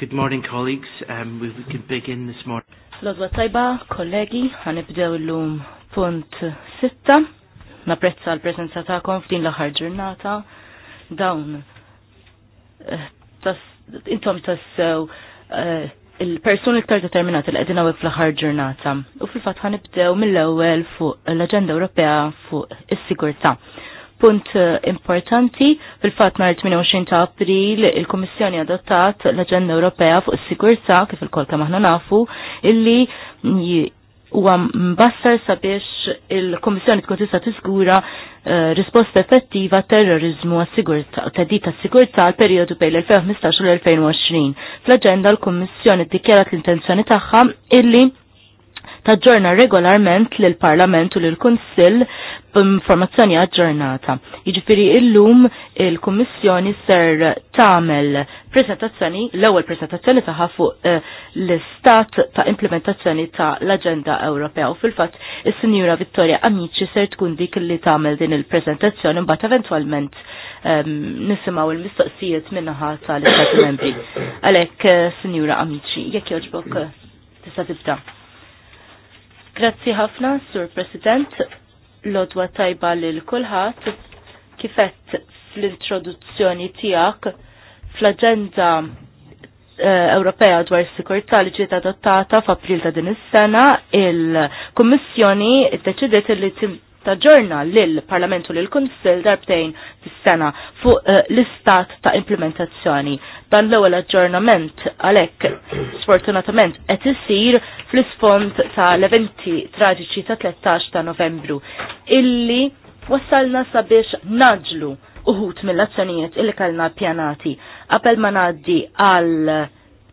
Good morning, colleagues. Um, we, we can begin this morning. Lodwa tajba, kollegi, għanibdew l-lum punt sitta. Naprezza l-prezenza ta' f'din l-aħħar ġurnata. Dawn, eh, intom tassew eh, il-persuni iktar determinati li għedina għek fl-aħħar ġurnata. U fil-fat għanibdew mill-ewel fuq l-Aġenda Ewropea fuq is-Sigurta. Punt eh, importanti, fil-fat nar 28 ta' april il-Komissjoni adottat l-Aġenda Ewropea fuq is-sigurtà kif il-kol kemm aħna nafu illi huwa mbassar sabiex il-Komissjoni tkun tista' tiżgura eh, risposta effettiva terrorizmu għas-sigurtà u teddi tas-sigurtà għal perjodu bejn l-2015 u l-2020. Fl-aġenda l-Kummissjoni ddikjarat l-intenzjoni tagħha illi taġġorna regolarment lil parlament u lil kunsill b'informazzjoni aġġornata. Jiġifieri illum il-Kummissjoni ser tagħmel presentazzjoni, l-ewwel presentazzjoni tagħha fuq eh, l-istat ta' implementazzjoni ta' l-Aġenda Ewropea u fil-fatt is-Sinjura Vittoria Amici ser tkun dik li tagħmel din il-presentazzjoni mbagħad eventwalment ehm, nisimgħu il-mistoqsijiet minnaħa tal-Istati Membri. Għalhekk, eh, Sinjura Amici, jekk jogħġbok tista' tibda'. Grazzi ħafna, Sur President, lodwa tajba lil kulħadd kifett fl-introduzzjoni tiegħek fl-aġenda eh, Ewropea dwar sikurtà li ġiet adottata f'April ta' din is-sena, il-Kummissjoni ddeċidiet li ta' ġorna lill-Parlamentu l kunsill darbtejn fis-sena fuq eh, l-istat ta' implementazzjoni. Dan l-ewwel aġġornament għalhekk sfortunatament qed isir fl-isfond tal-eventi traġiċi ta' 13 ta' Novembru illi wassalna sabiex naġlu uħut mill-azzjonijiet illi kellna pjanati. Qabel ma ngħaddi għal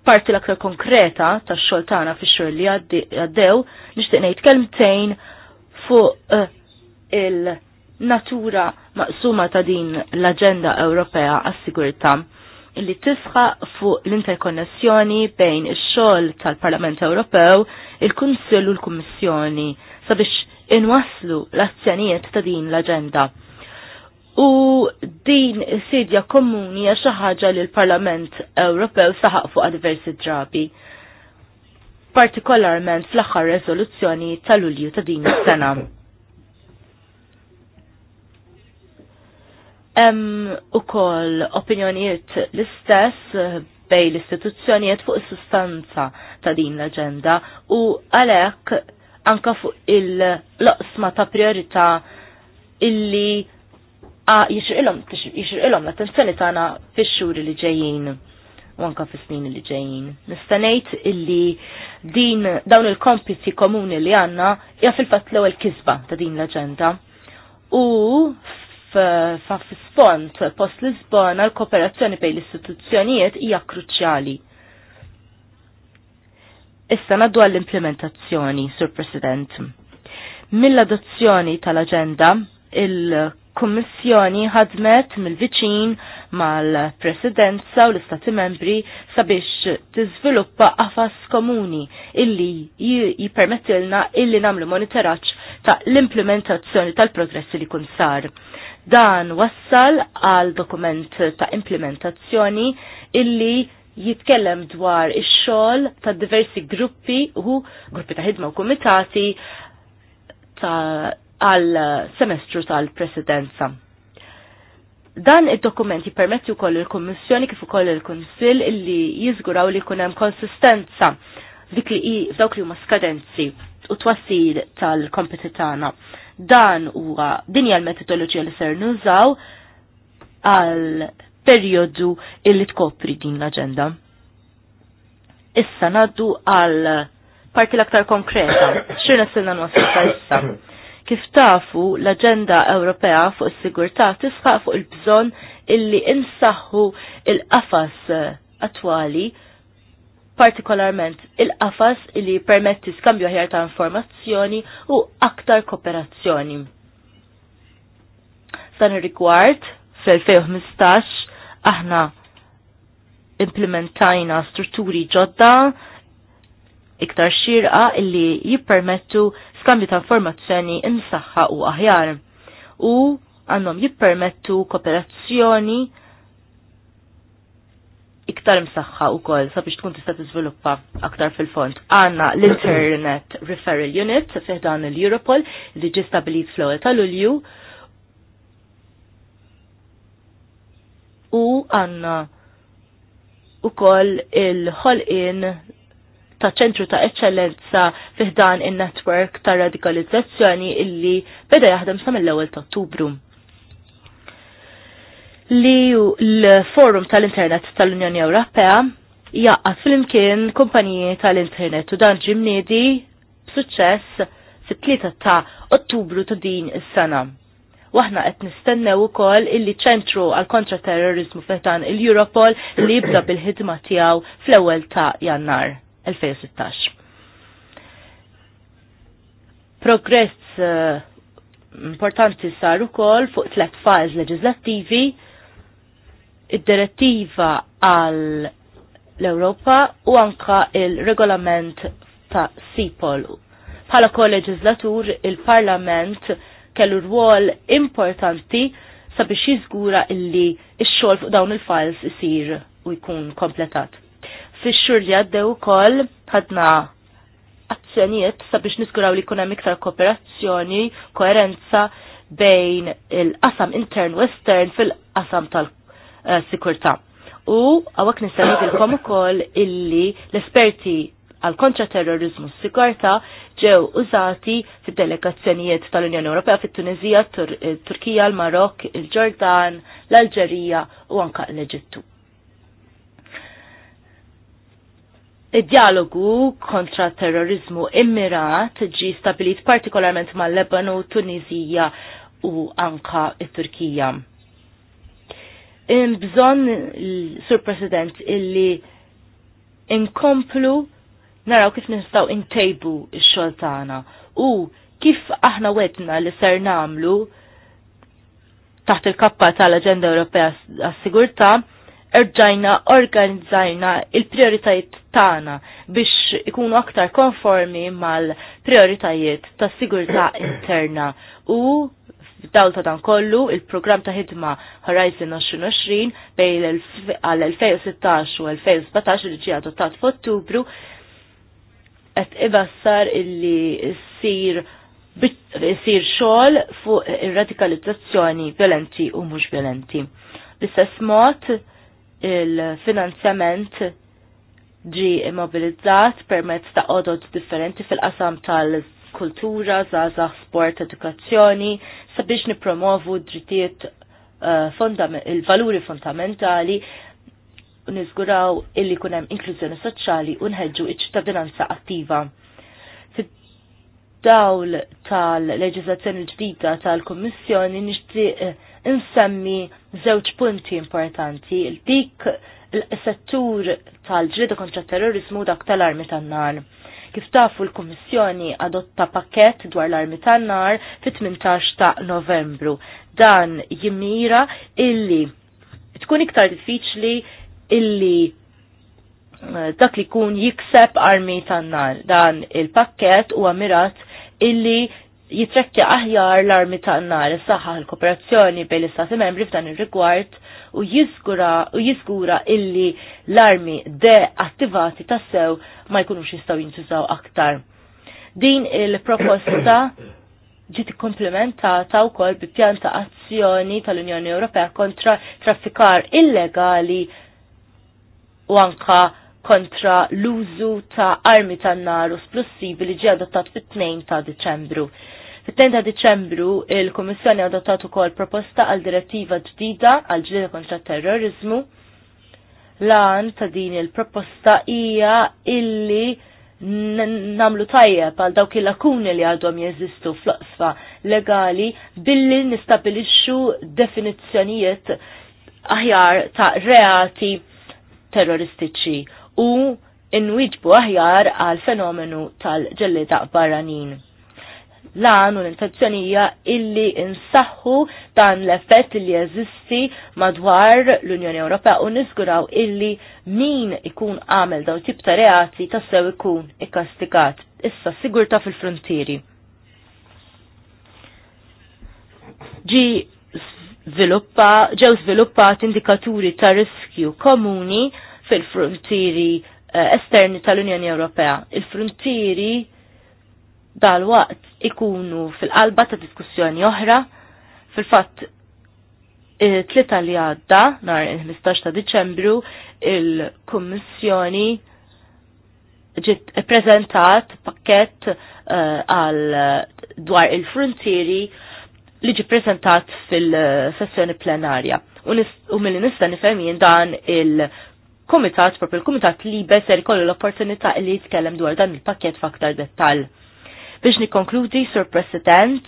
parti l-aktar konkreta tax xoltana fi xur li għaddew, nixtieq ngħid kelmtejn fuq uh, il-natura maqsuma ta' din l-Aġenda Ewropea għas-Sigurtà li tisħa fuq l-interkonnessjoni bejn ix-xogħol tal-Parlament Ewropew, il-Kunsill u l-Kummissjoni sabiex inwaslu l-azzjonijiet ta' din l-aġenda. U din sidja komuni hija xi ħaġa li l-Parlament Ewropew saħaq fuq diversi drabi, partikolarment fl-aħħar rezoluzzjoni tal-Ulju ta' din is-sena. Hemm ukoll opinjonijiet l-istess eh, bej l-istituzzjonijiet fuq is-sustanza ta' din l-aġenda u għalhekk anka fuq il-loqsma ta' priorità illi jixrilhom l-attenzjoni tagħna fix-xhur li ġejjin u anka fis-snin li ġejjin. Nista' ngħid illi din dawn il-kompiti komuni li għandna hija fil-fatt l-ewwel kisba ta' din l-aġenda. U f'spont post Lisbona l-kooperazzjoni bejn l-istituzzjonijiet hija kruċjali. Issa naddu għall-implementazzjoni, Sur President. Mill-adozzjoni tal-aġenda, il-Kummissjoni ħadmet mill-viċin mal-Presidenza u l-Istati membri sabiex tiżviluppa qafas komuni illi jipermettilna illi namlu monitoraċ ta' l-implementazzjoni tal-progressi li kun sar. Dan wassal għal dokument ta' implementazzjoni illi jitkellem dwar ix-xogħol ta' diversi gruppi u gruppi ta' ħidma u kumitati għal semestru tal-presidenza. Dan id-dokument jipermetti wkoll il-Kummissjoni kif ukoll il-Kunsill illi jiżguraw li jkun hemm konsistenza dik li dawk li huma skadenzi u twassil tal-kompeti tagħna. Dan huwa din hija l-metodoloġija li ser nużaw għal perjodu illi tkopri din l-aġenda. Issa naddu għal parti l-aktar konkreta, xirna s-silna nwassilta issa. Kif tafu l-agenda Ewropea fuq is-sigurtà tisħaq fuq il-bżonn illi insaħħu il-qafas attwali partikolarment il-qafas li permetti skambju ħjar ta' informazzjoni u aktar kooperazzjoni. ir rigward fl-2015 aħna implementajna strutturi ġodda iktar xirqa illi jippermettu skambju ta' informazzjoni imsaħħa u aħjar u għandhom jippermettu kooperazzjoni iktar msaħħa u koll sabiex tkun tista' tiżviluppa aktar fil-fond. Għanna l-Internet Referral Unit fiħdan l-Europol li ġi stabilit fl tal-Ulju u għanna u kol il-ħolqin ta' ċentru ta' eccellenza fiħdan il-network ta' radikalizzazzjoni illi beda jaħdem sa' mill-ewwel ta' Ottubru li l-forum tal-internet tal-Unjoni Ewropea jaqqas fl-imkien kumpaniji tal-internet u dan ġimnedi b'suċċess fit-3 ta' Ottubru ta' din is-sena. Waħna qed nistennew ukoll illi ċentru għal kontra terrorizmu fetan il-Europol li jibda bil-ħidma tiegħu fl-ewwel ta' Jannar 2016. Progress eh, importanti sar ukoll fuq tliet files leġislattivi id-direttiva għal l-Europa u anka il-regolament ta' SIPOL. Bħala kol-leġizlatur, il-Parlament kellu rwol importanti sabiex jiżgura illi il xogħol fuq dawn il-files isir u jkun kompletat. fix xur li għaddew ukoll ħadna azzjoniet sabiex niskuraw li jkun hemm iktar kooperazzjoni, koerenza bejn il-qasam intern western fil-qasam tal Eh, sikurta. U għawak nistanidilkom ukoll illi l-esperti għal kontraterrorizmu s-sigurta ġew użati fid-delegazzjonijiet tal-Unjoni Ewropea fit-Tunizija, eh, Turkija, l-Marok, il-Ġordan, l-Alġerija u anka l-Eġittu. Id-dialogu kontra terrorizmu immirat ġi stabilit partikolarment mal-Lebanu, Tunizija u anka it-Turkija imbżon Sur President, illi inkomplu naraw kif nistaw intejbu il xoltana tagħna u kif aħna wetna li ser namlu taħt il-kappa tal-Aġenda Ewropea għas-Sigurtà erġajna organizzajna il-prioritajiet tagħna biex ikunu aktar konformi mal-prioritajiet tas-sigurtà interna u F'dawl ta' dan kollu, il-programm ta' ħidma Horizon 2020 bejn għal-2016 u 2017 li ġie adottat f'Ottubru qed ibassar illi ssir jisir xogħol fuq ir-radikalizzazzjoni violenti u mhux violenti. l istess mod il-finanzjament ġi immobilizzat permezz ta' odot differenti fil-qasam tal kultura, zaza, sport, edukazzjoni, sabiex nipromovu drittijiet eh, il-valuri fondamentali nizguraw illi kunem inklużjoni soċjali u nħeġġu iċ-ċittadinanza attiva. dawl tal-leġizazzjoni ġdida tal-Kummissjoni nixtieq eh, insemmi żewġ punti importanti. Dik il-settur tal-ġlieda kontra terrorizmu dak tal-armi tan-nar Kif tafu l-Kummissjoni adotta pakket dwar l-armi tan-nar fit-18 ta' Novembru. Dan jimmira illi tkun iktar diffiċli illi eh, dak li kun jikseb armi tan-nar. Dan il-pakket u għamirat illi jitrekki aħjar l-armi tan-nar saħħa l-kooperazzjoni bejn l-Istati membri f'dan ir-rigward u jiżgura u jiżgura illi l-armi deattivati tassew ma jkunux jistgħu jintużaw aktar. Din il-proposta ġiet komplementata wkoll bi pjan ta' azzjoni tal-Unjoni Ewropea kontra traffikar illegali u anka kontra l-użu ta' armi tan-nar u splussivi li ġie adottat fit-2 ta' Diċembru. fit 2 ta' Diċembru il-Kummissjoni adottat ukoll proposta għal direttiva ġdida għal ġdida kontra terrorizmu lan ta' din il-proposta hija illi namlu tajjeb għal dawk il-lakuni li għadhom jeżistu fl legali billi nistabilixxu definizzjonijiet aħjar ta' reati terroristiċi u inwiġbu aħjar għal fenomenu tal-ġellida barranin lan u l-intenzjonija illi insaħħu dan l-effett li jeżisti madwar l-Unjoni Ewropea u niżguraw illi min ikun għamel daw tip ta' reati tassew ikun ikkastigat. Issa sigurta fil-frontieri. Ġi ġew sviluppat indikaturi ta' riskju komuni fil-frontieri eh, esterni tal-Unjoni Ewropea. Il-frontieri dal-waqt ikunu fil-qalba ta' diskussjoni oħra, fil-fatt eh, tlita li għadda, nar il-15 ta' Deċembru, il-Kommissjoni ġiet prezentat pakket eh, għal dwar il-frontieri li ġi prezentat fil-sessjoni plenarja. U mill nista nifhem jien dan il-Kumitat, propri il-Kumitat li beser kollu l-opportunità li jitkellem dwar dan il-pakket f'aktar dettal. Biex nikonkludi, Sur President,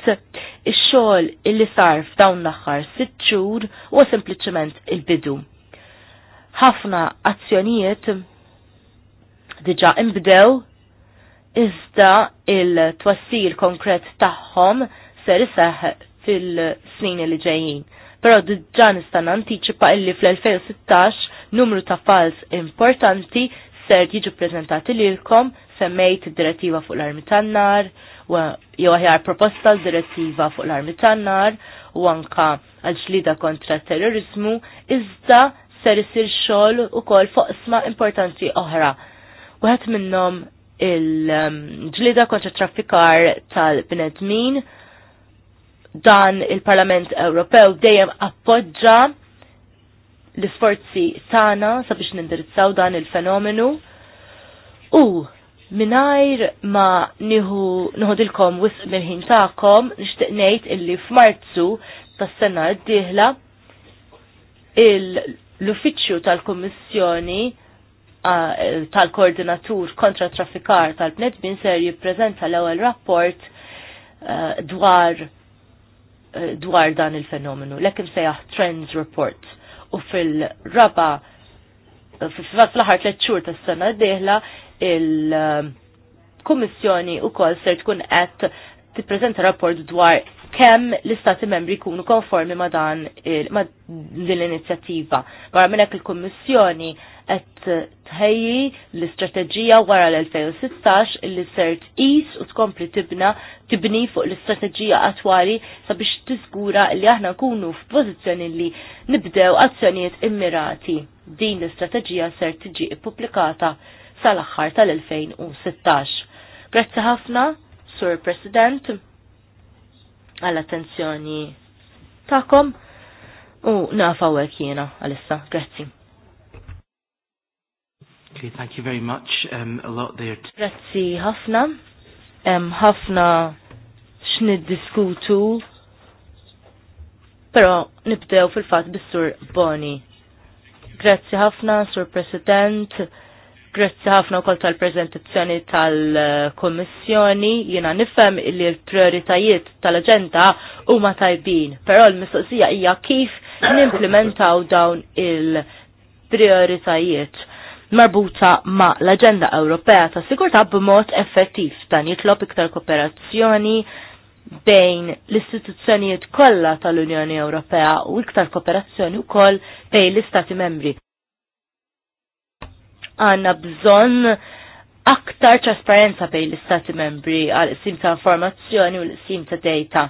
ix-xogħol illi sar f'dawn l-aħħar sitt xhur huwa sempliċement il-bidu. Ħafna azzjonijiet diġà inbdew iżda il twassil konkret tagħhom ser iseħħ fil-snin li ġejjin. Però diġà nista' nantiċipa illi fl-2016 numru ta' falz importanti ser jiġu prezentati lilkom semmejt direttiva fuq l-armi tan-nar, jew aħjar proposta direttiva fuq l-armi tan-nar u anka għal-ġlida kontra terrorizmu, iżda ser isir xogħol ukoll fuq isma importanti oħra. Waħed minnhom il-ġlida kontra traffikar tal-bnedmin, dan il-Parlament Ewropew dejjem appoġġa l-isforzi tagħna sabiex nindirizzaw dan il-fenomenu u Minajr ma nħodilkom wisq mill-ħin ta'kom nixtieq ngħid illi f'Marzu tas-sena d-dieħla l-uffiċċju tal-Kummissjoni tal-Koordinatur kontra traffikar tal-Bnedmin ser jippreżenta l-ewwel rapport dwar dwar dan il-fenomenu, l-ekim sejjaħ Trends Report u fil-raba fl-ħar tliet xhur tas-sena d-dieħla il-Kummissjoni wkoll ser tkun qed tippreżenta rapport dwar kemm l-istati membri jkunu konformi ma dan l-inizjattiva. Barra minn hekk il-Kummissjoni qed tħejji l-istrateġija wara l-2016 li ser tqis u tkompli tibna tibni fuq l-istrateġija attwali sabiex tiżgura li aħna nkunu f'pożizzjoni li nibdew azzjonijiet immirati. Din l-istrateġija ser tiġi ippubblikata sal-aħħar tal-2016. Grazzi ħafna, Sur President, għall-attenzjoni ta'kom u nafaw jiena għalissa. Grazzi. Okay, thank you very much. Um, a lot there. Grazzi ħafna. ħafna x'niddiskutu. Però nibdew fil-fatt bis-Sur Boni. Grazzi ħafna, Sur President. Grazzi ħafna kol tal prezentazzjoni tal komissjoni jiena nifhem li l-prioritajiet tal-aġenda huma tajbin, però l-mistoqsija hija kif nimplementaw dawn il-prioritajiet marbuta ma' l-Aġenda Ewropea ta' Sigurtà b'mod effettiv dan jitlob iktar kooperazzjoni bejn l-istituzzjonijiet kollha tal-Unjoni Ewropea u iktar kooperazzjoni wkoll bejn l-Istati Membri għanna bżon aktar trasparenza bejn l-istati membri għal sim ta' informazzjoni u l-sim ta' data.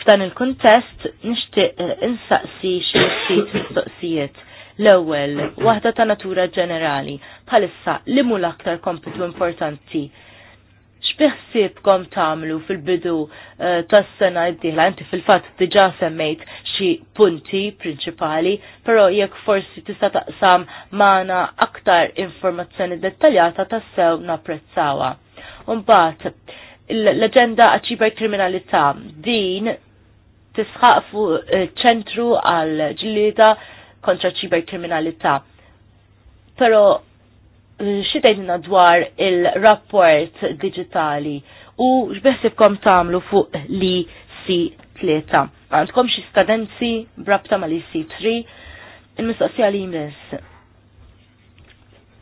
F'dan il-kontest nixtieq eh, insaqsi xi ftit mistoqsijiet. L-ewwel, waħda ta' natura ġenerali, bħalissa li mu l-aktar kompitu importanti x'teħsiebkom tagħmlu fil-bidu eh, tas-sena id dieħla inti fil-fatt diġà semmejt xi punti prinċipali, però jekk forsi tista' taqsam magħna aktar informazzjoni dettaljata tassew napprezzawha. Mbagħad l-aġenda għaċ kriminalità din tisħaq fuq eh, ċentru għal ġlieda kontra kriminalità. Pero xitajdina dwar il-rapport digitali u xbeħsibkom tamlu fuq li C3. Għandkom xi skadenzi brabta ma li C3 il-mistoqsija li jmiss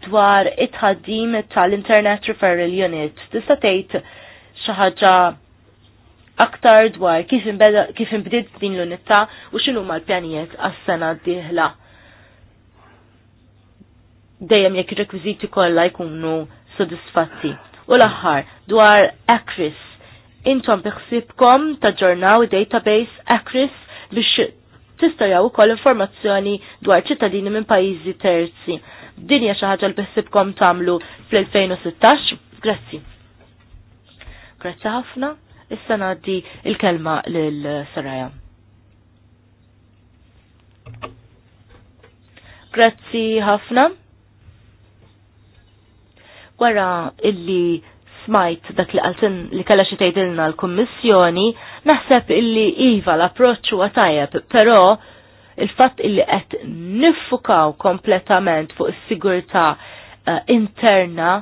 dwar it-ħaddim tal-Internet Referral Unit. Tista' tgħid xi ħaġa aktar dwar kif inbdiet din l-unità u x'inhuma l-pjanijiet għas-sena d-dieħla dejjem jekk ir-rekwiżiti kollha jkunu sodisfatti. U l-aħħar dwar ACRIS. Intom biħsibkom taġġornaw database ACRIS biex tistarjaw ukoll informazzjoni dwar ċittadini minn pajjiżi terzi. Din hija xi ħaġa l biħsibkom tagħmlu fl-2016. Grazzi. Grazzi ħafna. Issa ngħaddi l kelma lil Saraja. Grazzi ħafna wara illi smajt dak li għaltin li kalla xi tgħidilna l-Kummissjoni, naħseb illi iva l-approċċ huwa tajjeb, però il-fatt illi qed niffukaw kompletament fuq is-sigurtà uh, interna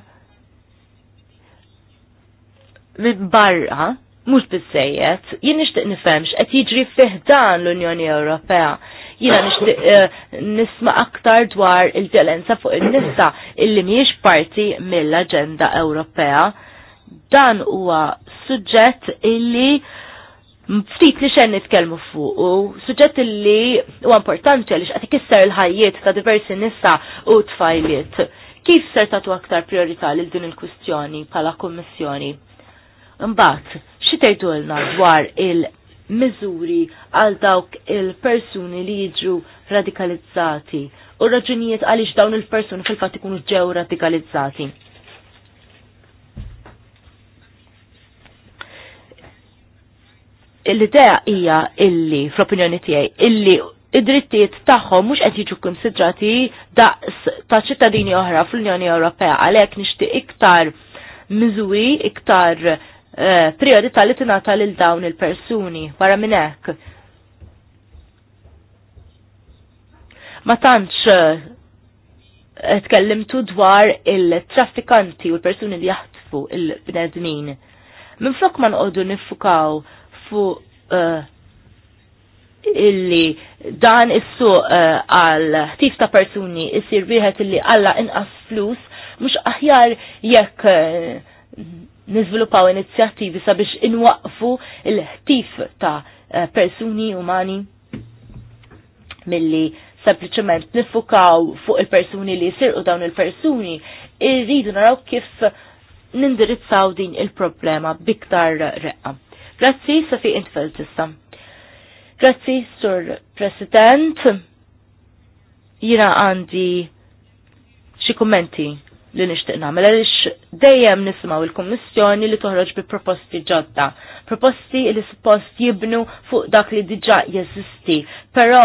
minn barra mhux biżejjed, jien nixtieq nifhem x'qed jiġri fih dan l-Unjoni Ewropea Jiena nixtieq eh, nisma' aktar dwar il-vjolenza fuq in-nisa illi mhijiex parti mill-Aġenda Ewropea. Dan huwa suġġett illi ftit li xen nitkelmu fuq u suġġett li huwa importanti għaliex qed ikisser il ħajiet ta' diversi nisa u tfajliet. Kif ser tagħtu aktar priorità lil din il-kwistjoni bħala kummissjoni? Imbagħad, xi tgħidulna dwar il- miżuri għal dawk il-persuni li jiġu radikalizzati u raġunijiet għaliex dawn il-persuni fil-fatt ikunu ġew radikalizzati. L-idea hija illi, fl-opinjoni tiegħi, illi id-drittijiet tagħhom mhux qed jiġu konsidrati daqs ta' ċittadini oħra fl-Unjoni Ewropea għalhekk nixtieq iktar miżuri, iktar Eh, priorità li tingħata lil dawn il-persuni wara minn hekk. Ma tantx eh, tkellimtu dwar il-traffikanti u l-persuni li jaħtfu il-bnedmin. Minn flok ma nqodu nifukaw fu eh, illi dan issu għal ħtif ta' persuni isir wieħed illi għalla inqas flus mhux aħjar jekk nizvilupaw inizjattivi sabiex inwaqfu il-ħtif ta' eh, persuni umani milli sempliciment nifukaw fuq il-persuni li jisirqu dawn il-persuni, irridu naraw kif nindirizzaw din il-problema biktar reqqa. Grazzi, Safi Intfeld tista. Grazzi, Sur President. Jira għandi xi kummenti li nixtieq nagħmel għaliex dejjem nismaw il-Kummissjoni li toħroġ bi proposti ġodda, proposti li suppost jibnu fuq dak li diġà jeżisti, però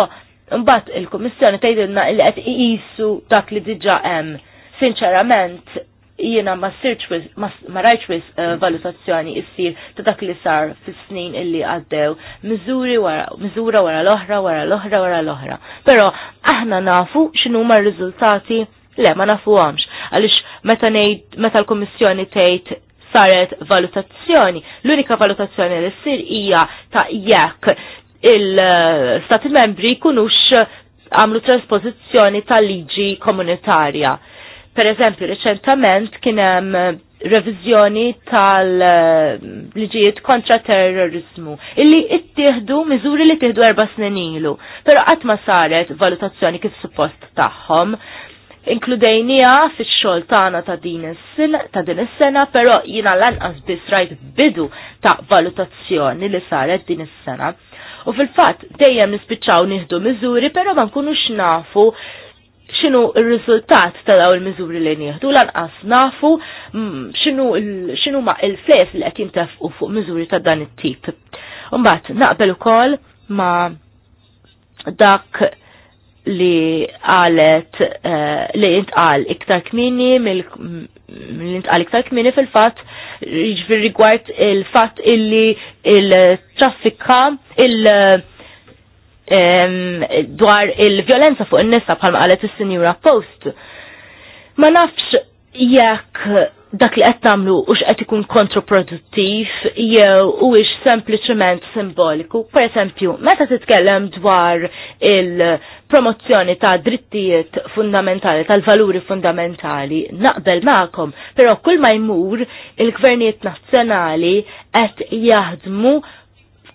mbagħad il-Kummissjoni tgħidilna li qed iqisu dak li diġà hemm. Sinċerament, jiena ma sirċwis, ma rajċwis uh, eh, valutazzjoni issir ta' dak li sar fis-snin illi għaddew, miżuri wara, miżura wara l-oħra, wara l-oħra, wara l-oħra. Però aħna nafu x'inhuma r-riżultati Le, ma nafu għamx. Għalix meta, meta l-Komissjoni tgħid saret valutazzjoni, l-unika valutazzjoni li ssir hija ta' jekk il-Stati membri kunux għamlu trasposizjoni ta' liġi komunitarja. Per eżempju, reċentament kienem revizjoni tal-liġijiet kontra terrorizmu, illi ittieħdu miżuri li tieħdu erba' snin ilu, però qatt ma saret valutazzjoni kif suppost tagħhom, inkludejnija fix xogħol tagħna ta' din ta' din is-sena, però jiena lanqas biss rajt bidu ta' valutazzjoni li saret din is-sena. U fil-fatt dejjem nispiċċaw nieħdu miżuri, però ma nkunux nafu xinu il-rizultat ta' daw il-mizuri li nieħdu lanqas nafu mm, xinu ma' il-fles li qed jintefqu fuq miżuri ta' dan it-tip. Mbagħad naqbel ukoll ma' dak li għalet eh, li intqal iktar kmini li intqal iktar kmini fil-fat ġvir jiġifieri rigward il-fat illi il-traffika il-, dwar il-violenza fuq il-nisa bħalma għalet il-senjura post. Ma nafx jekk dak li qed tagħmlu hux x'qed ikun kontraproduttiv jew huwiex sempliċement simboliku. Per eżempju, meta titkellem dwar il-promozzjoni ta' drittijiet fundamentali, tal-valuri fundamentali, naqbel magħkom, però kull ma jmur il-gvernijiet nazzjonali qed jaħdmu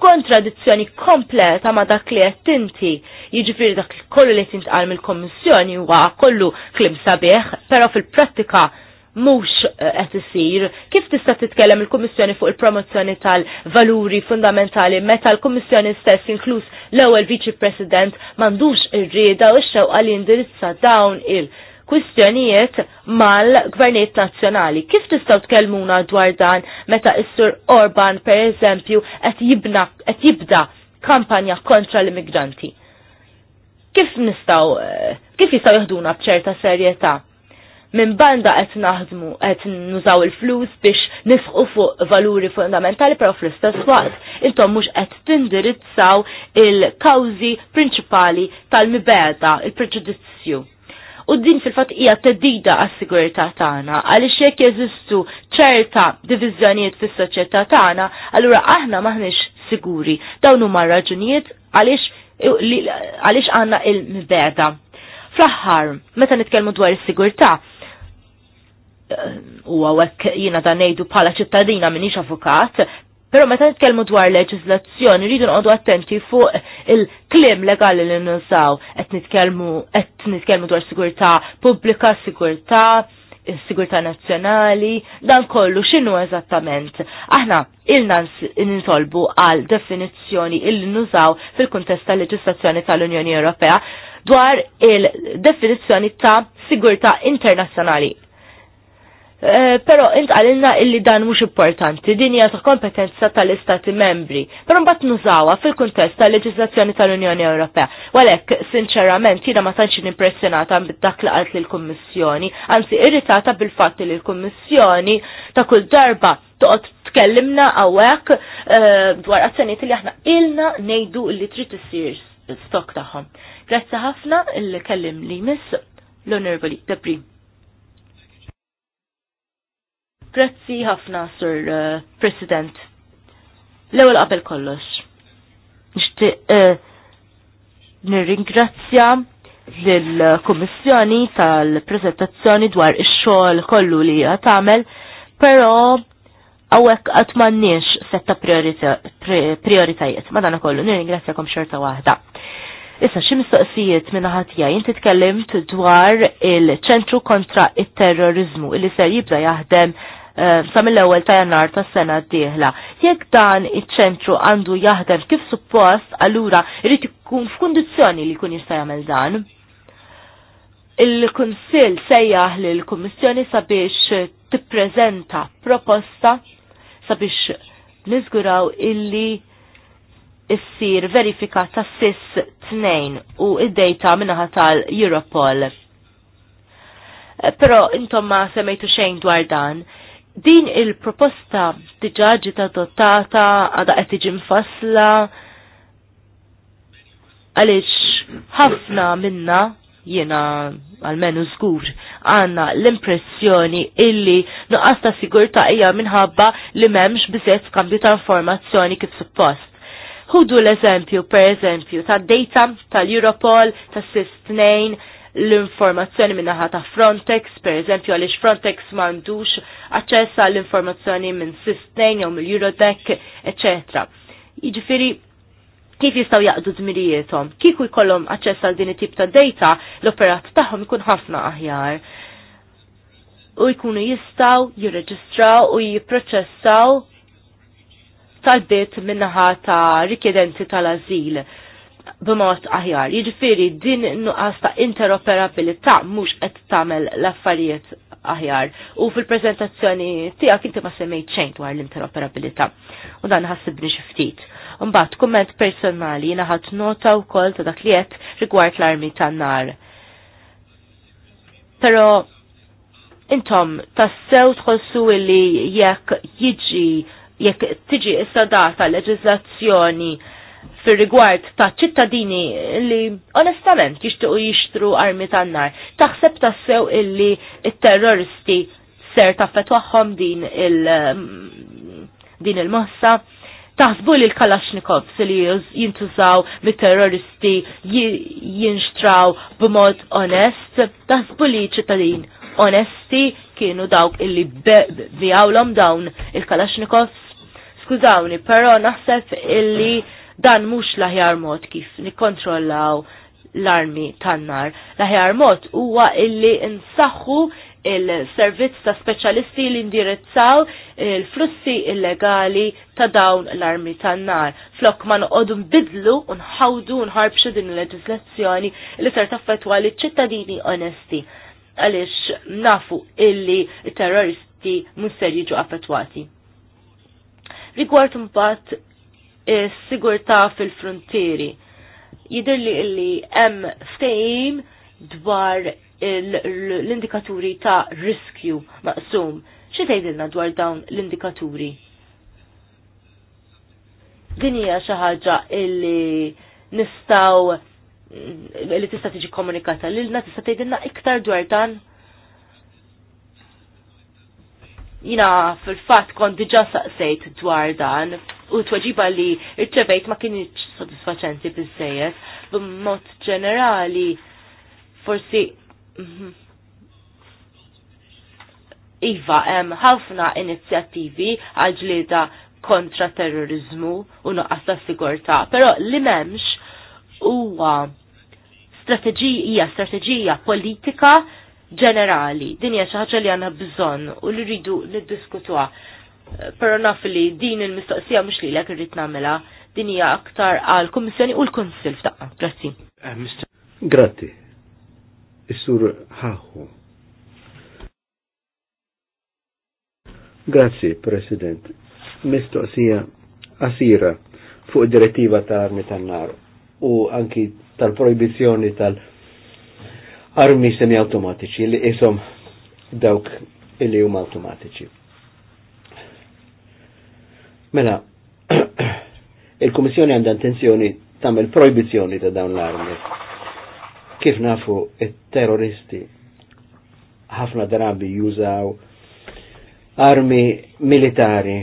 kontradizzjoni kompleta ma dak li qed inti. Jiġifieri dak kollu li tintqal mill-Kommissjoni huwa kollu klim sabieħ, però fil-prattika mhux eh, qed isir. Kif tista' titkellem il-Kummissjoni fuq il-promozzjoni tal-valuri fundamentali meta l-Kummissjoni stess inkluż l-ewwel Viċi President m'għandux ir-rieda u x-xewqa li indirizza dawn il- kwistjonijiet mal-gvernijiet nazzjonali. Kif tistaw tkellmuna dwar dan meta s sur Orban per eżempju qed jibda kampanja kontra l-immigranti? Kif nistaw, eh, kif jistaw jihduna bċerta serjetà? minn banda qed naħdmu qed nużaw il-flus biex nisħu fuq valuri fundamentali però fl-istess waqt intom mhux qed tindirizzaw il-kawżi prinċipali tal-mibeda, il-preġudizzju. U din fil-fatt hija teddida għas-sigurità tagħna għaliex jekk jeżistu ċerta diviżjonijiet fis-soċjetà tagħna, allura aħna maħniex siguri. Dawn huma raġunijiet għaliex għaliex għandna il-mibeda. Fl-aħħar, meta nitkellmu dwar is-sigurtà, u għawek jina ta' nejdu pala ċittadina minix avukat, pero meta nitkellmu dwar leġislazzjoni rridu nqogħdu attenti fuq il-klim legali li nusaw qed nitkellmu qed nitkellmu dwar sigurtà pubblika, sigurtà sigurta sigurtà nazzjonali, dan kollu x'inhu eżattament. Aħna ilna nitolbu għal definizzjoni illi nużaw fil-kuntest tal-leġislazzjoni tal-Unjoni Ewropea dwar il-definizzjoni ta' sigurtà internazzjonali Eh, Pero intqalilna illi dan mhux importanti, din hija ta' kompetenza tal-Istati membri. Però mbagħad nużawha fil-kuntest tal-leġiżlazzjoni tal-Unjoni Ewropea. Walek, sinċerament, jiena ma tantx impressjonata bid-dak li qalt lill-Kummissjoni, anzi irritata bil-fatt li l-Kummissjoni ta' kull darba toqgħod tkellimna hawnhekk eh, dwar azzjonijiet li aħna ilna ngħidu li trid issir stok tagħhom. Grazzi ħafna il-kellim li miss l-Onorevoli Debris. Grazzi ħafna, Sur uh, President. L-ewwel qabel kollox. Nixtieq uh, nirringrazzja lill-Kummissjoni tal-preżentazzjoni dwar ix-xogħol kollu li hija tagħmel, però għawek għat mannix setta prioritajiet, ma dana kollu, nirringrazzjakom xorta wahda. Issa xi mistoqsijiet minn ħatija inti titkellimt dwar il-ċentru kontra it-terrorizmu il illi ser jibda jaħdem Eh, sa mill-ewwel ta' jannar tas-sena d-dieħla. Jekk dan iċ-ċentru għandu jaħdem kif suppost, allura irid ikun f'kundizzjoni li jkun jista' jagħmel dan. Il-Kunsill sejjaħ lil kummissjoni sabiex tippreżenta proposta sabiex niżguraw illi issir verifika ta' SIS 2 u id-data minnaħa tal-Europol. Eh, Pero intom ma semmejtu xejn dwar dan. Din il-proposta diġa ġiet adottata għada qed tiġi mfassla għaliex ħafna minna jiena għalmenu żgur għandna l-impressjoni illi nuqqas ta' sigurta minħabba li m'hemmx bizet kambju ta' informazzjoni kif suppost. Ħudu l-eżempju, per eżempju, ta' data tal-Europol, ta' SIS-2, l-informazzjoni minnaħa ta' Frontex, per eżempju għaliex Frontex mandux aċċess għall informazzjoni minn Sistnejn jew mill-Eurodec, ecc. Jiġifieri kif jistaw jaqdu dmirijietom. Kiku jkollhom aċċess għal din it-tip ta' data, l-operat tagħhom ikun ħafna aħjar. U jkunu jistaw jirreġistraw u jipproċessaw talbiet minnaħa ta' rikjedenti tal-azil b'mod aħjar. Jiġifieri din nuqqas ta' interoperabilità mhux qed tagħmel l-affarijiet aħjar. U fil-preżentazzjoni tiegħek inti ma semmejt xejn dwar l-interoperabilità. U dan ħassibni xi ftit. Mbagħad kumment personali jiena ħadd nota wkoll ta' dak li qed rigward l-armi tan-nar. Però intom tassew tħossu li jekk jiġi jekk tiġi issa data leġiżlazzjoni fir rigward ta' ċittadini li onestament jixtuqu jixtru armi tan-nar. Taħseb tassew illi il-terroristi ser ta' din il- mm, din il-mossa. Taħsbu li l-Kalashnikovs li jintużaw mit-terroristi jinxtraw b'mod onest. Taħsbu li ċittadin onesti kienu dawk illi bjawlom dawn il-Kalashnikovs. Skużawni, pero naħseb illi Dan mhux l-aħjar mod kif nikontrollaw l-armi tan-nar. L-aħjar mod huwa illi nsaħħu il-servizz ta' speċjalisti li indirizzaw il-flussi illegali ta' dawn l-armi tan-nar. Flok ma noqogħdu nbidlu u nħawdu nħarbxu din il-leġislazzjoni li ser taffettwa liċ-ċittadini onesti għaliex nafu illi terroristi mhux ser jiġu affettwati. Rigward imbagħad sigurta sigurtà fil-frontieri. Jidher li hemm ftehim dwar l-indikaturi ta' riskju maqsum. Xi tgħidilna dwar dawn l-indikaturi? Din hija xi ħaġa illi nistgħu li tista' tiġi komunikata lilna tista' tgħidilna iktar dwar dan jina fil-fat kont diġa saqsejt dwar dan u tweġiba li irċevejt ma kienieċ sodisfaċenti bizzejet. B'mod ġenerali, forsi. Mhm. Iva, hemm ħafna inizjattivi għal ġlieda kontra terrorizmu u nuqqas ta' sigurtà, però li m'hemmx huwa strateġija, strateġija politika ġenerali. Din hija xi ħaġa li għandna bżonn u li rridu niddiskutwa Però naf li din il-mistoqsija mhux lilek irrid nagħmilha din hija aktar għal komissjoni u l-Kunsill f'daqqa. Grazzi. Eh, Grazzi. Is-sur ħaħu. Grazzi, President. Mistoqsija asira fuq direttiva ta' armi tan-nar u anki tal-proibizjoni tal-, -proibizjoni tal armi semi-automatiċi li isom dawk illi jum automatiċi. Mela, il-Komissjoni għanda intenzjoni tagħmel projbizzjoni ta' dawn l-armi. Kif nafu il terroristi ħafna drabi jużaw armi militari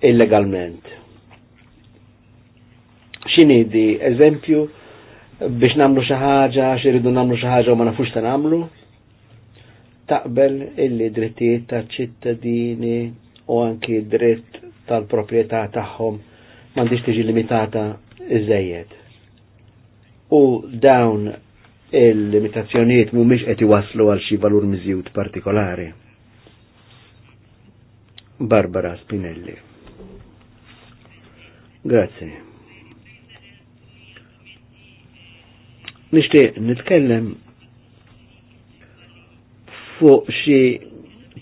illegalment. di eżempju biex namlu xi ħaġa iridu namlu xi ħaġa u ma nafux ta' namlu. Taqbel illi drittijiet taċ ċittadini u anki dritt tal-proprjetà tagħhom m'għandix tiġi limitata iżejjed. U dawn il-limitazzjonijiet mhumiex qed iwaslu għal xi valur miżjud partikolari. Barbara Spinelli. Grazie. Nishtiq nitkellem fuq xi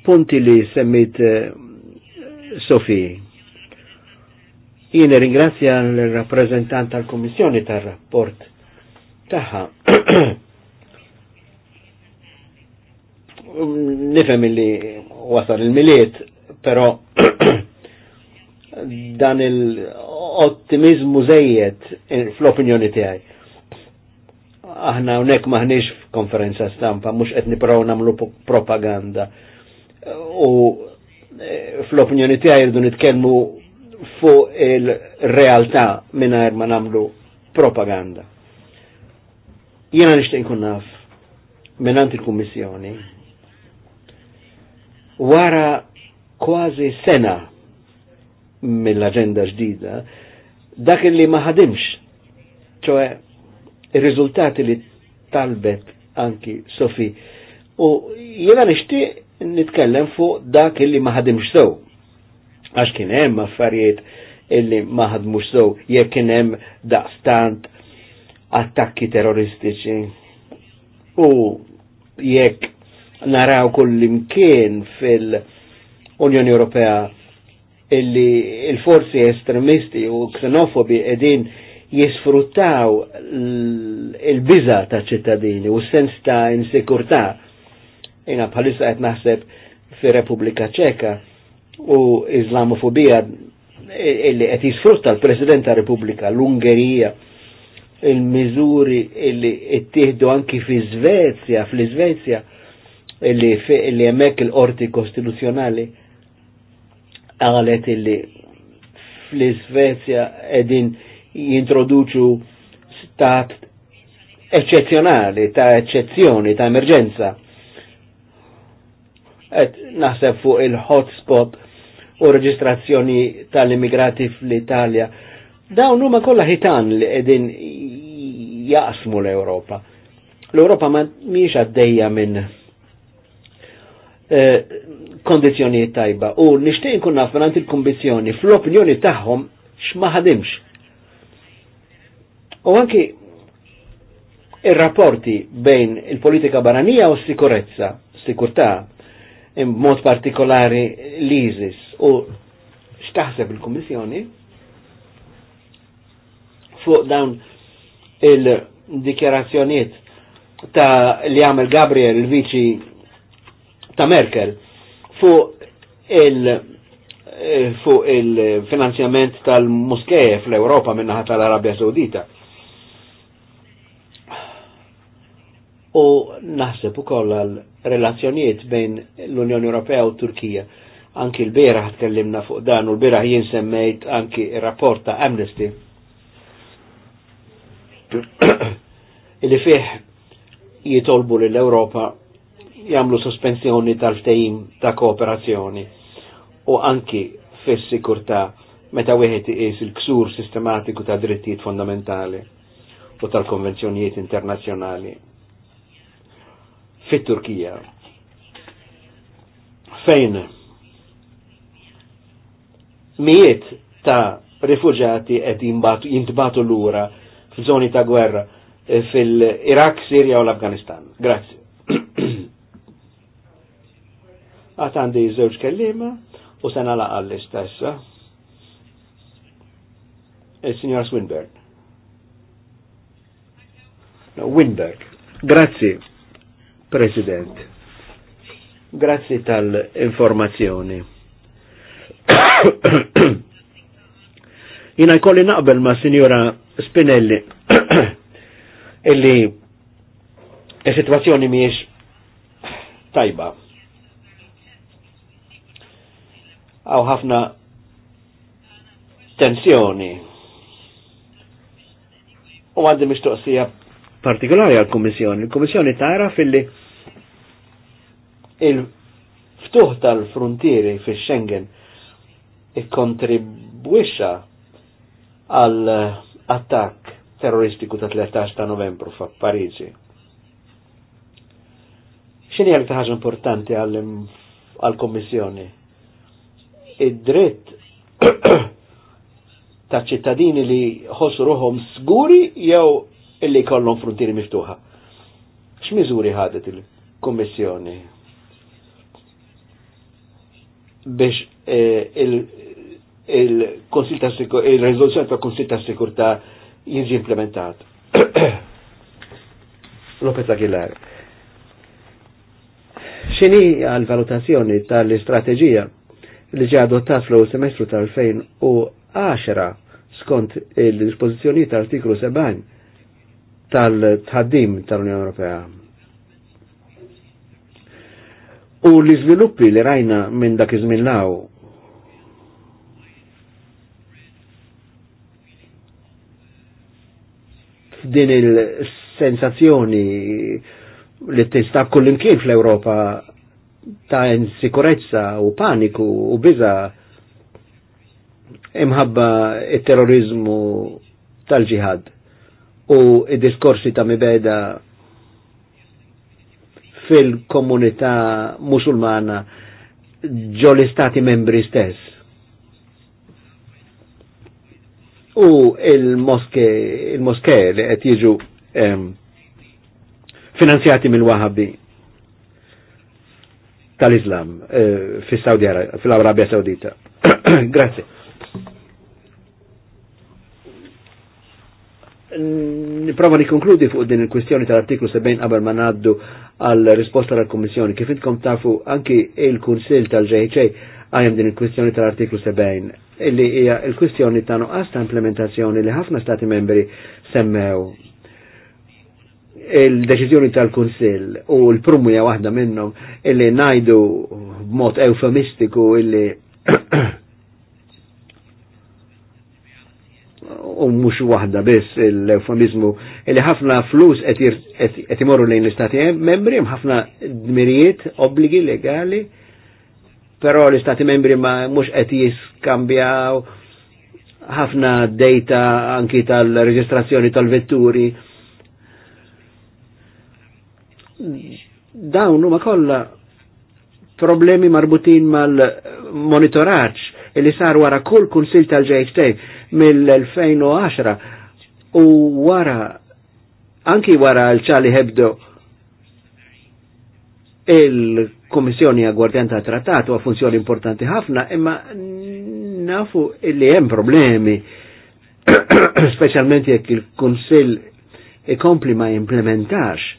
punti li semmit eh, Sofi. Jien ringrazzja l-rappresentant tal-Kommissjoni tar-rapport taħħa. Nifhem li wasal il-miliet, però dan il-ottimizmu zejiet fl-opinjoni tiegħi aħna unek maħniex f'konferenza stampa, mux qed praw namlu propaganda. U e, fl-opinjoni tiegħi irdu nitkellmu fuq il-realtà mingħajr ma namlu propaganda. Jiena nixtieq nkun naf mingħand il-Kummissjoni wara kważi sena mill agenda ġdida dak li ma ħadimx il-rizultati li talbet anki Sofi. U jena nishti nitkellem fuq dak illi ma ħadimx Għax kien hemm affarijiet illi ma ħadmux jekk kien hemm daqstant attakki terroristiċi. U jekk naraw kullimkien fil-Unjoni Ewropea illi il-forzi estremisti u xenofobi edin jisfruttaw il-biza ta' ċittadini u sens ta' insikurta. Jina bħalissa qed naħseb fi Repubblika Ċeka u Islamofobija illi qed jisfrutta l-President ta' Repubblika l-Ungerija il-miżuri illi ittieħdu anki fi Svezja, fl-Iżvezja illi hemmhekk il-qorti kostituzzjonali għalet illi fl-Svezja edin jintroduċu stat eccezjonali, ta' eccezzjoni, ta' emerġenza. Et naħseb fuq il-hotspot u reġistrazzjoni tal-immigrati fl-Italja. Dawn huma kollha ħitan li qegħdin jaqsmu l-Ewropa. L-Ewropa ma mhijiex għaddejja minn eh, kondizjoni tajba u nixtieq nkun naf il-kombizjoni fl-opinjoni tagħhom x'ma ħadimx U anki il-rapporti bejn il-politika baranija u sikurezza, sikurtà, in mod partikolari l-ISIS u xtaħseb il komissjoni fuq dawn il-dikjarazzjoniet ta' li għamel Gabriel, il-viċi ta' Merkel, fuq il- eh, fuq il-finanzjament tal-moskeje fl-Europa minnaħa tal-Arabja Saudita. u naħseb ukoll għal relazzjonijiet bejn l-Unjoni Ewropea u Turkija. Anki l-beraħ tkellimna fuq dan u l-beraħ jien semmejt anki rapport ta' Amnesty. Illi fih jitolbu li l europa jamlu sospensjoni tal-ftejim ta' kooperazzjoni u anki fis-sikurtà meta wieħed iqis il-ksur sistematiku ta' drittijiet fondamentali u tal-konvenzjonijiet internazzjonali fit-Turkija. Fejn mijiet ta' rifugjati qed jintbatu lura f'żoni ta' gwerra eh, fil-Iraq, Sirja u l-Afganistan. Grazie. Għat għandi żewġ kellima u sena nagħlaq għall-istessa. il signor Swinburne. No, Winberg. Grazie. President. Grazzi tal-informazzjoni. Jina jkolli naqbel ma' Signora Spinelli illi il-situazzjoni miex tajba. Għaw ħafna tensjoni. U għaddi mistoqsija partikolari għal-Komissjoni. Il-Komissjoni tajra fil-li il-ftuħ tal-frontieri fi Schengen ikkontribwixxa għal attakk terroristiku ta' 13 ta' novembru fa' Pariġi. Xini għal ħaġa importanti għal-Kommissjoni? Id-dritt ta' ċittadini li ħossu ruħom sguri jew illi kollhom frontieri miftuħa. X'miżuri ħadet il-Kommissjoni biex eh, il-rezoluzzjoni ta' konsil ta' sikurta jiġi implementat. Lopez Aguilar. Xini għal-valutazzjoni tal istrategija li ġi adottat fl semestru tal-2010 skont il disposizjoni tal-artiklu 7 tal-tħaddim tal-Unjoni Ewropea U li sviluppi li rajna minn dak iżmin law din il-sensazzjoni li tista' kullimkien fl-Ewropa ta' insikurezza u paniku u biza imħabba il-terrorizmu tal-ġihad u il-diskorsi ta' mibeda fil-komunità musulmana ġo l-istati membri stess. U il-moske, il-moske li qed jiġu finanzjati mill-Wahabi tal-Islam eh, fis-Saudi fil-Arabia Saudita. Grazie. Niprofa nikonkludi fuq din il-kwistjoni tal-artiklu sebejn qabel ma ngħaddu għal risposta tal kommissjoni Kif intkom tafu anki il-Kunsil tal-JHA għajem din il-kwistjoni tal-artiklu 70, illi hija il-kwistjoni ta' nuqqas ta' implementazzjoni li ħafna stati membri semmew il-deċizjoni tal-Kunsil u l-prumja waħda minnhom illi najdu b'mod eufemistiku illi u mhux waħda biss il-eufemizmu li ħafna flus qed imorru lejn l-istati membri hemm ħafna dmirijiet obbligi legali però l-istati membri ma mhux qed jiskambjaw ħafna data anki tal-reġistrazzjoni tal-vetturi dawn huma kollha problemi marbutin mal-monitoraġġ li sar wara kull kunsil tal-JHT mill-2010 u wara anki wara l-ċali hebdo il-Komissjoni għagwardjan ta' trattat u funzjoni importanti ħafna, imma nafu illi hemm problemi, specialment jekk il-Kunsill ikompli ma implementax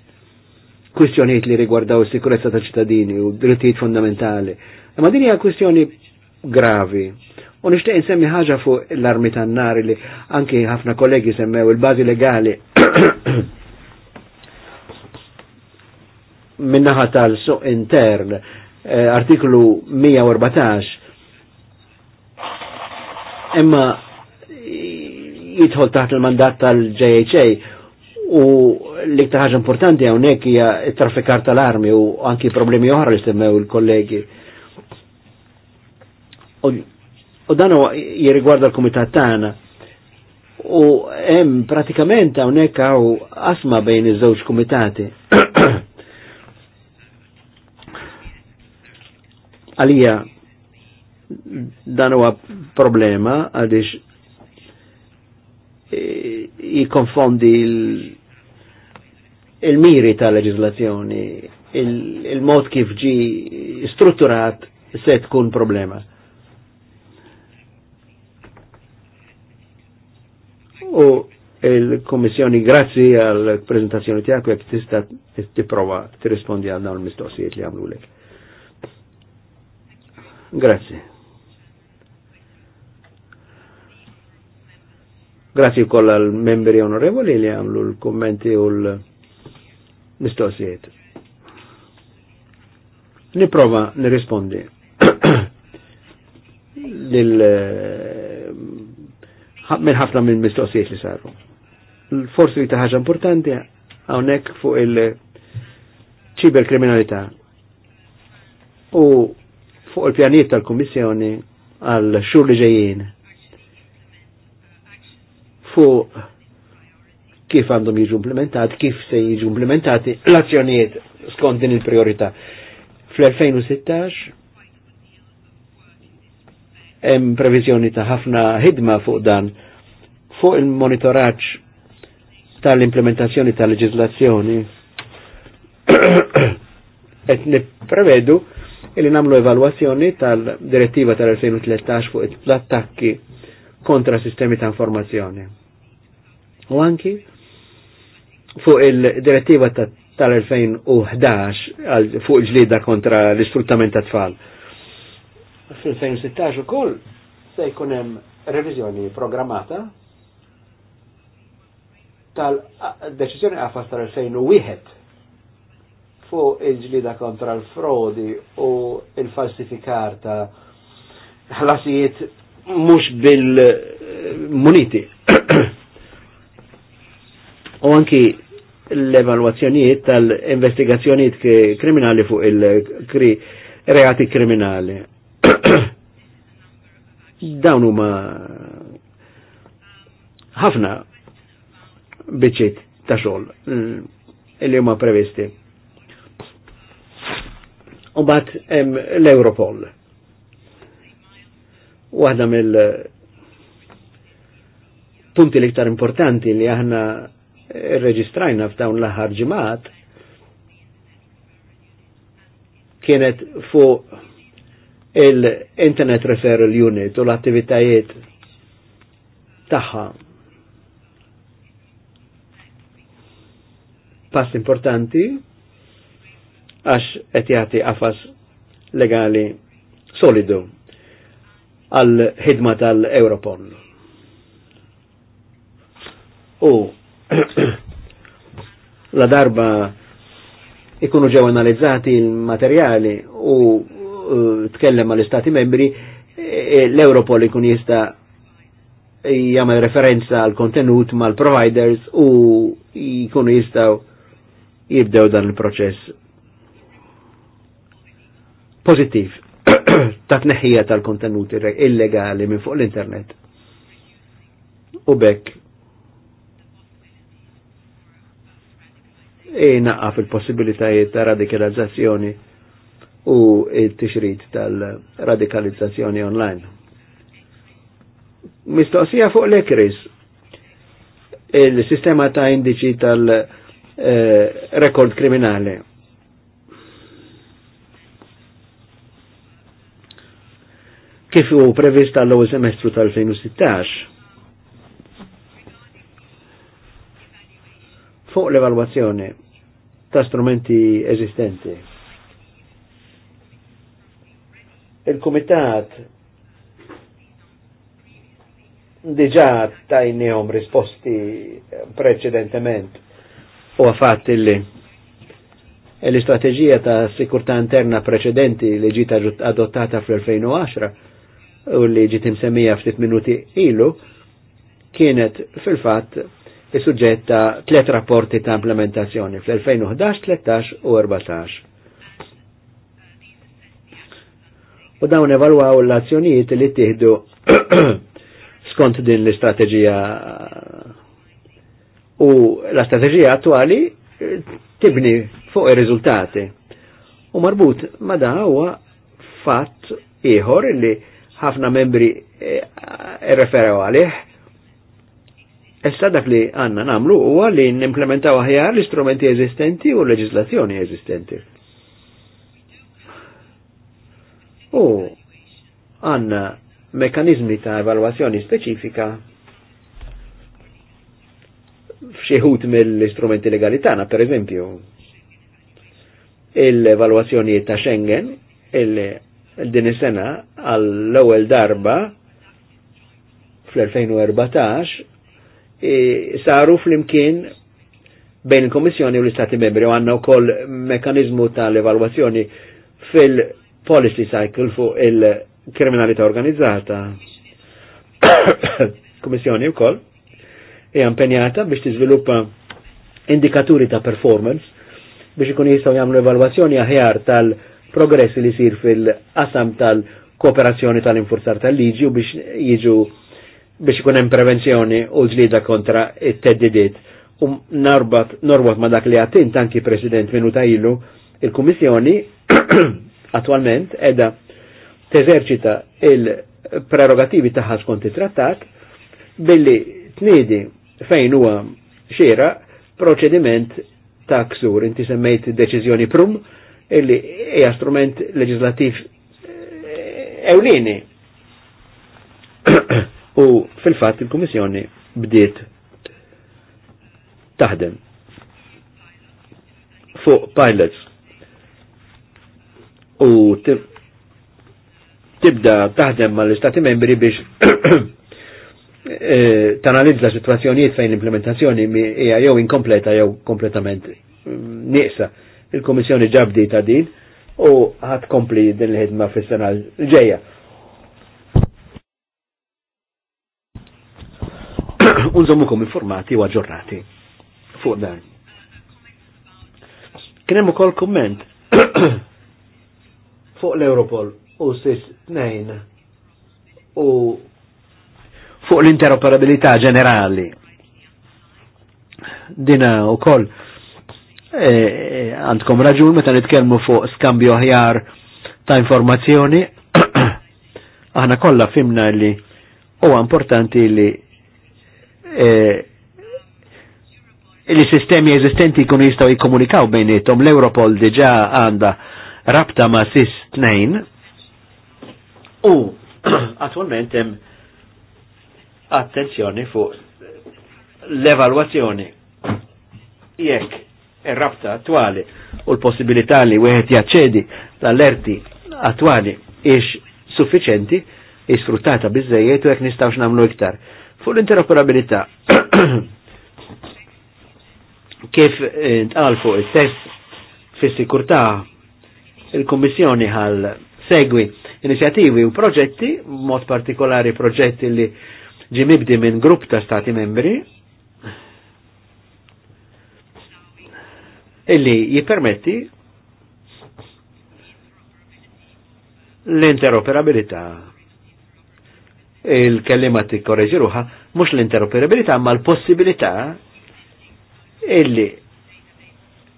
kwistjonijiet li rigwardaw sikurezza ta' ċittadini u drittijiet Fundamentali. Imma din hija kwistjoni gravi U nixtieq insemmi ħaġa fuq l-armi tan-nar li anki ħafna kollegi semmew il-bażi legali minnaħa tal-suq intern, eh, artiklu 114, imma jidħol taħt il-mandat tal-JHA u li iktar ħaġa importanti hawnhekk hija traffikar tal-armi u anki problemi oħra li semmew il-kollegi. U dan jirigwarda l-Kumitat tagħna. U hemm pratikament hawnhekk hawn asma bejn iż-żewġ kumitati. Għalija dan huwa problema għaliex e, jikonfondi il-miri il tal-leġizlazzjoni, il-mod il kif ġi strutturat se tkun problema. u il-Komissjoni grazzi għal prezentazzjoni tijak u jekk tista' t-tiprova t tirrispondi għal dawn mistoqsijiet li għamlu għamlulek. Grazzi. Grazzi u koll għal membri onorevoli li għamlu l-kommenti u l-mistoqsijiet. Niprova nirrispondi lil eh, minn ħafna minn mistoqsijiet li saru. Forsi li ħaġa importanti hawnhekk fuq il kriminalità. u fuq il-pjanijiet tal-Kummissjoni għal xhur li ġejjin fuq kif għandhom jiġu implementat, kif se jiġu implementati l-azzjonijiet skont din il-priorità. Fl-2016 hemm previżjoni ta' ħafna ħidma fuq dan fuq il-monitoraġġ tal-implementazzjoni tal-leġislazzjoni qed nipprevedu li nagħmlu evalwazzjoni tal-direttiva tal-2013 fuq l-attakki kontra sistemi ta' informazzjoni. U anki fuq il-direttiva tal-2011 fuq il-ġlida kontra l-isfruttament tat tfal fil-2016 u koll se jkunem revizjoni programmata tal deċizjoni għafas tal-2001 fu il-ġlida kontra l-frodi u il-falsifikar ta' ħlasijiet mux bil-muniti. u anki l-evalwazzjonijiet tal-investigazzjonijiet kriminali fuq il-reati kriminali. Dawn huma ħafna biċċiet ta' xogħol eh, li huma previsti. U bat l-Europol. Waħda mill punti l-iktar importanti li aħna reġistrajna f'dawn l-aħħar ġimgħat kienet fuq il-Internet Referral Unit u l-attivitajiet taħħa. Pass importanti għax qed jagħti qafas legali solidu għal ħidma tal-Europol. U la darba ikunu ġew analizzati il-materjali u Eh, tkellem l istati membri, eh, l-Europol ikun jista jagħmel referenza għal kontenut mal-providers u jkunu jistaw jibdew dan il-proċess pozittiv ta' tneħħija tal-kontenuti illegali minn fuq l-internet. U bekk e naqqaf fil possibilitajiet ta' radikalizzazzjoni u t-tixrid tal-radikalizzazzjoni online. Mistoqsija fuq l-ekris, il-sistema ta' indiċi tal-rekord eh, kriminali. Kif u prevista l-ewwel semestru tal-2016. Fuq l-evalwazzjoni ta' strumenti eżistenti. Il-Kumitat diġa tajnijom risposti preċedentement u għafat illi l-istrateġija ta' sikurta interna preċedenti li ġiet adottata fl-2010 u li ġiet insemmija ftit minuti ilu kienet fil-fatt is-suġġett tliet rapporti ta' implementazzjoni fl-2011, 13 u 14. u dawn evalwaw l-azzjonijiet li tieħdu skont din l-istrateġija u l-istrateġija attuali eh, tibni fuq ir-riżultati. U marbut ma da huwa fatt ieħor li ħafna membri eh, irreferew għalih. Issa dak li għanna namlu huwa li nimplementaw aħjar l-istrumenti eżistenti u l-leġislazzjoni eżistenti. u għanna mekanizmi ta' evalwazzjoni speċifika fxieħut mill-istrumenti legali tagħna, per eżempju, il-evalwazzjoni ta' Schengen, il-din sena għall-ewwel darba fl-2014 e, saru fl-imkien bejn il-Komissjoni u l-Istati membri u għanna u koll mekanizmu tal-evalwazzjoni fil- policy cycle fuq il-kriminalità organizzata. Kommissjoni wkoll hija e impenjata biex tiżviluppa indikaturi ta' performance biex ikun jistgħu jagħmlu evalwazzjoni aħjar tal-progressi li sir fil-qasam tal-kooperazzjoni tal-infurzar tal-liġi u biex jiġu biex ikun hemm prevenzjoni u ġlida kontra it-teddidiet. U narbat, ma dak li għattint tanki President minuta ilu il-Kummissjoni attualment edha teżerċita il-prerogativi taħħa skont it-trattat billi tniedi fejn huwa xiera proċediment ta' ksur. Inti semmejt deċiżjoni prum illi hija strument leġislativ eh, ewlieni. U fil-fatt il-Kummissjoni bdiet taħdem fuq pilots tibda taħdem mal-Istati membri biex eh, tanalizza situazzjonijiet fejn l-implementazzjoni hija jew inkompleta jew kompletament mm, nieqsa. Il-Komissjoni ġabdi ta' din u ħad kompli din l-ħidma fis-sena l-ġejja. Unżommukom informati u aġġornati fuq dan. Kien hemm ukoll komment fuq l-Europol u sis 2 u fuq l-interoperabilità ġenerali. Dina u koll e, e, għandkom raġun meta nitkellmu fuq skambju aħjar ta' informazzjoni aħna kollha fimna li huwa importanti li e, li sistemi eżistenti jkunu jistgħu jikkomunikaw bejnietom l-Europol diġa għandha rabta ma' sis tnejn. u attualment hemm attenzjoni fuq l-evalwazzjoni jekk ir-rabta attwali u l-possibilità li wieħed jaċċedi tal-erti attwali ix suffiċenti isfruttata biżejjed u jekk nistgħux nagħmlu iktar. Fuq l-interoperabilità kif intqal fuq it-test fis-sikurtà il-Kommissjoni għal segwi inizjativi u proġetti, mod partikolari proġetti li ġimibdi minn grupp ta' stati membri, illi jipermetti l-interoperabilità. Il-kellima ti korreġi ruħa, mux l-interoperabilità, ma l-possibilità illi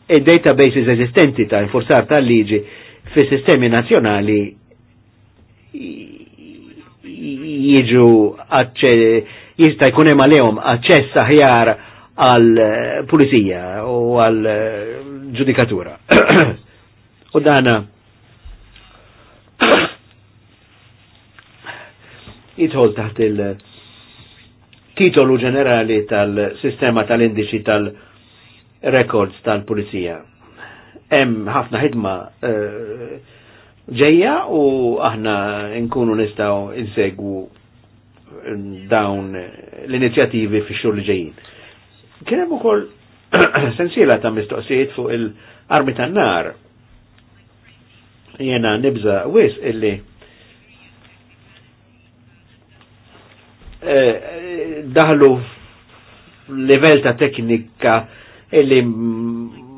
il-databases esistenti ta' infursar ta' liġi fi sistemi nazjonali jiġu jista jkun hemm għalihom aċċess aħjar għal pulizija u għal ġudikatura. u dana jitħol taħt il-titolu ġenerali tal-sistema tal-indiċi tal-records tal-pulizija hemm ħafna ħidma eh, ġejja u aħna nkunu nistgħu insegwu eh, dawn l-inizjattivi fi xogħol li ġejjin. Kien hemm ukoll sensiela ta' mistoqsijiet fuq il-armi tan-nar. Jena nibża wis illi eh, daħlu level ta' teknika illi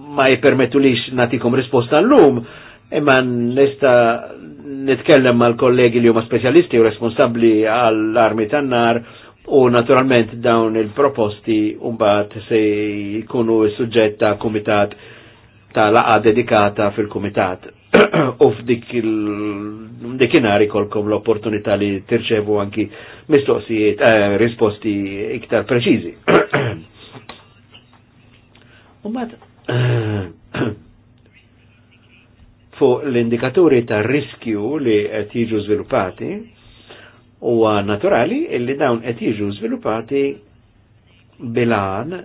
ma jipermettu lix natikom risposta l-lum, imma nista nitkellem mal kollegi li huma specialisti u responsabli għall-armi tan-nar u naturalment dawn il-proposti umbat se jkunu suġġetta komitat kumitat ta' laqa dedikata fil komitat u f'dikinari kolkom l-opportunità li tirċevu anki mistoqsijiet, eh, risposti iktar preċizi. Umbat, fuq l-indikaturi ta' riskju li qed jiġu żviluppati huwa naturali illi dawn qed jiġu żviluppati bilan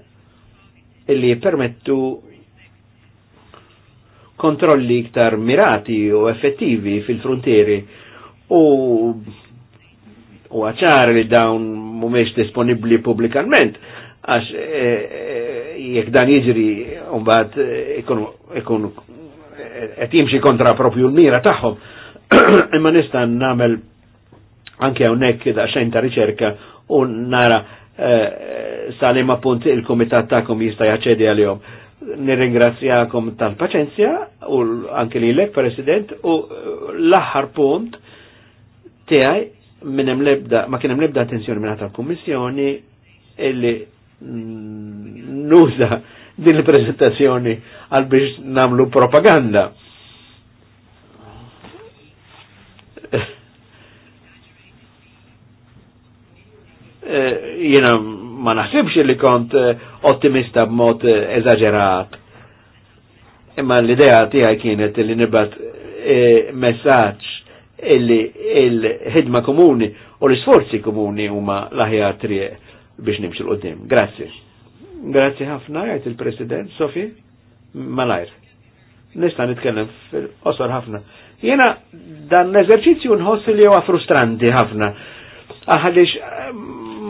illi jippermettu kontrolli iktar mirati u effettivi fil-frontieri u u għaċar li dawn mhumiex disponibli publikament għax e, e, jekk dan jiġri unbat eh, ikun eh, qed jimxi kontra propju l-mira tagħhom. Imma nista' nagħmel anke hawnhekk daqsxejn ta' riċerka u nara eh, salim appunt il-komitat ta'kom jista' jaċċedi għalihom. Nirringrazzjakom tal-paċenzja u anke lilek President u l-aħħar punt tiegħi minn hemm lebda ma kien hemm lebda attenzjoni minn tal-Kummissjoni illi Mm, nuża din il-prezentazzjoni għal biex namlu propaganda. Eh, jena ma naħsibx li kont eh, ottimista b'mod eh, eżagerat. Imma l-idea tiegħi kienet li nibat messaġġ illi il-ħidma komuni u l sforzi komuni huma l-aħjar triq biex l qoddim. Grazie. Grazie ħafna, għajt il-President, Sofi, malajr. Nista nitkellem fil-qosor ħafna. Jena dan l-eżerċizzju nħoss li huwa frustranti ħafna. Aħalix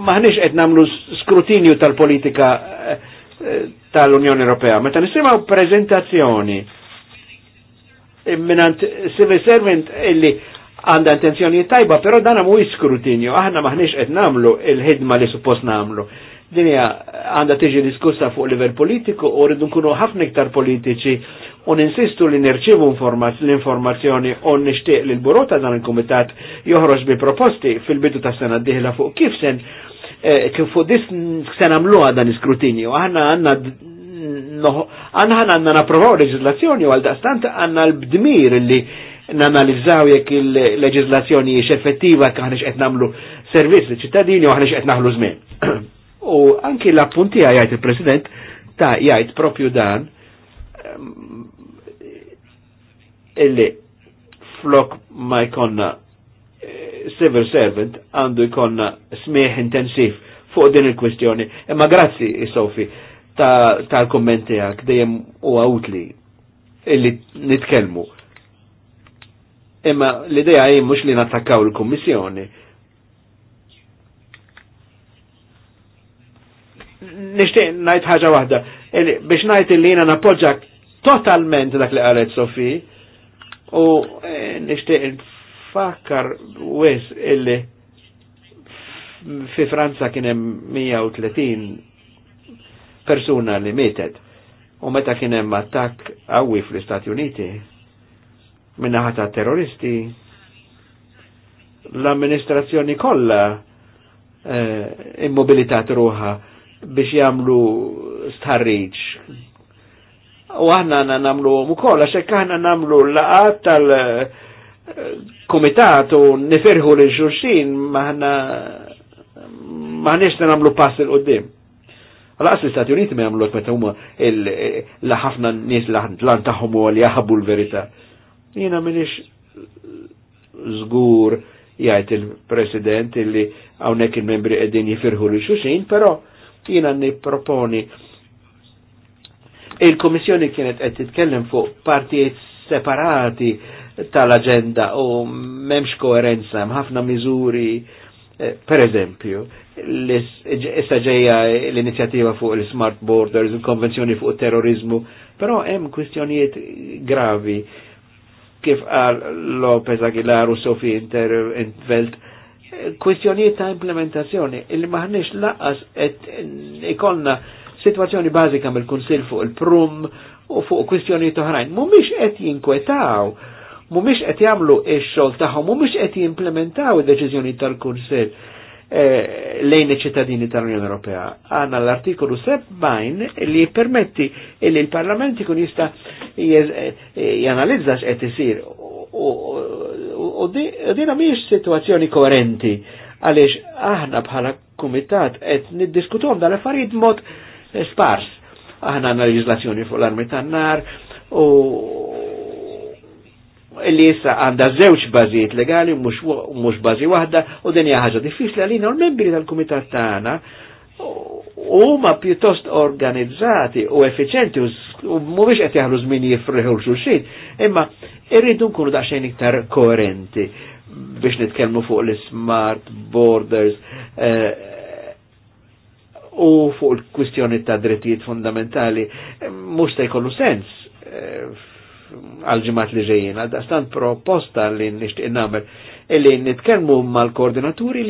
maħniex qed namlu skrutinju tal-politika eh, tal-Unjoni Ewropea. Meta nisimgħu prezentazzjoni minant civil servant illi għanda intenzjoni tajba, pero dan mhuwiex skrutinju, aħna maħniex qed namlu il-ħidma li suppost namlu. Dinja għanda tiġi diskussa fuq livell politiku u rridu nkunu ħafna iktar politiċi u ninsistu li nirċivu l-informazzjoni u nixtieq li l-buro dan il-kumitat joħroġ bi proposti fil-bidu ta' sena diħla fuq kif sen eh, kif fuq dis sen għamluha dan iskrutinju. Aħna għandna għanna għanna naprovaw leġislazzjoni għal daqstant għanna l-bdmir li nanalizzaw jekk il-leġizlazzjoni jiex effettiva jekk qed nagħmlu servizz li ċittadini u aħna qed naħlu żmien. u anki l-appunti jgħid il-President ta' jgħid propju dan illi flok ma jkonna eh, civil servant għandu jkonna smieħ intensiv fuq din il-kwestjoni. Imma grazzi, Sofi, tal-kommenti għak, dejjem u għawtli illi nitkelmu Imma l-idea hi mhux li nattakkaw il-Kummissjoni. Nixtieq ngħid ħaġa waħda, biex ngħid li jiena nappoġġa totalment dak li qalet Sofi u e, nixtieq nfakkar wis illi fi Franza kien hemm 130 persuna li mietet u meta kien hemm attakk qawwi fl-Istati Uniti minnaħa ta' terroristi l-amministrazzjoni kolla eh, immobilitat ruħa biex jamlu starriċ. U għanna għanna namlu ukoll għax hekk għanna namlu laqat tal eh, komitatu nifirħu lil xulxin maħna maħniex namlu pass il qoddim Għalqas l stati Uniti ma jagħmlu meta huma l-ħafna nis l-għan u għal jaħabu l-verità. Jina minix zgur jgħajt il-president illi għawnek il-membri għedin jifirħu li xuxin, pero jina niproponi il-komissjoni kienet qed titkellem fuq partijiet separati tal-agenda u memx koerenza, m'ħafna miżuri, eh, per eżempju, l-istaġeja l-inizjattiva fuq il smart Borders, il-Konvenzjoni fuq terrorizmu, però hemm kwistjonijiet gravi kif għal Lopez Aguilar u Sofi Intervelt, kwestjoniet ta' implementazzjoni, illi maħnix laqas et ikonna situazzjoni bazika mill-Kunsil fuq il-prum u fuq kwestjonijiet oħrajn. Mumiex qed jinkwetaw, mumiex qed jagħmlu ix xogħol tagħhom, mumiex qed jimplementaw id-deċiżjoni tal-Kunsil Eh, lejn iċ-ċittadini tal-Unjoni Ewropea. Għanna l-artikolu 7 li permetti li l-Parlament ikun jista eh, janalizzax qed isir u dina miex situazzjoni koerenti għaliex aħna bħala kumitat qed niddiskutom dal-affarijiet mod spars. Aħna għandna leġislazzjoni fuq l-armi tan-nar u li jissa għanda zewċ bażijiet legali mux bażi wahda u din hija ħaġa diffiċli għalina u l-membri tal-kumitat tagħna huma pjuttost organizzati u effiċenti u mhuwiex qed jaħlu żmien jifriħu xulxin, imma irridu nkunu daqsxejn iktar koerenti biex nitkellmu fuq l-smart borders eh, u fuq il-kwistjoni ta' drittijiet fundamentali mhux se jkollu sens eh, għal-ġimat li ġejjien. Għal-dastan proposta li nishtiq namel illi nitkelmu mal-koordinaturi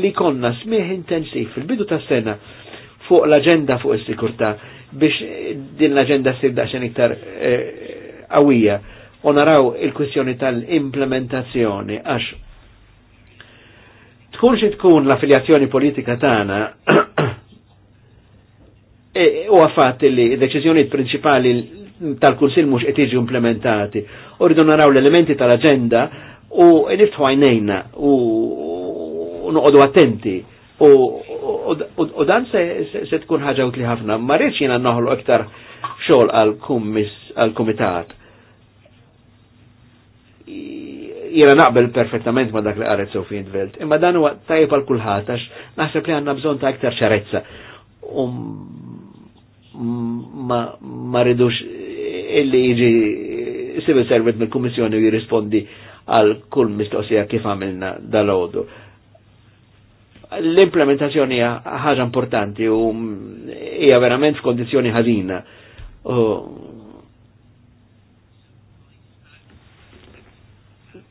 li konna smieħ intensiv fil-bidu ta' sena fuq l-agenda fuq is-sikurta biex din l-agenda sir daqsxejn iktar eh, qawwija u naraw il-kwistjoni tal-implementazzjoni għax tkun xi tkun l-affiljazzjoni politika tagħna u għafat eh, li deċiżjonijiet prinċipali tal-Kunsil mhux qed jiġu implementati. Orridu naraw l-elementi tal-aġenda u niftħu għajnejna u nuqodu attenti. U dan se tkun ħaġa utli ħafna, ma rridx jiena noħlu iktar xogħol għall-kumitat. Jiena naqbel perfettament ma dak li għaret Sofi Velt, imma dan huwa tajjeb għal kulħadd għax naħseb li għandna bżonn ta' iktar ċarezza. Ma rridux illi jiġi civil servant mill-Kummissjoni jirrispondi għal kull mistoqsija kif għamilna dal-għodu. L-implementazzjoni ħaġa importanti u hija verament f'kondizzjoni ħażina.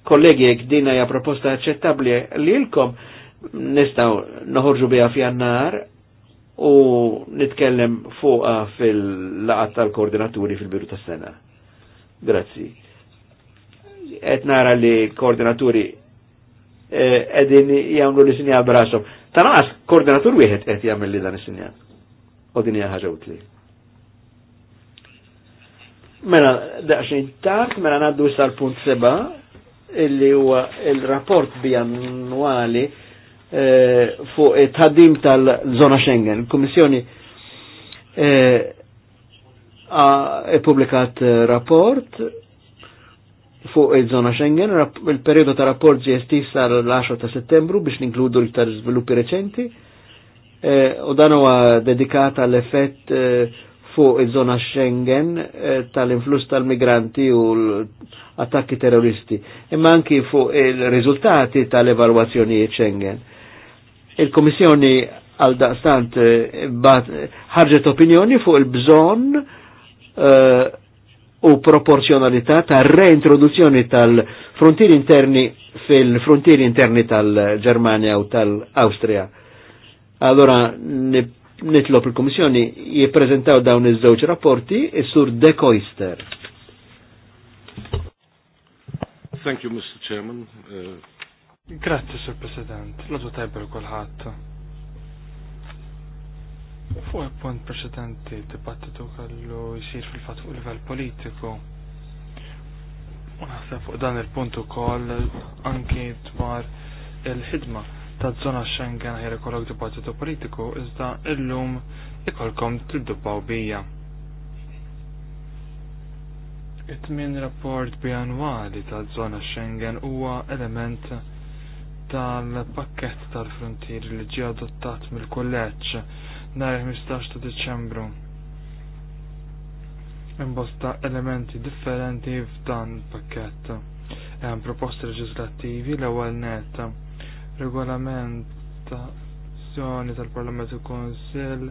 Kollegi, jek dina hija proposta aċċettabbli li ilkom nistgħu noħorġu biha f'jannar u nitkellem fuqa fil-laqat tal-koordinaturi fil-biru tas sena Grazzi. Et nara li koordinaturi eh, edin jamlu li sinja brasom. Ta' naqas koordinatur wieħed qed jagħmel li dan is-sinjal. U din hija ħaġa utli. Mela daqsxejn tard, mela ngħaddu sal punt seba' illi huwa il-rapport annwali Eh, fuq it tadim tal-zona Schengen. Il-Kommissjoni eh, ha pubblicat eh, rapport fuq il-zona Schengen, il-periodu ta' rapport GST sar l-10 ta' settembru biex ninkludu l-iktar sviluppi reċenti u dan huwa dedikata l-effett fuq il-zona Schengen tal-influss tal-migranti u l-attakki terroristi, imma anki fuq il-riżultati tal-evalwazzjonijiet Schengen Il-Komissjoni għal daqstant eh, ħarġet opinjoni fuq il-bżon eh, u proporzjonalità ta' reintroduzzjoni tal-frontieri interni fil-frontieri interni tal-Germania u tal-Austria. Allora nitlob il-Komissjoni jiprezentaw dawn iż-żewġ rapporti is-sur De Koister. Thank you, Mr. Chairman. Uh... Grazzi, Sir President. L-għadu tajber kolħat. Fuq il-punt precedenti, dibattitu kellu jisir fil a fuq livell politiku. se fuq dan il-punt ukoll anki dwar il-ħidma ta' zona Schengen ħajr e ikollok dibattitu politiku, iżda illum ikolkom tiddubbaw bija. it min rapport bianuali ta' zona Schengen huwa element tal-pakket tal-frontier li ġie adottat mill-kolleġġ nhar il-15 ta' Diċembru. Imbosta elementi differenti f'dan il-pakket. Hemm proposti leġislattivi l-ewwel net regolamentazzjoni tal-Parlament u Kunsill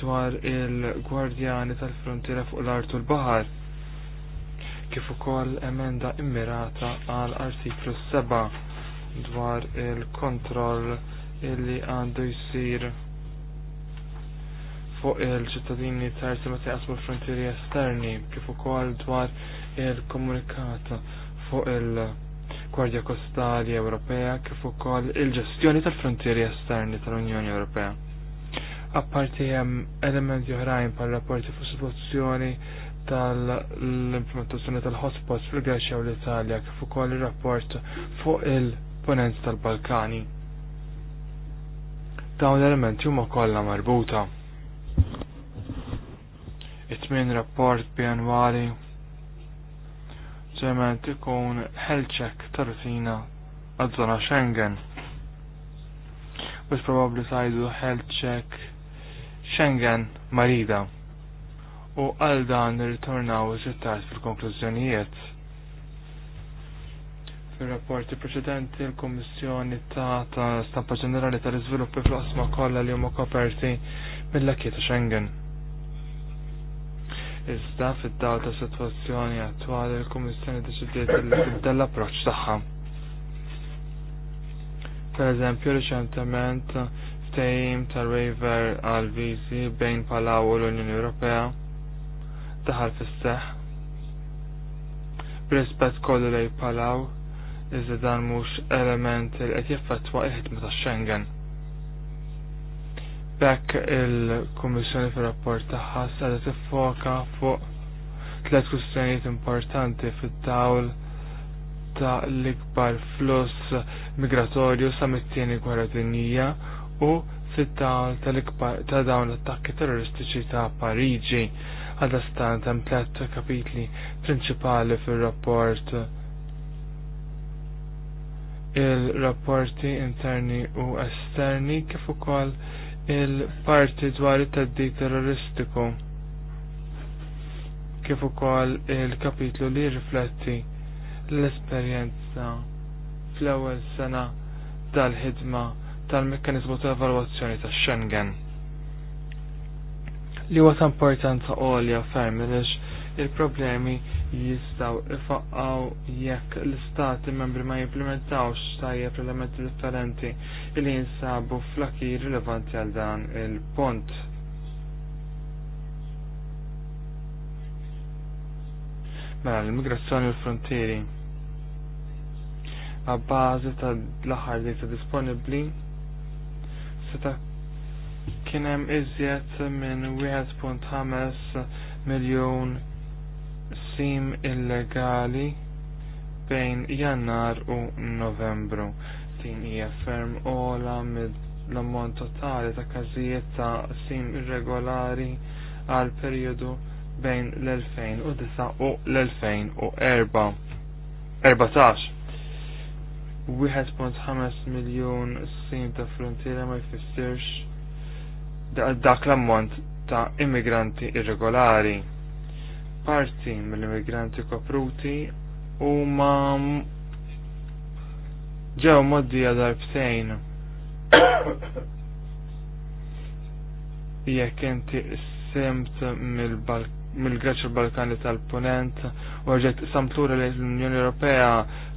dwar il-Gwardjani tal-Frontiera fuq l-Art u l-Baħar kif ukoll emenda immirata għal artiklu 7 dwar il-kontroll illi għandu jisir fuq il-ċittadini terzi meta jasmu frontieri esterni kif ukoll dwar il-komunikat fuq il-Gwardja Kostali Ewropea kif ukoll il-ġestjoni tal-frontieri esterni tal-Unjoni Ewropea. Apparti hemm elementi oħrajn par rapporti fuq situazzjoni tal-implementazzjoni tal-hotspots fil-Greċja u l-Italja kif ukoll ir-rapport fuq il- tal tal-Balkani. Dawn l-elementi huma kollha marbuta. It-tmien rapport bianwali ġement ikun ħelċek tar-rutina għad-żona Schengen. Biex probabbli sajdu ħelċek Schengen marida. U għal dan ritornaw iżittat fil-konklużjonijiet fil-rapporti preċedenti l-Kommissjoni ta' ta' stampa ġenerali tal-izviluppi fl-osma kollha li huma koperti mill-akki Schengen. Iżda fid-daw ta' situazzjoni attwali l-Kommissjoni deċidiet li tibda l-approċċ tagħha. Per eżempju, riċentement ftehim tal-waiver għal viżi bejn Palaw u l-Unjoni Ewropea daħal fis-seħħ rispett kollu lej palaw iżda dan mhux element li qed jaffettwa il-ħidma ta' Schengen. Bekk il-Kummissjoni fir-rapport tagħha sada tiffoka fuq tliet kwistjonijiet importanti fid-dawl ta' l-ikbar fluss migratorju sa mit-tieni gwerra dinjija u fit-dawl ta' dawn l-attakki terroristiċi ta' Pariġi għadastan tem tlet kapitli prinċipali fil-rapport il-rapporti interni u esterni kif ukoll il-parti dwar it-taddi terroristiku kif ukoll il-kapitlu li rifletti l-esperjenza fl-ewwel sena tal-ħidma tal-mekkaniżmu ta' evalwazzjoni ta' Schengen. Li huwa ta' importanza għolja ferm li il-problemi jistaw ifaqqaw jekk l-istati membri ma jimplementawx tajjeb elementi differenti li jinsabu flakir rilevanti għal dan il-pont. Mela l-immigrazzjoni u l-frontieri. A bazi ta' l-aħħar data disponibbli seta' kien hemm iżjed minn 1.5 miljun sim illegali bejn jannar u novembru. Din hija ferm ola mid l-ammont totali ta' każijiet ta' sim irregolari għal perjodu bejn l-2009 u l 2014 14. 1.5 miljon sin ta' frontiera ma jfissirx dak l-ammont ta' immigranti irregolari parti mill-immigranti kopruti u ma ġew moddi darbtejn. Jekk inti semt mill-Greċ balkani tal-Punent u ġet samtura l-Unjoni Ewropea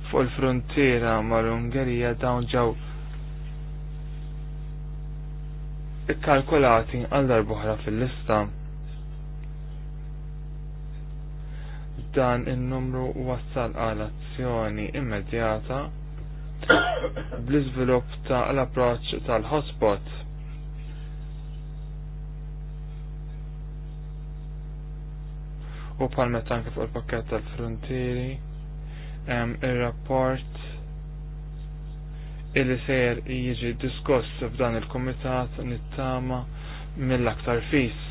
fuq il-frontiera mal-Ungerija dawn ġew ikkalkolati għal darbohra fil-lista. dan il-numru wassal għal azzjoni immedjata bl-iżvilupp ta' l-approċ tal-hotspot u palmet anke fuq il-pakket tal-frontieri hemm ir-rapport illi sejjer jiġi diskoss f'dan il-kumitat nittama mill-aktar fis.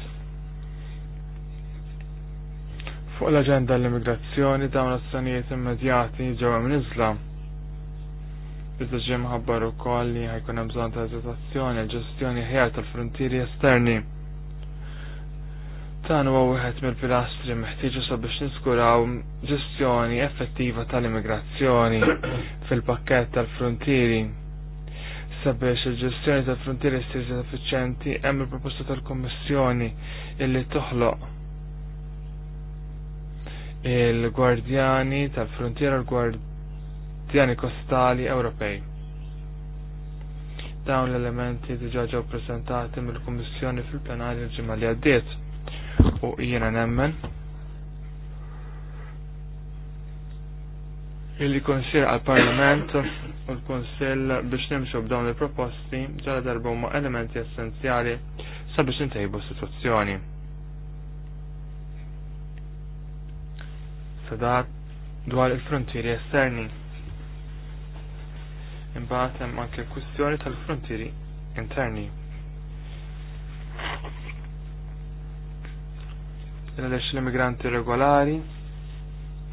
Fuq l-agenda l-immigrazzjoni dawn l azzjonijiet immedjati ġewwa minn iżla. Iżda ġie mħabbar ukoll li ħajkun hemm bżonn ta' eżitazzjoni ġestjoni ħjar tal-frontieri esterni. Dan huwa wieħed mill-pilastri meħtieġu sabiex niskuraw ġestjoni effettiva tal-immigrazzjoni fil-pakkett tal-frontieri. Sabiex il-ġestjoni tal-frontieri ssir effiċjenti hemm il-proposta tal-Kummissjoni illi toħloq il-Gwardjani tal-Frontiera l-Gwardjani Kostali Ewropej. Dawn l-elementi diġa ġew prezentati mill-Kummissjoni fil-Plenarju ġimgħa li għaddiet u jiena nemmen illi konsir għal-Parlament u l kunsill biex nimxu b'dawn il-proposti ġara darba huma elementi essenzjali sabiex intejbu s-sitwazzjoni. sadat dwar il-frontieri esterni. Imbagħad hemm anke kwistjoni tal-frontieri interni. Għaliex l-immigranti regolari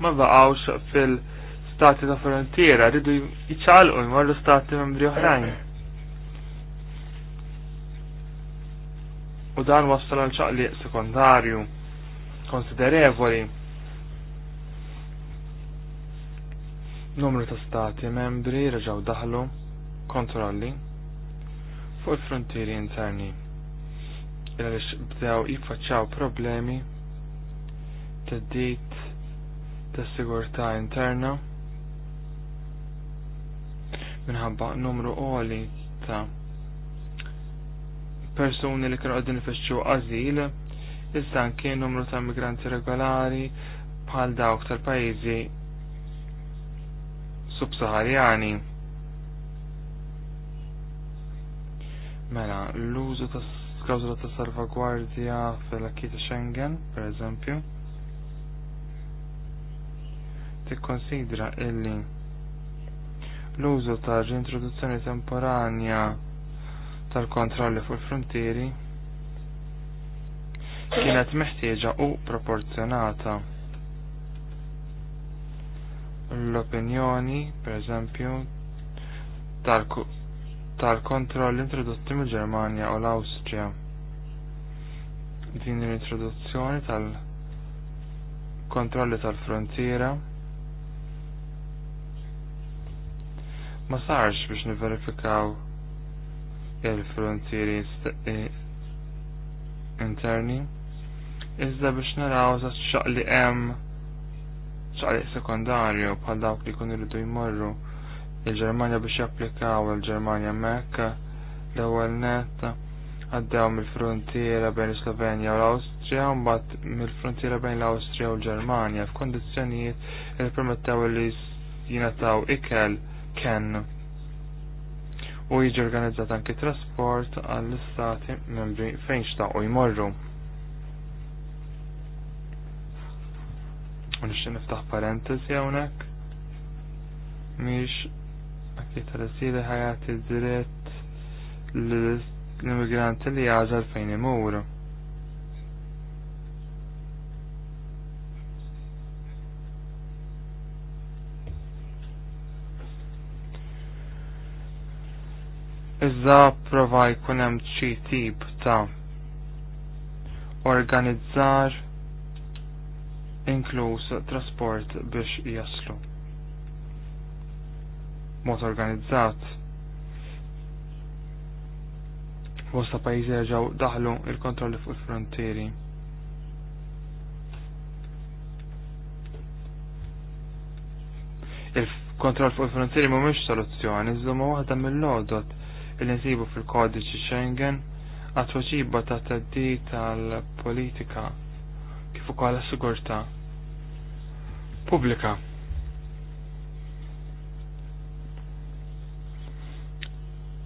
ma baqgħux fil-stati ta' frontiera, rridu jiċċalqu jmorru stati membri oħrajn. U dan wassal għal ċaqliq sekondarju konsiderevoli Numru ta' stati membri reġaw daħlu kontrolli fuq il-frontieri interni għaliex bdew jiffaċċaw problemi ta' dit tas-sigurtà interna minħabba numru għoli ta' persuni li kienu għadin fixxu għazil, issa kien numru ta' migranti regolari bħal dawk tal-pajizi subsaharjani. Mela, l-użu ta' klawzula ta' salvagwardja fil akita Schengen, per eżempju, tikkonsidra illi l-użu ta' reintroduzzjoni temporanja tal-kontrolli fuq il-frontieri kienet meħtieġa u proporzjonata l-opinjoni, per eżempju, tal-kontroll tal introdotti mill ġermanja u l-Awstrija. Din l-introduzzjoni tal-kontrolli tal-frontiera ma sarx biex niverifikaw il-frontieri interni, iżda biex naraw zaċċaq li hemm ċaqliq sekundarju bħal dawk li kun irridu jmorru il-Ġermanja biex japplikaw il-Ġermanja mek l-ewwel net għaddew mill-frontiera bejn Slovenja u l-Awstrija u mbagħad mill-frontiera bejn l-Awstrija u l-Ġermanja f'kondizzjonijiet li permettaw li jingħataw ikel kenn u jiġi organizzat anki trasport għall-istati membri fejn xtaqgħu jmorru. u nixin niftaħ parentesi hawnhekk miex akki tal-asili ħajati dritt l-immigranti li jaġal fejn imur. Iżda prova jkun hemm xi tip ta' organizzar inkluż trasport biex jaslu. Mod organizzat bosta pajjiżi ġew daħlu il-kontrolli fuq il-frontieri. Il-kontroll fuq il-frontieri mhumiex soluzzjoni, iżda waħda mill logħdot li nsibu fil-kodiċi Schengen għat-tweġiba ta' tal-politika kif ukoll għas-sigurtà pubblika.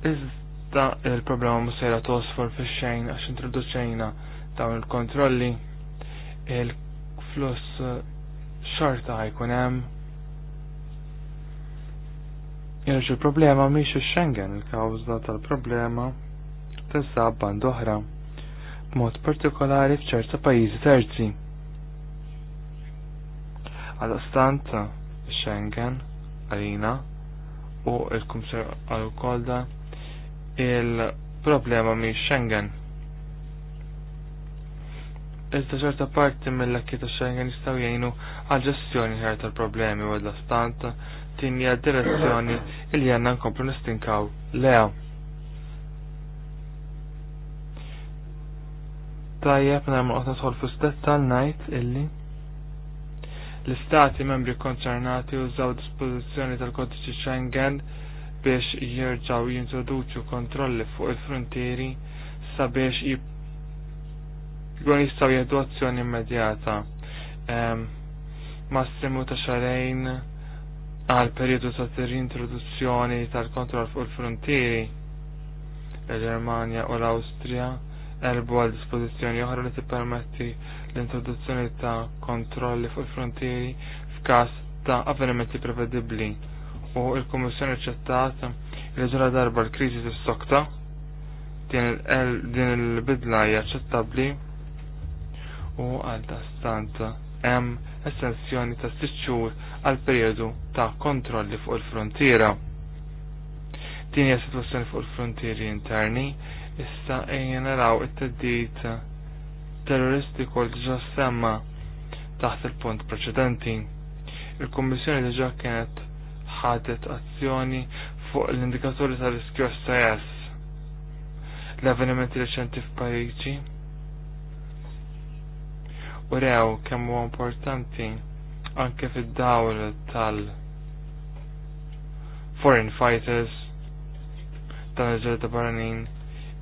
Iżda il-problema mhux sejra tosfor fix xejn għax introduċejna dawn il-kontrolli, il-fluss xorta jkun hemm. Jerġu il-problema miex il-Schengen il-kawża tal-problema tinsab band oħra, b'mod partikolari f'ċerta pajjiżi terzi għal ostanta Schengen għalina u il-kumsar għal-kolda il-problema mi Schengen. Iżda ċerta parti mill-akki ta' Schengen jistaw jgħinu għal-ġestjoni ħer tal-problemi u għal-ostant għal direzzjoni il jenna nkomplu nistinkaw leja. Tajjeb namlu għatna tħol fustet tal-najt illi. L-istati membri konċernati użaw dispożizzjoni tal-kodiċi Schengen biex jirġaw jintroduċu kontrolli fuq il-frontieri sabiex jkun jistaw jihdu azzjoni immedjata. Massimu ta' xarejn għal periodu ta' rintroduzzjoni tal-kontroll fuq il-frontieri l germania u l-Austria erbu għal dispożizzjoni oħra li tippermetti l-introduzzjoni ta' kontrolli fuq il-frontieri f'każ ta' avvenimenti prevedibbli u il-Kummissjoni ċettat li ġara darba l-kriżi sokta din il-bidla hija ċettabbli u għal stant hemm estensjoni ta' siċċur għal periodu ta' kontrolli fuq il-frontiera. Din hija situazzjoni fuq il-frontieri interni Issa ejjen raw it-teddit terroristiku li ġa semma taħt il-punt preċedenti. Il-Kommissjoni diġa kienet ħadet azzjoni fuq l-indikatori tal-riskju SIS l-avvenimenti reċenti f'Pariġi u rew kemm huwa importanti anke fid-dawl tal foreign fighters tal ġerda barranin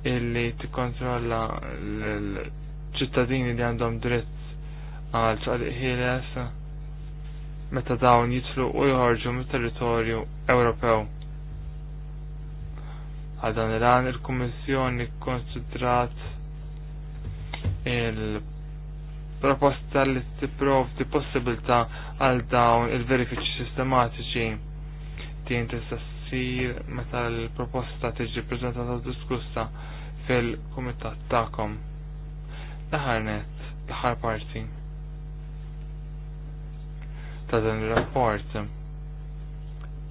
illi tikkontrolla l-ċittadini li għandhom dritt għal ċaqliq ħiles meta dawn jitlu u jħorġu mit-territorju Ewropew. Għal dan il-għan il-Kummissjoni konsidrat il-proposta li t-provdi possibilta għal dawn il-verifiċi sistematiċi din tista' ssir meta l-proposta tiġi preżentata diskussa fil-kumitat ta'kom. l laħar l-aħħar parti ta' dan il-rapport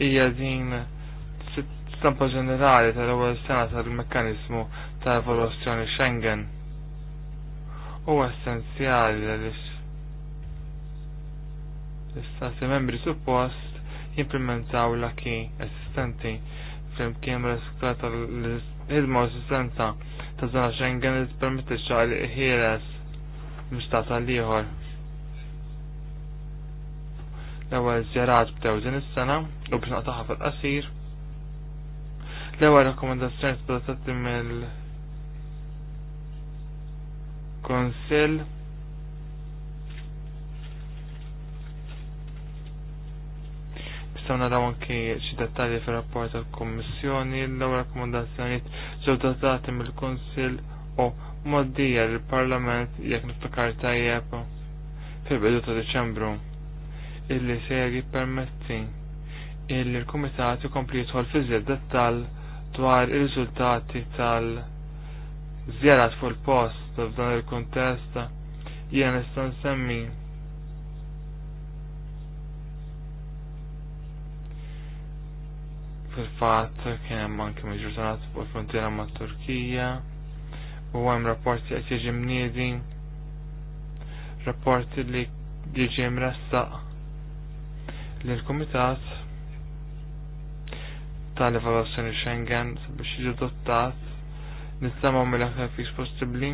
hija din stampa ġenerali tal-ewwel sena tal-mekkanizmu ta' evoluzzjoni Schengen. Huwa essenzjali l-istati membri suppost jimplementaw l-aki esistenti flimkien l-iskla il sistenza ta' zona Schengen permetti xaħal ħieles mux ta' tal-liħor. L-ewel zjarat b'tew din is-sena u biex naqtaħa fil-qasir. L-ewel rekomendazzjoni rakkomandazzjoni ta' mill-Konsil Nistaw naraw anki xi dettalji fir-rapport tal-Kummissjoni, l-ewwel rakkomandazzjonijiet ġew mill-Kunsill u moddija l-Parlament jekk niftakar tajjeb fil-bidu ta' Diċembru illi se jippermetti illi l-Kumitat kompli jidħol fi dettal dwar ir-riżultati tal- żjarat fuq il-post f'dan il kuntest jien nista' nsemmi fil-fat kien hemm anke miġużanat fuq il-frontiera mat Turkija u hemm rapporti qed jiġi mniedi rapporti li jiġi mressaq li l-Kumitat tal-evaluazzjoni Schengen biex jiġi dottat nittamaw mill-aktar fis possibbli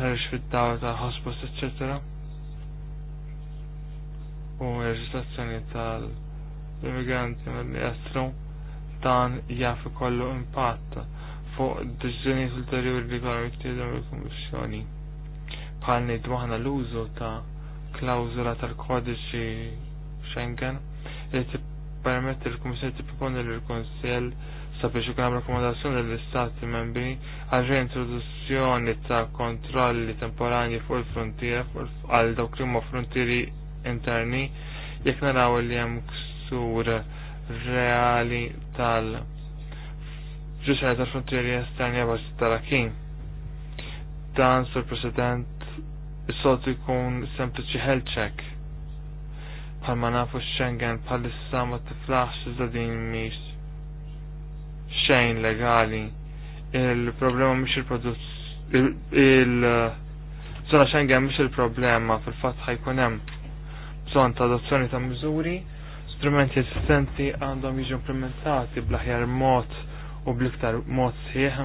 ħarġ fid-dawl ta' hospice, eccetera u l-reġistrazzjoni tal- l immigranti mill-estru dan jaf kollu impatt fuq deċiżjonijiet ulterjuri li għan jittieħdu l kummissjoni Bħal ngħidu aħna l-użu ta' klawzula tal-kodiċi Schengen li permetti l t tipproponi lill-Kunsill sabiex ikun hemm rakkomandazzjoni lill-Istati membri għal reintroduzzjoni ta' kontrolli temporanji fuq il frontier għal dawk li ma' frontieri interni jekk naraw li hemm sur reali tal- ġusħaj tal-frontieri esterni għabax tal-akin. Dan sur president s-sot ikun sempliċi health check. Palma nafu Schengen issa ma tiflaħx iżadin miex xejn legali. Il-problema miex il-produzz il-zona Schengen miex il-problema fil fatt ħajkun hemm bżonn ta' adozzjoni ta' miżuri l-istrumenti esistenti għandhom jiġu implementati bl-aħjar mod u bl-iktar mod sħiħ.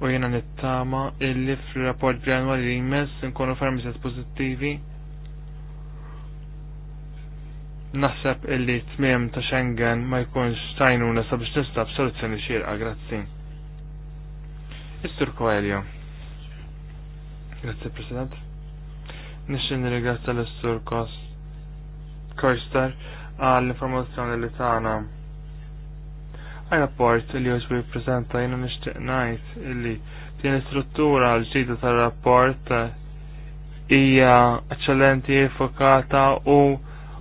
U jena nittama illi fil-rapport granwali li jmess nkunu farmizet pozittivi. Naħseb illi tmiem ta' Schengen ma jkunx tajnuna sabiex nistab soluzzjoni xirqa, grazzi. Istur Coelho. Grazzi President. Nixin ringrazzja l-Istur Kost Korstar għall-informazzjoni li tagħna. Għal-rapport li hoġ bi prezenta nixtieq ngħid najt illi din struttura l-ġdida tal-rapport hija eċċellenti, fokata u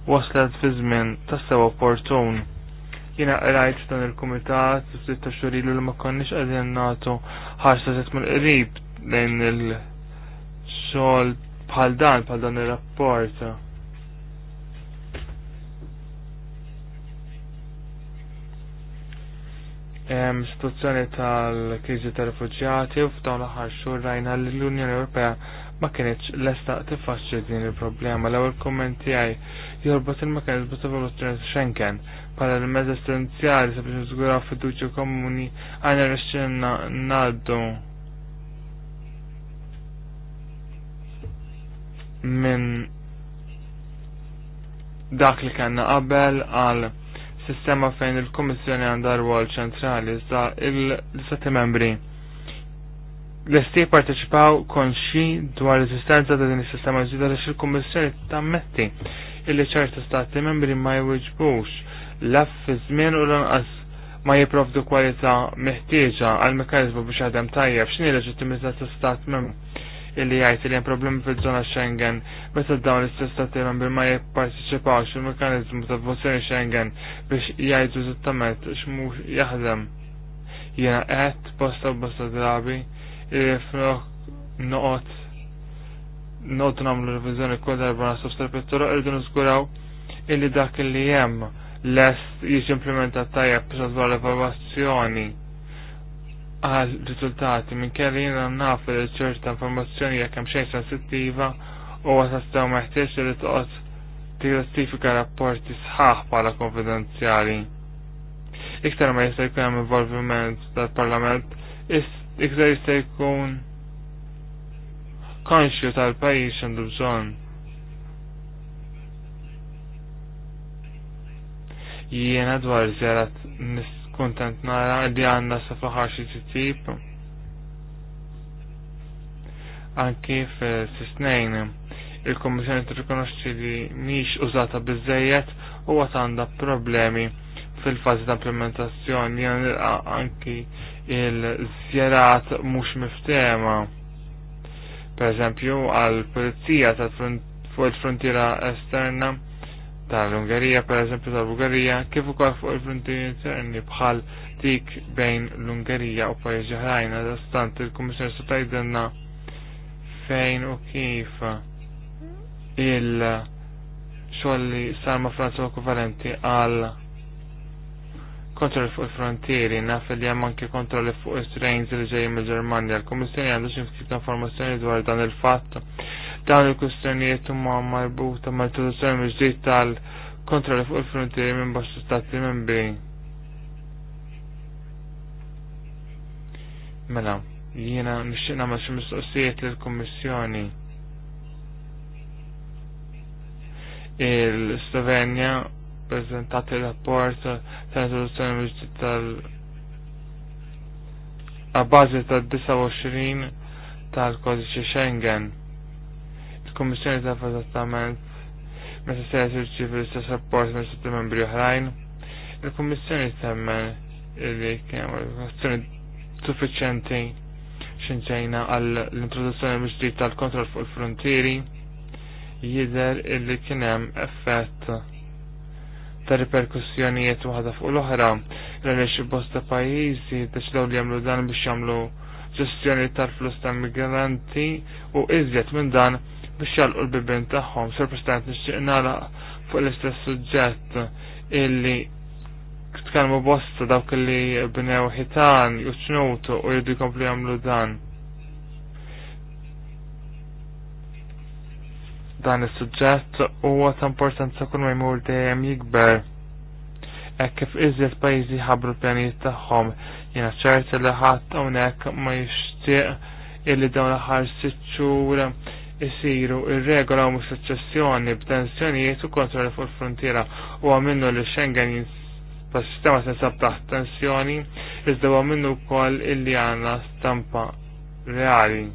waslet fi żmien tassew opportun jina rajt dan il-komitat sitta xurilu li ma konniex qegħdin natu ħarsa mal qrib lejn il-xol bħal dan, bħal dan il-rapport. situazzjoni tal-kriżi tal-rifuġjati u f'dawn l-aħħar xhur rajna li l-Unjoni Ewropea ma kienx lesta tifaċċi din il-problema. L-ewwel kumment tiegħi jorbot il-mekanizmu ta' evoluzzjoni Schengen bħala l-mezz essenzjali sabiex niżguraw fiduċju komuni għajna rexxin ngħaddu minn dak li kanna qabel għal sistema fejn il-Komissjoni għandha rwol ċentrali iżda l-Istati membri. L-ST parteċipaw konxi dwar l-esistenza ta' din is-sistema ġdida li il-Kummissjoni tammetti illi ċerti stati membri ma jwiġbux laff fi żmien u lanqas ma jipprovdu kwalità meħtieġa għal mekanizmu biex għadem tajjeb x'inhi leġittimità ta' stat membri illi jgħid li hemm problemi fil-żona Schengen meta dawn l-istess stati bil ma jipparteċipawx il-mekkaniżmu ta' votazzjoni Schengen biex jgħidu xmu x'mhux jaħdem. Jiena posta bosta posta drabi li noqot, noqgħod noqgħod nagħmlu reviżjoni kull darba naħseb tal-pittura irridu niżguraw illi dak illi hemm lest jiġi implementa tajjeb biex l-evalwazzjoni għal riżultati minn kelli jina naf li ċerta informazzjoni jekk hemm xejn sensittiva u għasastaw meħtieġ li toqgħod tiklassifika rapporti sħaħ bħala konfidenzjali. Iktar ma jista' jkun hemm involviment tal-Parlament, iktar jista' jkun konxju tal-pajjiż għandu bżonn. Jiena dwar żjarat nis kontent nara li għanna safaħar xie xi tip. Anki f'sisnejn il-Kommissjoni tirrikonoxxi li mhix użata biżejjed u għat għandha problemi fil-fażi ta' implementazzjoni anki il zjerat mhux miftema. Per eżempju, għal fuq il frontiera Esterna tal-Ungerija, per eżempju tal-Bulgarija, kif ukoll fuq il-frontieri interni bħal dik bejn l-Ungerija u pajjiżi ħrajn għal stant il-Kummissjoni se tgħidilna fejn u kif il xogħol li sar ma' Franza ekwivalenti għal kontrolli fuq il-frontieri, naf li hemm anke kontrolli fuq il-strains li ġejjin mill-Ġermanja. L-Kummissjoni għandu xi ftit informazzjoni dwar dan il-fatt dawn il-kustjonijiet huma marbuta mal-introduzzjoni mill tal-kontrolli fuq il-frontieri minn bosta stati membri. Mela, jiena nixtieq nagħmel xi mistoqsijiet lill-Kummissjoni. Il-Slovenja preżentat il-rapport tal-introduzzjoni mill tal- a bażi tad-29 tal-kodiċi Schengen il-Kummissjoni taf eżattament meta se jirċievi l-istess rapport minn sitt membri oħrajn. Il-Kummissjoni temmen li kemm azzjoni suffiċjenti xinċejna għall-introduzzjoni mill-ġdid tal-kontroll fuq il-frontieri jidher illi kien hemm effett ta' riperkussjonijiet waħda fuq l-oħra għaliex bosta pajjiżi deċdew li jagħmlu dan biex jagħmlu ġestjoni tal-flus ta' migranti u iżjed minn dan biex jalqu l-bibin tagħhom. Sir President nixtieq nagħlaq fuq l-istess suġġett illi tkellmu bosta dawk li bnew ħitan juċnutu u jridu jkomplu jagħmlu dan. Dan is-suġġett huwa ta' importanza kull ma jmur dejjem jikber. Hekk kif iżjed pajjiżi ħabru l-pjanijiet tagħhom, jiena ċert li ħadd hawnhekk ma jixtieq illi dawn l-aħħar isiru il regola u suċċessjoni b'tensjonijiet u kontrolli fuq il-frontiera u għamennu li Schengen sistema tinsab taħt tensjoni iżda huwa minnu wkoll illi għandna stampa reali.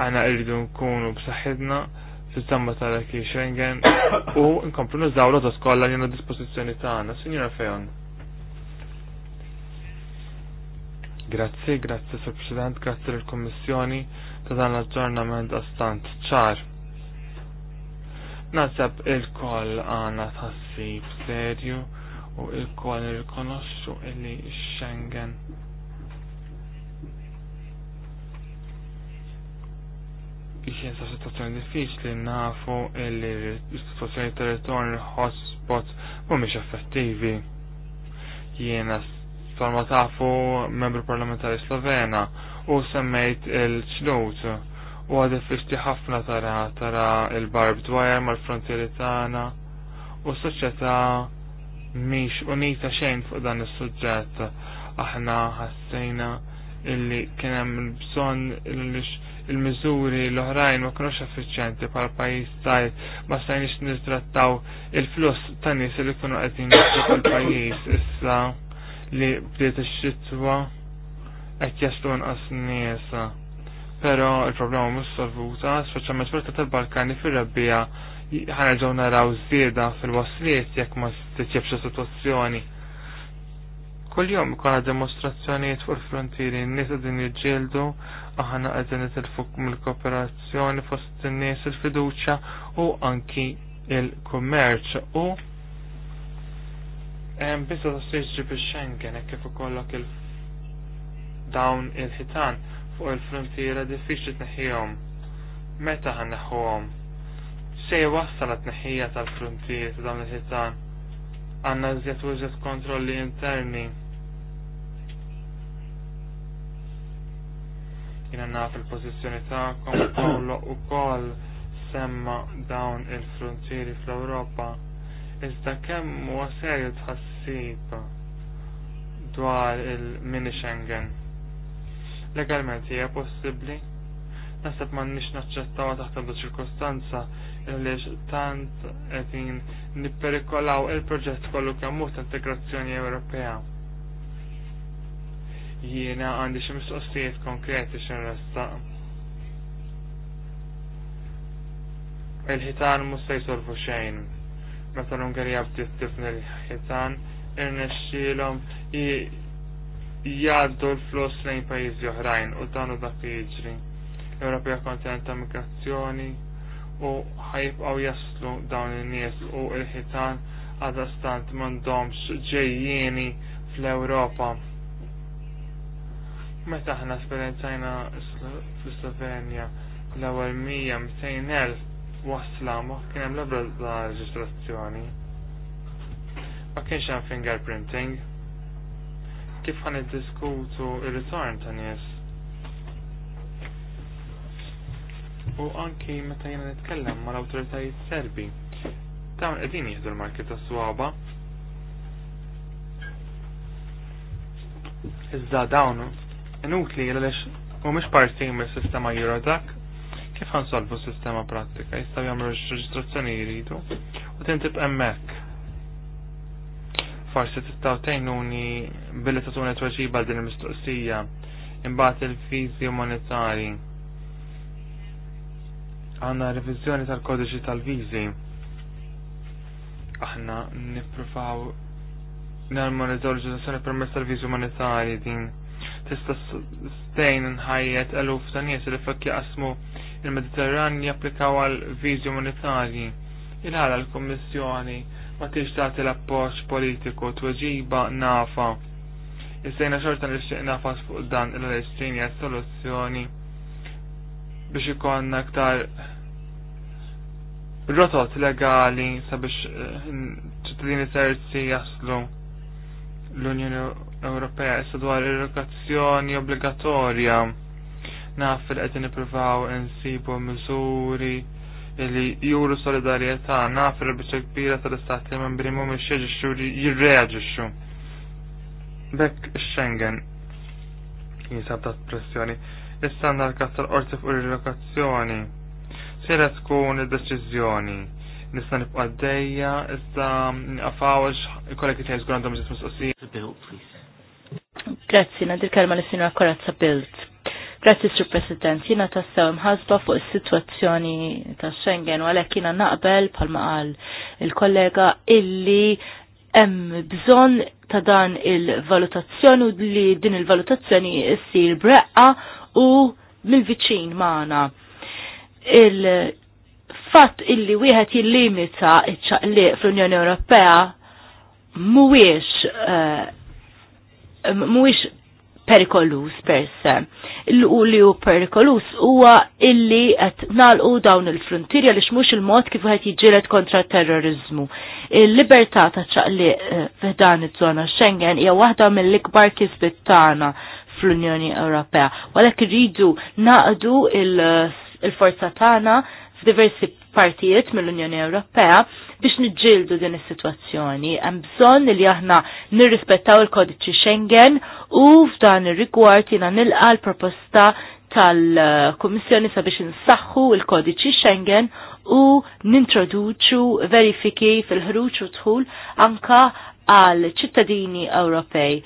għanna irridu nkunu b'saħħitna fil-stampa tal-ekki Schengen u nkomplu nużaw l-għodot kollha li għandna dispozizjoni tagħna. Signora Fejon. Grazzi, grazie Sir President, grazzi al kommissjoni ta' dan l-aġġornament għastant ċar. Nasab il-koll għana tħassib serju u il-koll il-konosċu illi Schengen jien sa' situazzjoni diffiċli nafu illi l-istituzzjoni territorju hotspot mhumiex effettivi. Jiena s ma membru parlamentari Slovena u semmejt il-ċnut u għad diffiċli ħafna tara tara il-barbed wire mal-frontieri tana u s-soċjetà mhix unita xejn fuq dan is-suġġett. Aħna ħassejna illi kien hemm il-bżonn il-miżuri l-oħrajn ma kinux effiċenti bħal pajjiż tajr ma stajniex nittrattaw il flus tan nies li kienu qegħdin fil-pajjiż issa li bdiet ix-xitwa qed jastu inqas niesa Però il-problema mhux solvuta, speċjalment fil tal-Balkani fir-rebbija ħanerġgħu naraw żieda fil-wasliet jekk ma titjibx Kull Kuljum ikolla demonstrazzjonijiet fuq il-frontieri, n-nies qegħdin jiġġieldu, aħna qegħdin nitilfu mill-kooperazzjoni fost in-nies il-fiduċja u anki il-kummerċ u bisa s ta' biex Schengen hekk kif ikollok il- dawn il-ħitan fuq il-frontiera diffiċli tneħħihom. Meta ħan neħħuhom? Xej wassal t-neħħija tal-frontier ta' dawn il-ħitan. Għanna żjed użet kontrolli interni. Jina naf il-pozizjoni ta'kom kollu u koll semma dawn il-frontieri fl-Europa. Iżda kemm huwa serju tħassib dwar il-mini Schengen legalment hija possibbli. Naħseb ma nix naċċettaw taħt għandu ċirkostanza għaliex tant jin nipperikolaw il-proġett kollu kemm ta' integrazzjoni Ewropea. Jiena għandi xi mistoqsijiet konkreti x'inrestaq. Il-ħitan mhux se jsolvu xejn. Meta l-Ungerija bdiet tifni l-ħitan, irnexxielhom jgħaddu l-flus lejn pajjiżi oħrajn u dan u dak li jiġri. L-Ewropea kontinent migrazzjoni u ħajbqgħu jaslu dawn in-nies u l-ħitan għadha stant m'għandhomx ġejjieni fl-Ewropa. Meta aħna esperjenzajna fl-Slovenja l-ewwel 100-200,000 wasla ma kien hemm l-ebda reġistrazzjoni. Ma kienx hemm fingerprinting kif ħan diskutu il-return ta' nies. U anki meta jena nitkellem mal awtoritajiet serbi, dawn qegħdin jieħdu l-marki ta' swaba. Iżda dawn inutli għaliex mhumiex parti mis-sistema Eurodac, kif ħansolvu s-sistema pratika, jistaw r reġistrazzjoni jridu u tintib emmek forsi tistaw tejnuni billi tatuna tweġiba din il-mistoqsija imbagħad il-fiżi monetari. Għandna revizjoni tal-kodiċi tal-viżi. Aħna nippruvaw narmonizzaw l-ġudizzjoni permezz tal-viżi monetari din tista' stejn nħajjet eluf ta' nies li fakk jaqsmu il-Mediterran japplikaw għal viżi monetari. Il-ħala l-Kommissjoni ma tix tagħti l-appoġġ politiku tweġiba nafa. Issejna xorta nixtieq nafas fuq dan il-Palestinja soluzzjoni biex ikonna aktar rotot legali sabiex eh, ċittadini terzi jaslu l-Unjoni Ewropea issa dwar irrogazzjoni obbligatorja naf fil-qed nippruvaw insibu miżuri li juru solidarieta naf il-bicċa kbira tal-istati membri mu miex jieġiċu jirreagġiċu. Bek Schengen jinsab ta' pressjoni. Istandard kattar orti fuq il-relokazzjoni. Sira tkun il-deċizjoni. Nista nibqa d-dejja, iżda għafawġ kollegi tajz għandhom ġismus osija. Grazzi, nadir kalma l-sinra sa Bilt. Grazzi Sir President, jina tassew imħasba fuq is-sitwazzjoni ta' Schengen u għalhekk jiena naqbel bħalma qal il-kollega illi hemm bżonn ta' dan il-valutazzjoni u li din il-valutazzjoni issir breqqa u mil viċin magħna. Il-fatt illi wieħed jillimita iċ-ċaqliq fl-Unjoni Ewropea mhuwiex uh, mhuwiex perikolus perse. l li u perikolus huwa illi qed nalqu dawn il-frontirja li mhux il-mod kif qed jiġġieled kontra terrorizmu. Il-libertà ta' ċaqli eh, f'dan iż-żona Schengen hija waħda mill-ikbar kisbit tagħna fl-Unjoni Ewropea. Walek irridu naqdu il-forza tagħna f'diversi partijiet mill-Unjoni Ewropea biex niġġieldu din is-sitwazzjoni. Hemm bżonn li aħna nirrispettaw il-kodiċi Schengen u f'dan ir-rigward jiena nilqa l-proposta tal-Kummissjoni sabiex insaħħu il-kodiċi Schengen u nintroduċu verifiki fil-ħruġ u dħul anka għal ċittadini Ewropej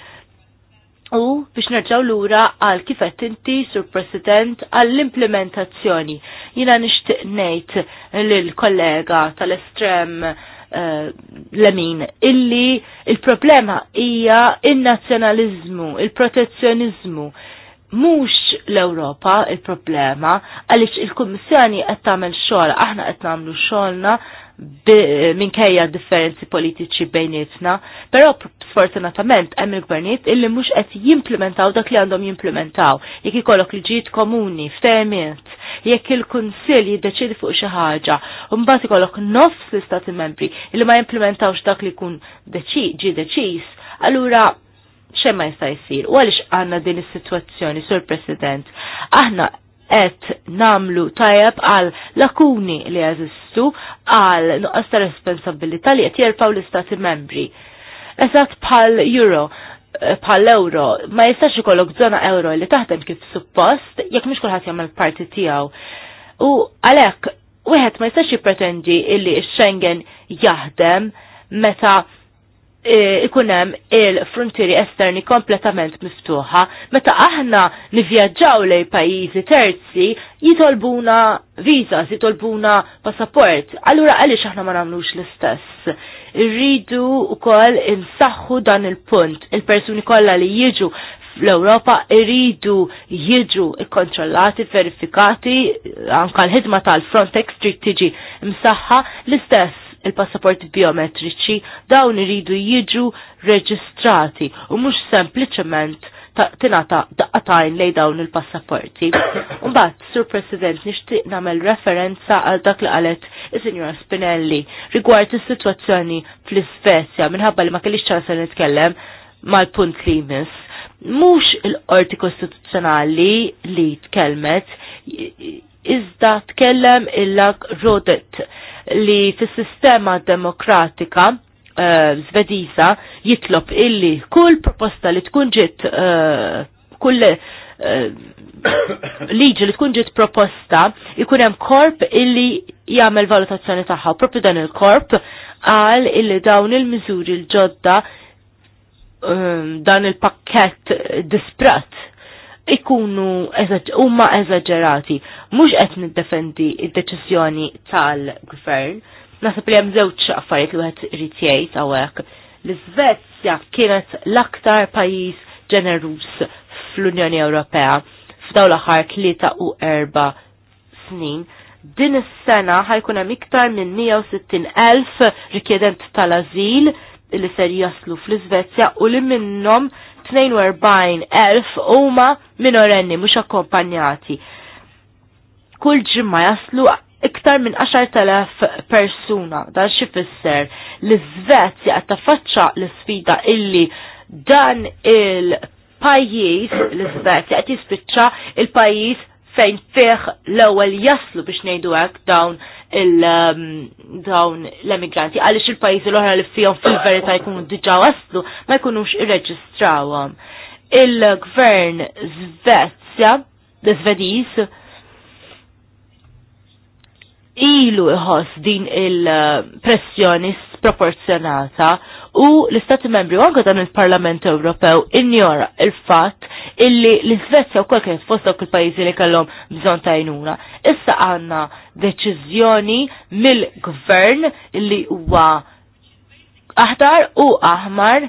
u biex nerġaw lura għal kifet inti, sur President, għall-implementazzjoni. Jina nishtiq nejt l-kollega tal-estrem eh, lemin illi il-problema hija il-nazjonalizmu, il-protezzjonizmu. Mhux l-Ewropa il-problema għaliex il-Kummissjoni qed tagħmel xogħol, aħna qed nagħmlu xogħolna minkejja differenzi politiċi bejnietna, però sfortunatament hemm il-gvernijiet illi mhux qed jimplementaw dak li għandhom jimplementaw. Jekk ikollok li ġid komuni, ftehmiet, jekk il-Kunsill jiddeċidi fuq xi ħaġa, u mbagħad ikollok nofs l-Istati Membri illi ma jimplementawx dak li jkun ġi deċiż, allura xemma jista' jsir. U għaliex għandna din is-sitwazzjoni, Sur President, aħna qed namlu tajab għal lakuni li jeżistu għal nuqqas ta' responsabilità li qed jerpaw l-istati membri eżatt bħal euro eh, bħal euro ma jistax ikollok żona euro li taħdem kif suppost jekk mhux kulħadd jagħmel parti tiegħu. U għalhekk wieħed ma jistax jippretendi illi x-Schengen jaħdem meta eh, ikunem il-frontieri esterni kompletament miftuħa, meta aħna nivjaġġaw lej pajjiżi terzi jitolbuna vizas, jitolbuna passaport, allura għaliex aħna ma nagħmlux l-istess. Irridu wkoll insaħħu dan il-punt. Il-persuni kollha li jiġu l-Europa iridu jiġu kontrollati, verifikati, anka l-ħidma tal-Frontex trid tiġi msaħħa l-istess il-passaporti biometriċi dawn iridu jiġu reġistrati u mhux sempliċement tingħata daqqatajn lej dawn il-passaporti. Mbagħad, Sur President, nixtieq nagħmel referenza għal dak li qalet is sinjura Spinelli rigward is-sitwazzjoni fl-Isvezja minħabba li ma kellix ċansa nitkellem mal-punt li jmiss. Mhux il-qorti kostituzzjonali li tkellmet iżda tkellem il-lag rodet li fis sistema demokratika Zvediża eh, jitlob illi kull proposta li tkun ġiet eh, kull eh, liġi li tkun ġiet proposta jkun hemm korp illi jagħmel valutazzjoni tagħha. Propju dan il-korp għal illi dawn il-miżuri l-ġodda dan il-pakket disprat ikunu huma eżagġerati. Mhux qed niddefendi id-deċiżjoni tal-gvern, Nasib li hemm żewġ affarijiet li wieħed irid jgħid L-Iżvezja kienet l-aktar pajjiż ġenerus fl-Unjoni Ewropea f'daw l-aħħar tlieta u snin. Din is-sena ħajkun hemm iktar minn 160,000 elf rikjedent tal-ażil li ser jaslu fl-Iżvezja u li minnhom 42,000 elf huma minorenni mhux akkompanjati. Kull ġimma jaslu iktar minn 10.000 persuna. Dan x'ifisser l li Svezja qed taffaċċa l-sfida illi dan il-pajjiż l-Svezja qed jispiċċa il-pajjiż fejn fih l-ewwel jaslu biex ngħidu hekk dawn il um, dawn l-emigranti għaliex il-pajjiżi l ohra li fihom fil-verità jkunu diġà waslu ma jkunux irreġistrawhom. Il-gvern Svezja l-Svediż ilu iħos din il-pressjoni sproporzjonata u l-Istati Membri u dan il-Parlament Ewropew injora il-fatt illi l-Svezja u kol kienet fost dawk il pajizi li kellhom bżonn ta' Issa għandna deċiżjoni mill-gvern li huwa aħdar u aħmar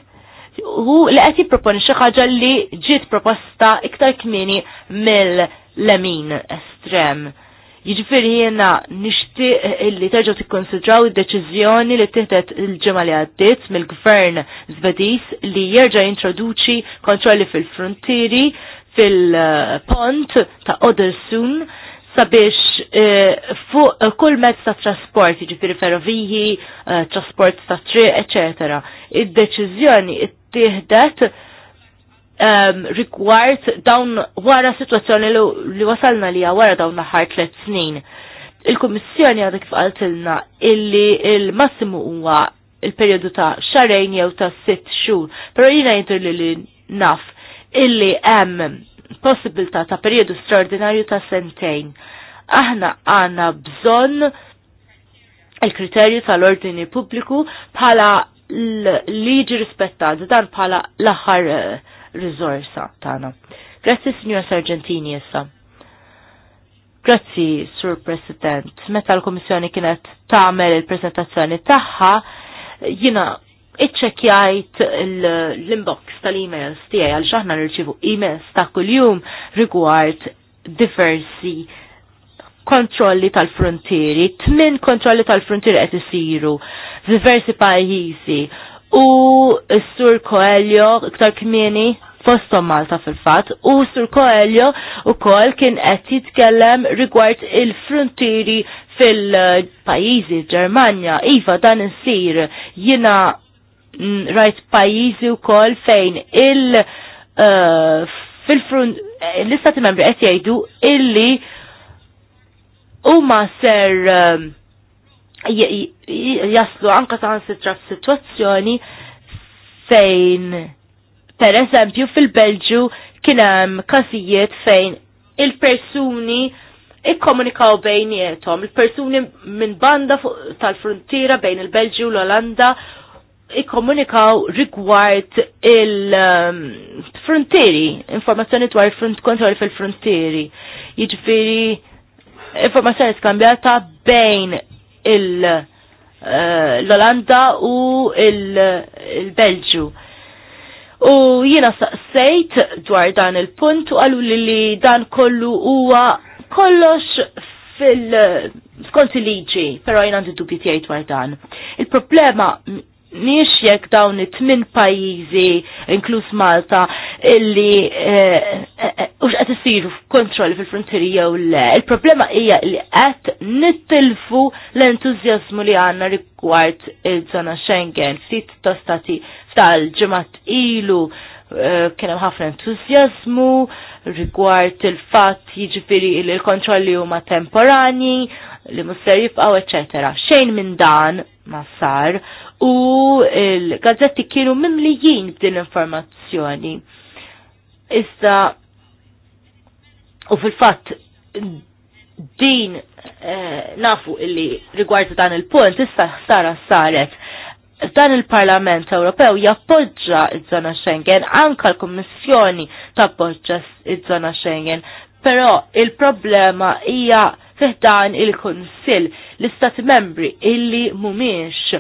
u li qed jipproponi xi ħaġa li ġiet proposta iktar kmieni mill-lemin estrem Jiġifieri jiena nixtieq illi terġgħu tikkonsidraw id-deċiżjoni li tieħdet il-ġimgħa li għaddiet mill-Gvern Żbediż li jerġa' jintroduċi kontrolli fil-frontieri fil-pont ta' Odelsun sabiex eh, fuq kull mezz ta' trasport, jiġifieri ferroviji, eh, trasport ta' triq, eċetera. Id-deċiżjoni ttieħdet um, rigward dawn wara situazzjoni li, wasalna li wara dawn naħar tliet snin. Il-Kummissjoni għadha kif qaltilna illi il-massimu huwa il-periodu ta' xarejn jew ta' sitt xhur, però jiena jidher li li naf illi hemm possibilità ta' periodu straordinarju ta' sentejn. Aħna għandna bżonn il-kriterju tal-ordini pubbliku bħala liġi rispettat dan bħala l-aħħar eh, rizorsa tagħna. Grazzi Signor Sargentini issa. Grazzi, Sur President. Meta l-Komissjoni kienet tagħmel il-prezentazzjoni tagħha, jina iċċekjajt l-inbox tal-emails tiegħi għal xaħna nirċivu emails ta' kuljum rigward diversi kontrolli tal-frontieri, tmin kontrolli tal-frontieri qed isiru f'diversi pajjiżi u s-sur Koelio iktar kmieni fostom Malta fil-fat u s sur Koelio u kol kien qed jitkellem rigward il-frontieri fil-pajizi Ġermanja. Iva dan insir jina mm, rajt pajizi u kol fejn il- uh, fil-front l-istati membri qed jgħidu illi huma ser uh, jaslu anka ta' sitra situazzjoni fejn per eżempju fil-Belġu kienem kazijiet fejn il-persuni ikkomunikaw jietom, il-persuni minn banda tal-frontiera bejn il-Belġu u l-Olanda ikkomunikaw rigward il-frontieri, um, informazzjoni dwar kontrolli fil-frontieri. Jiġifieri informazzjoni skambjata bejn Eh, l-Olanda u l belġu U jiena sejt dwar dan il-punt u għallu li dan kollu huwa kollox fil skonti liġi, pero jina għandu dubji dwar dan. Il-problema nix jekk dawn it-tmin pajjiżi inkluż Malta illi eh, eh, eh, ux qed isiru kontroll fil-frontieri jew le. Il-problema hija li qed nittilfu l-entużjażmu li għandna rigward il żona Schengen ftit ta' stati tal-ġimgħat ilu kien hemm ħafna entużjażmu rigward il-fatt jiġifieri li l-kontrolli huma temporani li musser jibqgħu eċetera. Xejn minn dan ma sar u l-gazzetti kienu mimlijin b'din informazzjoni. Issa, u fil-fatt din eh, nafu illi rigward dan il-punt issa sara saret dan il-Parlament Ewropew jappoġġa iż-żona Schengen, anka l-Kummissjoni tappoġġa iż-żona Schengen, però il-problema hija fiħdan il-Kunsill l-Istati membri illi mhumiex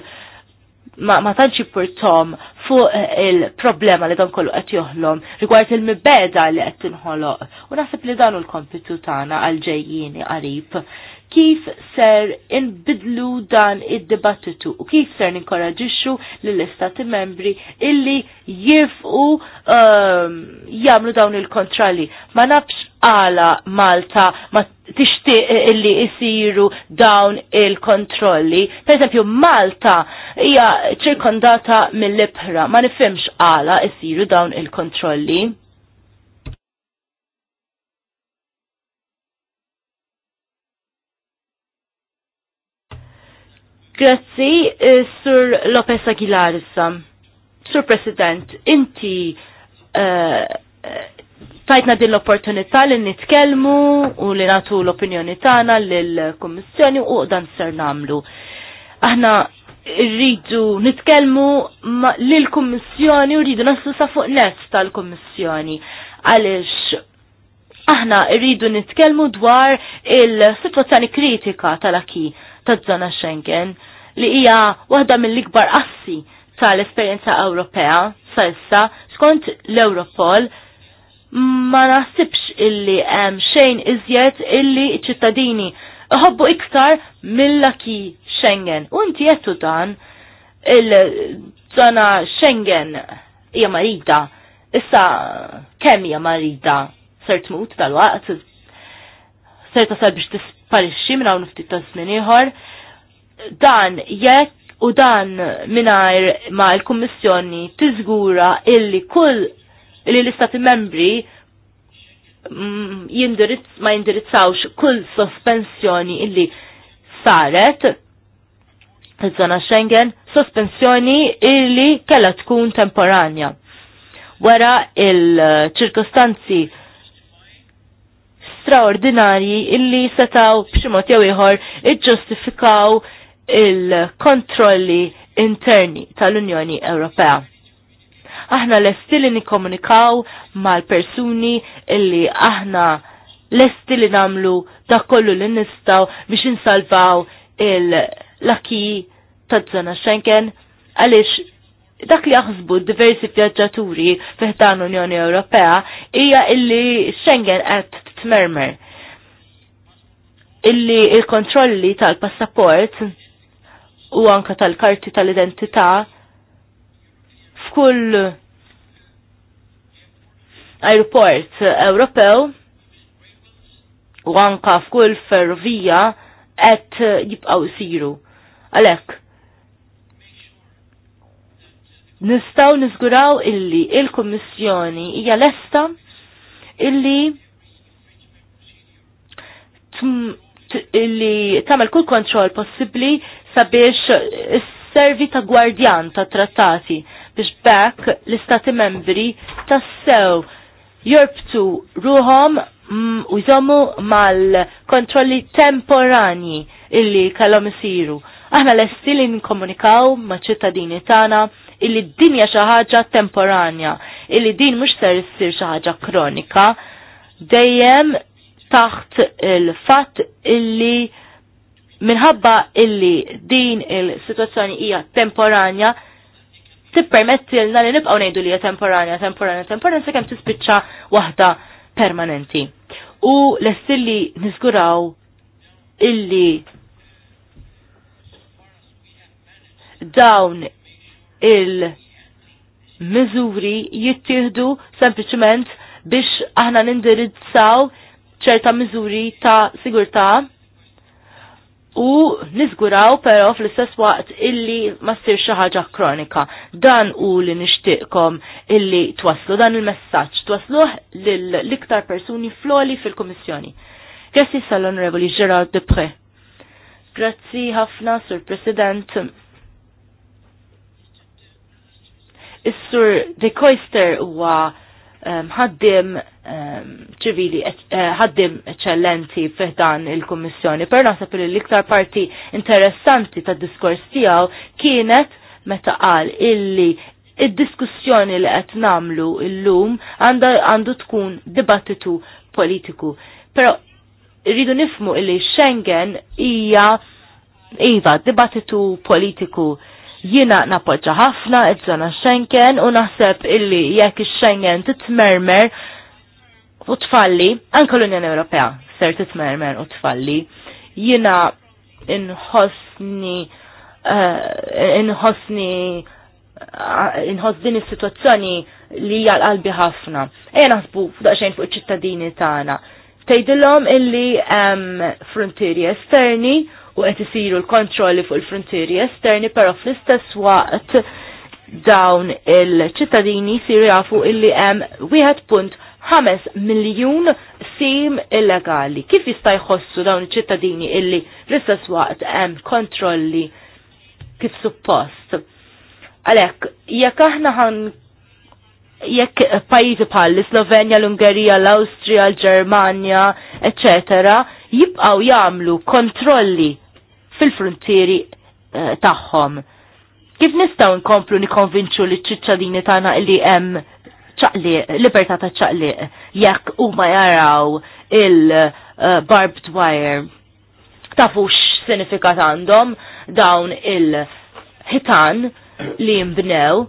ma, ma tantx purtom fuq eh, il-problema li dan kollu qed joħlom rigward il-mibeda li qed tinħoloq. U naħseb li dan l-kompitu tagħna għal ġejjini qarib. Kif ser inbidlu dan id-dibattitu u kif ser ninkoraġixxu lill-istati membri illi jifqu um, ehm, jagħmlu dawn il-kontrolli. Ma nafx għala Malta ma tixtieq illi jisiru dawn il-kontrolli. Per esempio, Malta hija ċirkondata mill-libra, ma nifhimx għala jisiru dawn il-kontrolli. Grazzi, eh, Sur Lopez Aguilar Sur President, inti uh, tajtna din l-opportunità li nitkellmu u li natu l-opinjoni tagħna lill-Kummissjoni u dan ser namlu. Aħna rridu nitkellmu lill-Kummissjoni u rridu naslu sa fuq net tal-Kummissjoni għaliex aħna rridu nitkellmu dwar il-sitwazzjoni kritika tal-aki taż-żona Schengen li hija waħda mill-ikbar assi tal-esperjenza Ewropea sa issa skont l-Europol ma naħsibx illi hemm xejn iżjed illi ċittadini ħobbu iktar mill-laki Schengen. U inti jettu dan il zona Schengen hija marida. Issa kemm hija marida ser tmut tal-waqt Sert tasal biex tisparixxi minn hawn ftit ta' żmien ieħor. Dan jekk u dan mingħajr ma l-Kummissjoni tiżgura illi kull li l-istati membri mm, jindirizz ma jindirizzawx kull sospensjoni illi saret fil żona Schengen, sospensjoni illi kella tkun temporanja. Wara il-ċirkostanzi straordinarji illi setaw b'ximot jew ieħor iġġustifikaw il-kontrolli interni tal-Unjoni Ewropea. Aħna lesti li nikkomunikaw mal-persuni illi aħna lesti li namlu da kollu li nistaw biex insalvaw il-laki tad-żona Schengen għaliex dak li jaħsbu diversi vjaġġaturi fiħtan Unjoni Ewropea hija illi Schengen qed tmermer. Illi il-kontrolli tal-passaport u anka tal-karti tal-identità f'kull aeroport Ewropew u anka f'kull ferrovija qed jibqgħu jsiru. Għalhekk nistgħu niżguraw illi il-Kummissjoni hija lesta illi illi tagħmel kull kontroll possibbli sabiex is-servi ta' gwardjan ta' trattati biex bekk l-istati membri tassew jorbtu ruhom mm, u jżommu mal-kontrolli temporani illi kalom isiru. Aħna lesti li nkomunikaw ma' ċittadini tagħna illi d-dinja xi ħaġa temporanja, illi din mhux ser issir xi ħaġa kronika, dejjem taħt il-fatt illi minħabba illi din il-situazzjoni hija temporanja, Tippermetti l l-na li nibqgħu ngħidu li temporanja, temporanja, temporanja sakemm tispiċċa waħda permanenti. U l-estilli niżguraw illi dawn il-mizuri jittieħdu sempliciment biex aħna nindirizzaw ċerta miżuri ta' sigurtà u nizguraw pero fl-istess waqt illi ma ssir xi ħaġa kronika. Dan u li nixtieqkom illi twaslu dan il-messaġġ, twasluh lill-iktar persuni floli fil-Kummissjoni. Grazzi sal-Onorevoli Gerard Depre. Grazzi ħafna, Sur President. Is-Sur De Koister huwa Um, ħaddim um, ċivili, eh, ħaddim eccellenti fiħdan il-Kommissjoni. Per nasa li l-iktar parti interessanti ta' diskors tijaw kienet meta qal illi il diskussjoni li qed namlu illum għandu tkun dibattitu politiku. Però rridu nifmu illi Schengen hija iva dibattitu politiku Jiena napoġġa ħafna id żona Schengen u naħseb illi jekk ix-Schengen titmermer u tfalli, anke l-Unjoni Ewropea ser titmermer u tfalli. Jiena inħossni uh, inħossni eh, inħoss din is-sitwazzjoni li hija qalbi ħafna. Ejja naħsbu f'daqsxejn fuq iċ-ċittadini tagħna. Tgħidilhom illi hemm frontieri esterni u qed isiru l-kontrolli fuq il-frontieri esterni, però fl-istess waqt dawn il-ċittadini jisiru jafu illi hemm wieħed punt ħames miljun sim illegali. Kif jista' jħossu dawn iċ-ċittadini illi fl istess waqt hemm kontrolli kif suppost? Għalhekk, jekk aħna ħan jekk pajjiżi bħal l-Slovenja, l-Ungerija, l-Awstrija, l-Ġermanja, eccetera, jibqgħu jagħmlu kontrolli fil-frontieri eh, tagħhom. Kif nistgħu nkomplu nikonvinċu li ċittadini tagħna li hemm ċaqliq, libertà ta' ċaqliq, jekk huma jaraw il-barbed eh, wire. Tafux sinifikat għandhom dawn il-ħitan li jimbnew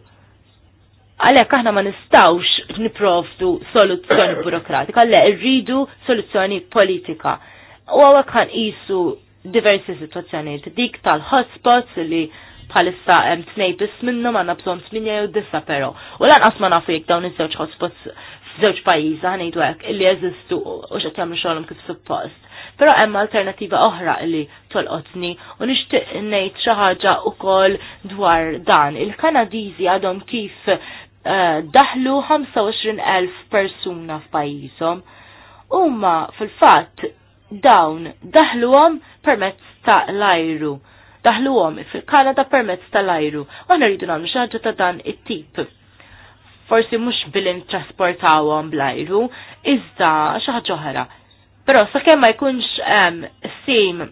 għalek aħna ma nistawx niprovdu soluzzjoni burokratika, le rridu soluzzjoni politika. U għawek għan isu diversi situazzjonijiet. Dik tal-hotspots li bħalissa hemm tnejn biss minnhom għandna bżonn tminja jew disa però. U lanqas ma nafu jekk dawn iż-żewġ hotspots f'żewġ pajjiżi ħanejdu hekk illi jeżistu u x'qed jagħmlu xogħolhom kif suppost. Però hemm alternattiva oħra li tolqotni u nixtieq ngħid xi ħaġa wkoll dwar dan. Il-Kanadiżi għadhom kif eh, daħlu 25,000 persuna f'pajjiżhom. Huma fil-fatt dawn daħluhom permezz ta' lajru. Daħlu Daħluhom fil-Kanada permezz tal-ajru. Aħna rridu nagħmlu xi ħaġa ta' dan it-tip. Forsi mhux bilin trasportawhom bl-ajru, iżda xi ħaġa oħra. Però sakemm ma jkunx hemm sim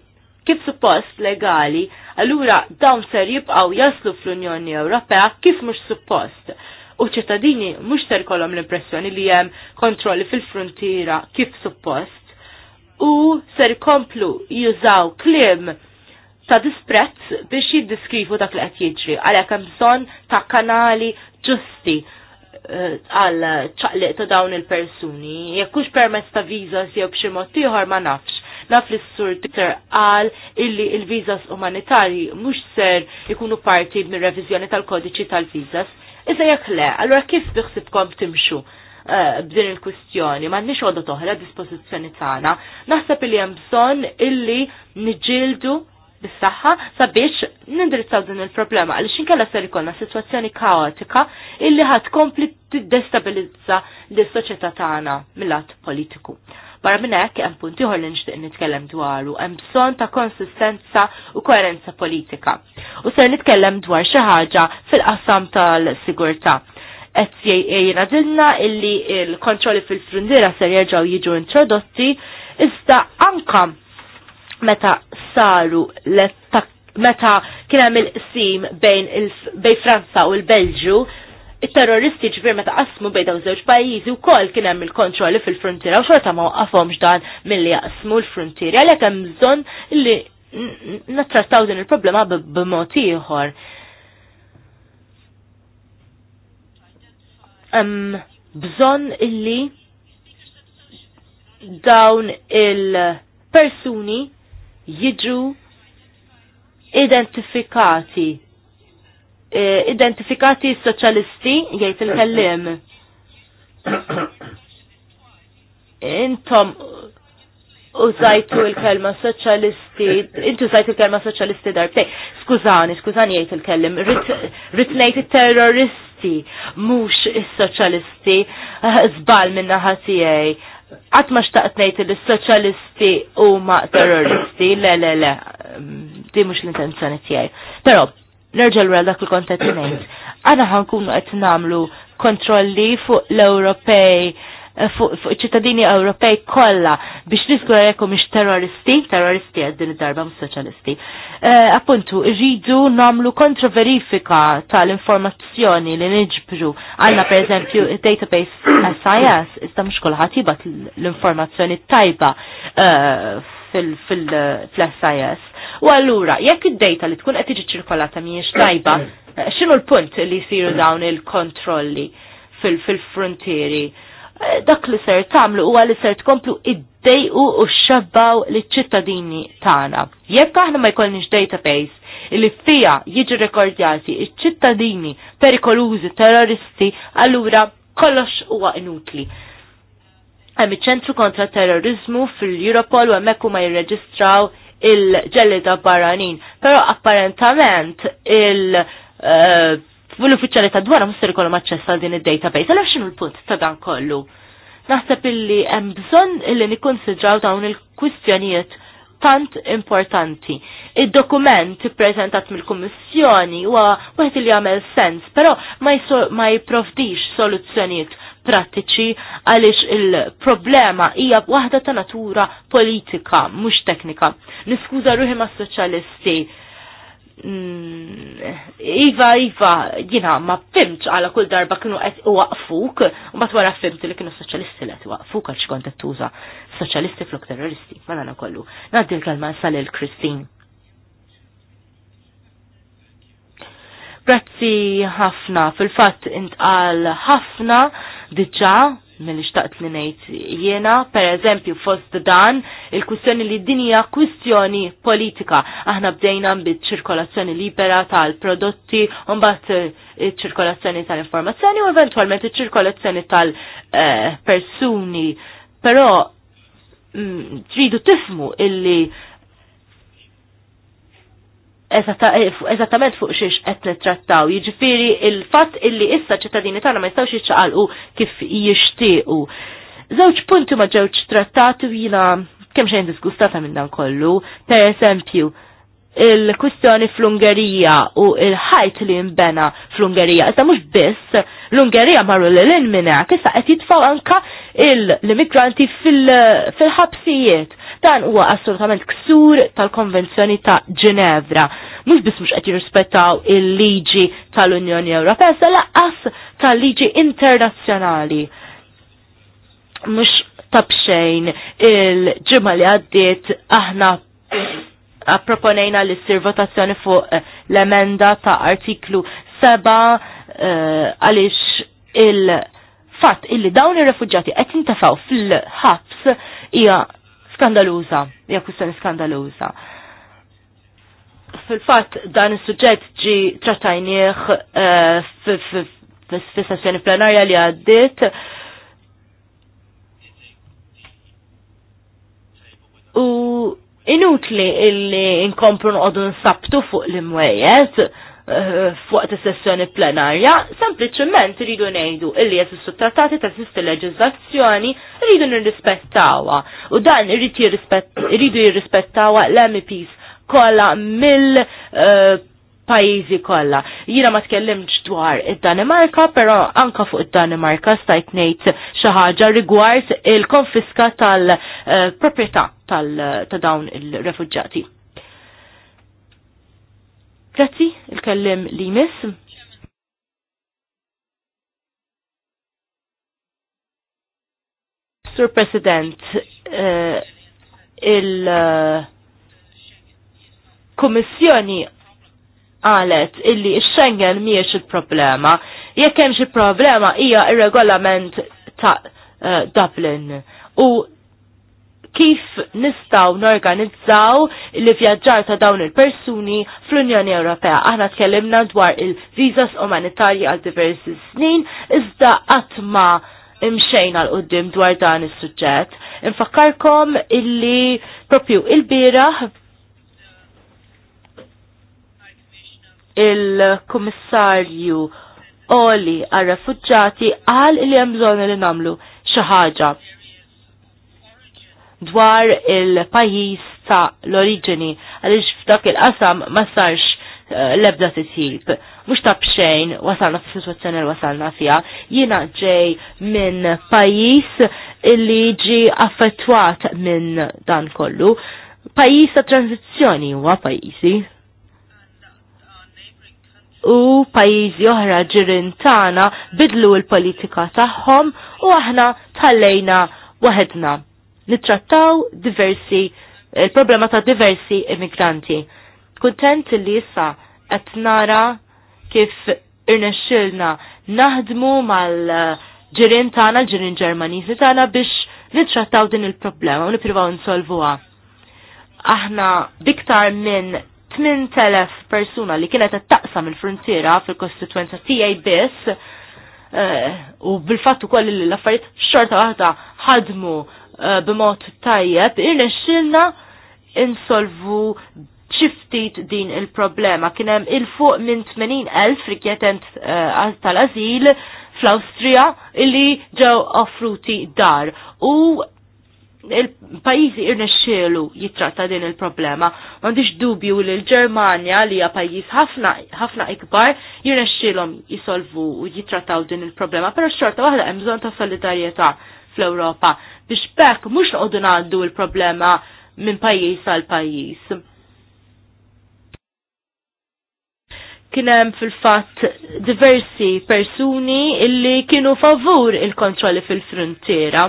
kif suppost legali, allura dawn ser jibqaw jaslu fl-Unjoni Ewropea kif mhux suppost u ċittadini mux ser kolom l-impressjoni li jem kontrolli fil-frontiera kif suppost u ser komplu jużaw klim ta' disprezz biex jiddiskrivu dak li qed jiġri għalhekk hemm bżonn ta' kanali ġusti eh, għal ċaqliq ta' dawn il-persuni, jekkux permezz ta' vizas jew b'xi mod ieħor ma nafx. Naf li s-sur Twitter qal illi il-vizas umanitarji mhux ser ikunu parti mir-reviżjoni tal-kodiċi tal-vizas. Iżda jekk le, allura kif biħsibkom timxu? Eh, b'din il kustjoni ma nix għoda toħra dispozizjoni tagħna. Naħseb li hemm bżonn illi nġildu bis-saħħa sabiex nindirizzaw din il-problema għaliex inkella ser ikolna sitwazzjoni kaotika illi ħadd kompli tiddestabilizza lis-soċjetà tagħna mill-att politiku. Barra minn hekk hemm punt ieħor li nixtieq nitkellem dwaru, hemm bżonn ta' konsistenza u koerenza politika. U ser nitkellem dwar xi ħaġa fil-qasam tal-sigurtà. SCAA jgħidilna illi il-kontrolli fil frindira ser jirġaw jiġu introdotti iżda anka meta saru meta kien hemm il-qsim bejn bej Franza u l-Belġu, il-terroristi ġbir meta qasmu bejn dawn żewġ pajjiżi wkoll kien hemm il-kontrolli fil-frontiera u xorta ma waqafhomx dan milli jaqsmu l-frontiera għalhekk hemm bżonn li nattrattaw din il-problema b'mod ieħor. um, bżon illi dawn il-persuni jiġu identifikati. Uh, identifikati soċjalisti jgħid il-kellim. Intom U zajtu il-kelma soċjalisti, intu zajtu il-kelma soċjalisti darbtej. Skużani, skużani jgħid il-kellim, ritnejt il-terroristi, mux il-soċjalisti, zbal minna ħatijaj. Għat ma xtaqtnejt il-soċjalisti u ma terroristi, le le le, di mux l-intenzjoni tijaj. Pero, nerġel għal dak il-kontet Għana ħankunu għet namlu kontrolli fuq l-Ewropej Eh, fuq ċittadini Ewropej kollha biex niskura jekk mhix terroristi, terroristi għad din id-darba mhux soċjalisti. Eh, appuntu, irridu nagħmlu kontroverifika tal-informazzjoni li niġbru għandna pereżempju database SIS iżda mhux kulħadd jibgħat l-informazzjoni tajba eh, fil-SIS. U allura, jekk id-data li tkun qed tiġi ċirkolata mhijiex tajba, x'inhu l-punt li jsiru dawn il-kontrolli fil-frontieri? dak li ser tamlu huwa li ser tkomplu iddejqu u xabbaw li ċittadini tagħna. Jekk aħna ma jkollniex database li fija jiġi rekordjati iċ-ċittadini perikolużi terroristi, allura kollox huwa inutli. Hemm iċ-ċentru kontra terrorizmu fil-Europol u hemmhekk huma jirreġistraw il-ġellida barranin, però apparentament il- uh, l-uffiċjali ta' dwar musser ikollhom aċċess għal din id-database. Għalhekk x'inhu l-punt ta' dan kollu? Naħseb illi hemm bżonn illi nikkonsidraw dawn il-kwistjonijiet tant importanti. Id-dokument ippreżentat mill-Kummissjoni huwa wieħed li jagħmel sens, però ma jipprovdix soluzzjonijiet prattiċi għaliex il-problema hija waħda ta' natura politika, mhux teknika. Niskuża ruħi ma' soċjalisti Mm, iva, Iva, jina ma fimċ għala kull darba kienu għet għafuk, u bat wara fimt li kienu soċalisti li għet għafuk għal xkont għet tuża soċalisti flok terroristi, ma nana kollu. Naddi l-kalma sal il-Kristin. Grazzi ħafna, fil-fat intqal ħafna diġa mill xtaqt li nejt jena, per eżempju, fost dan, il-kustjoni li dinija kustjoni politika. Aħna bdejna bit-ċirkolazzjoni libera tal-prodotti, unbat eh, ċirkolazzjoni tal-informazzjoni u eventualment ċirkolazzjoni tal-persuni. Eh, Però, mm, tridu tifmu illi Eh, eżattament fuq xiex qed nittrattaw. Jiġifieri il-fatt illi issa ċittadini tagħna ma jistgħux jiċċaqalqu kif jixtiequ. Żewġ punti ma ġewġ trattati jiena kemm xejn diskustata minn dan kollu, per eżempju, il-kwistjoni fl-Ungerija u il-ħajt li jimbena fl-Ungerija. Issa mhux biss l-Ungerija marru l-lin hekk issa qed jitfgħu anka l immigranti fil-ħabsijiet. Dan huwa assolutament ksur tal-Konvenzjoni ta' Ginevra. Mhux biss mhux qed jirrispettaw il-liġi tal-Unjoni Ewropea, sa laqas tal-liġi internazzjonali. Mhux tabxejn il-ġimgħa li għaddiet aħna proponejna li ssir votazzjoni fuq eh, l-emenda ta' artiklu 7 eh, għalix il- fatt illi dawn ir-refugġati qed jintafaw fil-ħabs hija skandaluża, hija kwistjoni skandaluża. Fil-fatt dan is-suġġett ġi trattajnieh eh, fis-sessjoni plenarja li għaddiet. U inutli illi inkompru nqodu nsabtu fuq l-imwejjed, Eh, fuq is-sessjoni plenarja, sempliċement rridu ngħidu illi jessu is ta' sisti leġizazzjoni rridu nirrispettawha u dan rridu irridu jirrispettawha l-MPs kollha mill eh, pajjiżi kollha. Jiena ma tkellimx dwar id-Danimarka, però anka fuq id-Danimarka stajt ngħid xi ħaġa rigward il-konfiska tal-proprjetà eh, tal-dawn il refugġati Grazzi, il kellem li jmiss. Sur President, uh, eh, il-Kommissjoni eh, għalet illi Schengen miex il-problema. Jekk hemm xi problema hija ir-regolament ta' uh, Dublin. U kif nistaw norganizzaw l-vjaġġar ta' dawn il-persuni fl-Unjoni Ewropea. Aħna tkellimna dwar il-vizas umanitarji għal diversi snin, iżda għatma imxejn għal qoddim dwar dan is-suġġett. Infakkarkom illi propju il bira il-Kummissarju Oli għal-Refugġati għal li hemm bżonn li namlu xi ħaġa dwar il-pajis ta' l-oriġini, għalix f'dak il-qasam ma sarx eh, lebda titjib. Mux ta' bxejn, wasalna fi situazzjoni li wasalna fija, jina ġej minn pajis illi ġi affettwat minn dan kollu. Pajis ta' tranzizjoni huwa pajisi. U pajizi oħra tana bidlu l-politika tagħhom u aħna tallejna waħedna nittrattaw diversi, eh, il-problema ta' diversi immigranti. Kuntent li issa qed nara kif irnexxilna naħdmu mal ġirien tagħna, ġirien Ġermaniżi tagħna biex nittrattaw din il-problema u nippruvaw insolvuha. Aħna biktar minn 8000 persuna li kienet taqsam il-frontiera fil-kostituenza tiegħi biss eh, u bil-fattu kolli li l-affarijiet xorta waħda ħadmu Eh, b'mod tajjeb, irnexxilna insolvu ċiftit din il-problema. Kienem il-fuq minn 80.000 rikjetent eh, tal-azil fl-Austria illi ġew offruti dar. U il-pajizi irnexxielu jitratta din il-problema. M'għandix dubju li l-Ġermanja li hija pajjiż ħafna ikbar jirnexxielhom jisolvu u jitrattaw din il-problema, però xorta waħda hemm bżonn ta' solidarjetà fl-Ewropa biex bekk mhux noqogħdu ngħaddu l-problema minn pajjiż għal pajjiż. Kien hemm fil-fatt diversi persuni illi kienu favur il-kontrolli fil-frontiera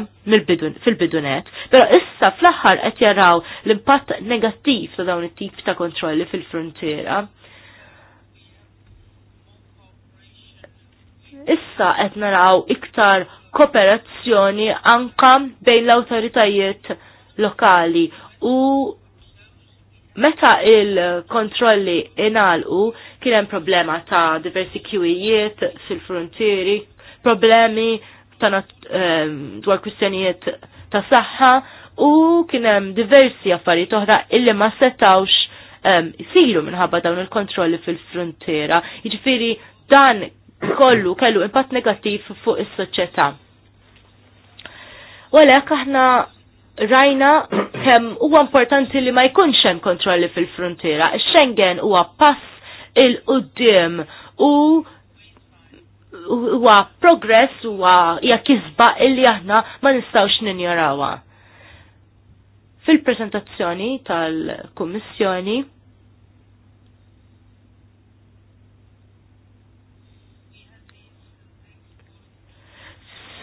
fil-bidunet, però issa fl-aħħar qed jaraw l-impatt negattiv ta' dawn it-tip ta' kontrolli fil-frontiera. Issa qed naraw iktar kooperazzjoni anka bejn l-autoritajiet lokali u meta il-kontrolli inalqu kien hemm problema ta' diversi kwijiet fil-frontieri, problemi ta' eh, dwar kwistjonijiet ta' saħħa u kien hemm diversi affarijiet oħra illi ma setawx um, eh, siru minħabba dawn il-kontrolli fil-frontiera. Jiġifieri dan kollu kellu impatt negattiv fuq is-soċjetà. U għalhekk aħna rajna kem huwa importanti li ma jkunx hemm kontrolli fil-frontiera. Schengen huwa pass il-qudiem u huwa progress huwa hija kisba illi aħna ma nistgħux ninjarawha. Fil-preżentazzjoni tal-Kummissjoni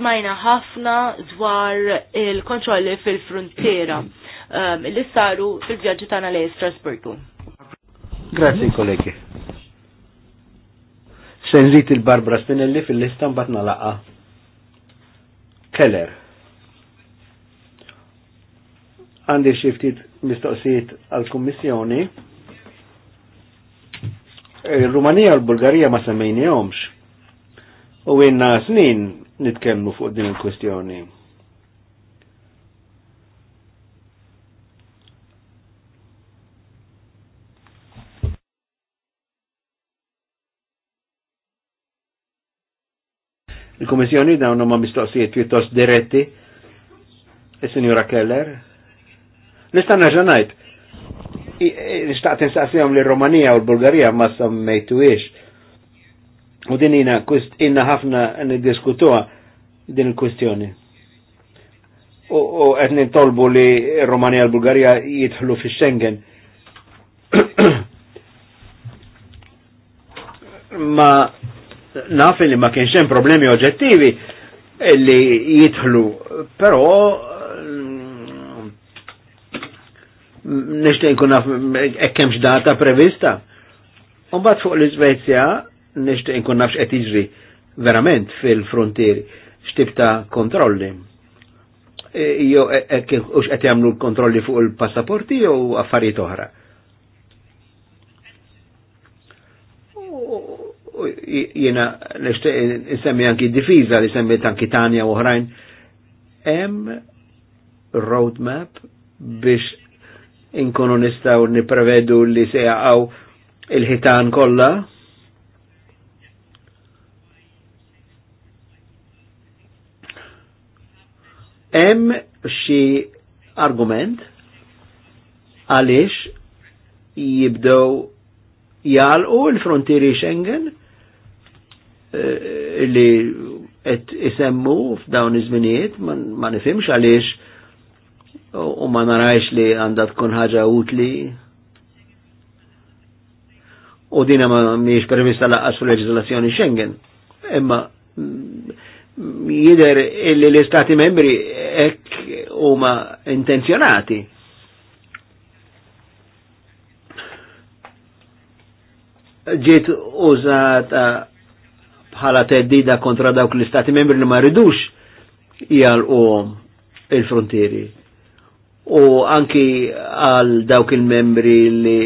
smajna ħafna dwar il-kontrolli fil-frontiera um, li saru fil-vjaġġi tagħna lejn Strasburgu. Grazzi kollegi. Se nżid il-Barbara Spinelli fil-lista mbagħad nalaqa. Keller. Għandi xi ftit mistoqsijiet għall-Kummissjoni. Il-Rumanija eh, u l-Bulgarija ma semmejniehomx U għinna snin nitkellmu fuq din il-kwestjoni. Il-Komissjoni dawn huma mistoqsijiet pjuttost diretti. Is-Sinjura e, Keller. Nista' naġa' ngħid. Nixtaq tinsaqsihom lir Romanija u l-Bulgarija ma semmejtuhiex U din jina inna ħafna n-diskutua din il kustjoni U qed nintolbu li Romania l-Bulgarija jitħlu fi Schengen. ma naf li ma kienx hemm problemi oġġettivi li jidħlu, però mm, nixtieq nkun naf hekk data prevista. U mbagħad fuq l-Iżvezja nishtiq nkun nafx qed jiġri verament fil-frontieri x'tib ta' kontrolli. E, jo e, e, hux qed jagħmlu kontrolli fuq il-passaporti jew affarijiet oħra. Jiena nixtieq nsemmi anki difiża li semmi anki Tanja u oħrajn hemm roadmap biex inkunu nistaw niprevedu li se jaqgħu il-ħitan kollha. Hemm xi argument għaliex jibdew jalqu l-frontieri Schengen eh, li qed isemmu f'dawn iż-żminijiet ma nifhimx għaliex u ma narajx li għandha tkun ħaġa utli u dina ma miex prevista laqqas fil leġislazzjoni Schengen. Imma jider illi l-istati membri ek huma intenzjonati. Ġiet użata bħala teddida kontra dawk l-istati membri li ma ridux u il-frontieri. U anki għal dawk il-membri li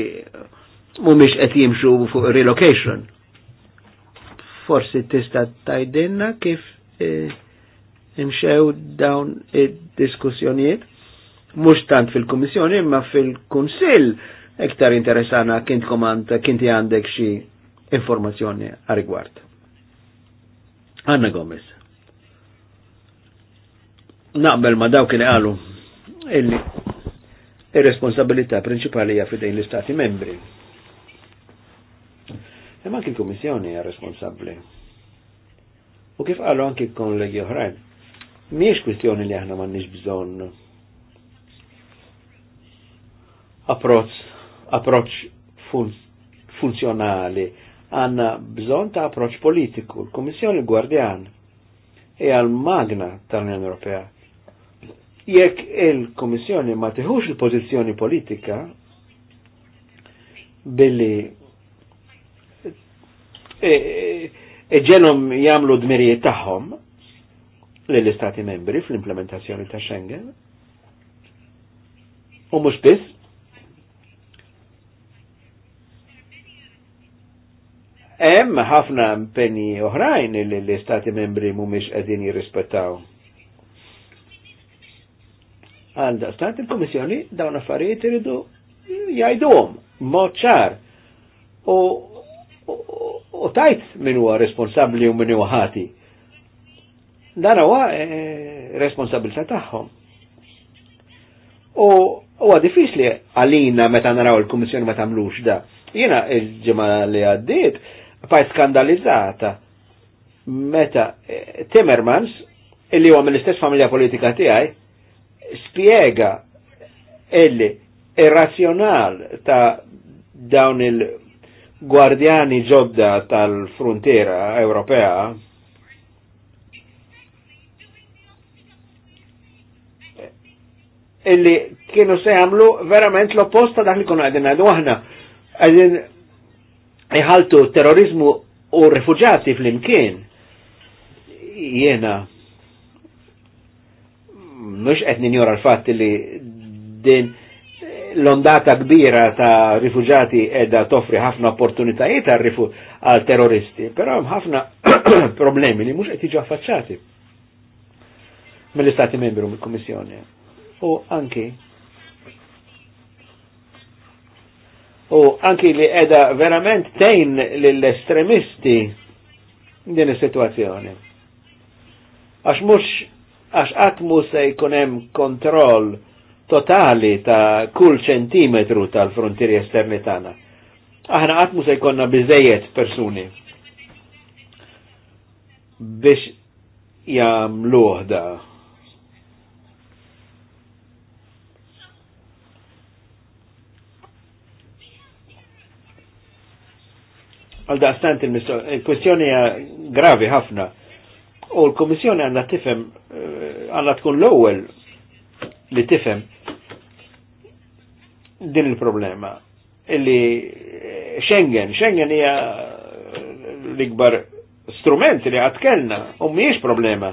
mumiex qed jimxu fuq relocation. Forsi tista' tajdinna kif Eh, imxew dawn id-diskussjonijiet, mux tant fil-Komissjoni, imma fil konsil ektar interesana kint komand, kint għandek xi informazzjoni għarigward. Anna Gomez. Naqbel ma dawk li għalu illi ir-responsabilità prinċipali hija fidejn l-Istati membri. Imma kien komissjoni kummissjoni hija responsabbli u kif għallu anki kollegi oħrajn. Miex kwistjoni li aħna m'għandniex bżonn approċ approċ fun funzjonali għanna bżon ta' approċ politiku. l komissjoni Gwardjan e għal-magna tal unjon Ewropea. Jekk il komissjoni ma tiħux il-pozizjoni politika billi e, e, ġenhom jagħmlu dmirijiet tagħhom lill-istati membri fl-implementazzjoni ta' Schengen. U mhux biss Hemm ħafna impenji oħrajn li l-istati membri mhumiex qegħdin jirrispettaw. Għal stati l komissjoni dawn affarijiet iridu jgħiduhom mod ċar. u, u tajt min huwa responsabbli u min huwa ħati. Dan huwa eh, eh, responsabilità tagħhom. U huwa diffiċli għalina meta naraw il-Kummissjoni ma tagħmlux da. Jiena il-ġimgħa li għaddiet bħaj skandalizzata meta eh, Timmermans illi huwa mill-istess familja politika tiegħi spjega illi irrazzjonal ta' dawn il- gwardjani ġodda tal-frontiera Ewropea illi kienu se jagħmlu verament l-opposta dak li kunu għedin għadu aħna. Għedin iħaltu terrorizmu u rifuġati fl-imkien. Jena mhux għedin ninjora l-fatt li din l-ondata kbira ta' rifugjati edha toffri ħafna opportunitajiet għal terroristi, però hemm ħafna problemi li mhux qed jiġu affaċċati mill-Istati membru mill-Kummissjoni. U anki u anki li edha verament tejn lill-estremisti din is-sitwazzjoni. Għax mhux għax qatt se jkun hemm kontroll totali ta' kull ċentimetru tal-frontieri esterni tagħna. Aħna qatt se jkollna biżejjed persuni biex jagħmlu da. Għal daqstant il-kwestjoni gravi ħafna u l-Komissjoni għandha tifhem eh, għandha tkun l-ewwel li tifhem din il-problema. Illi eh, Schengen, Schengen hija l-ikbar strument li għad kellna, u miex problema.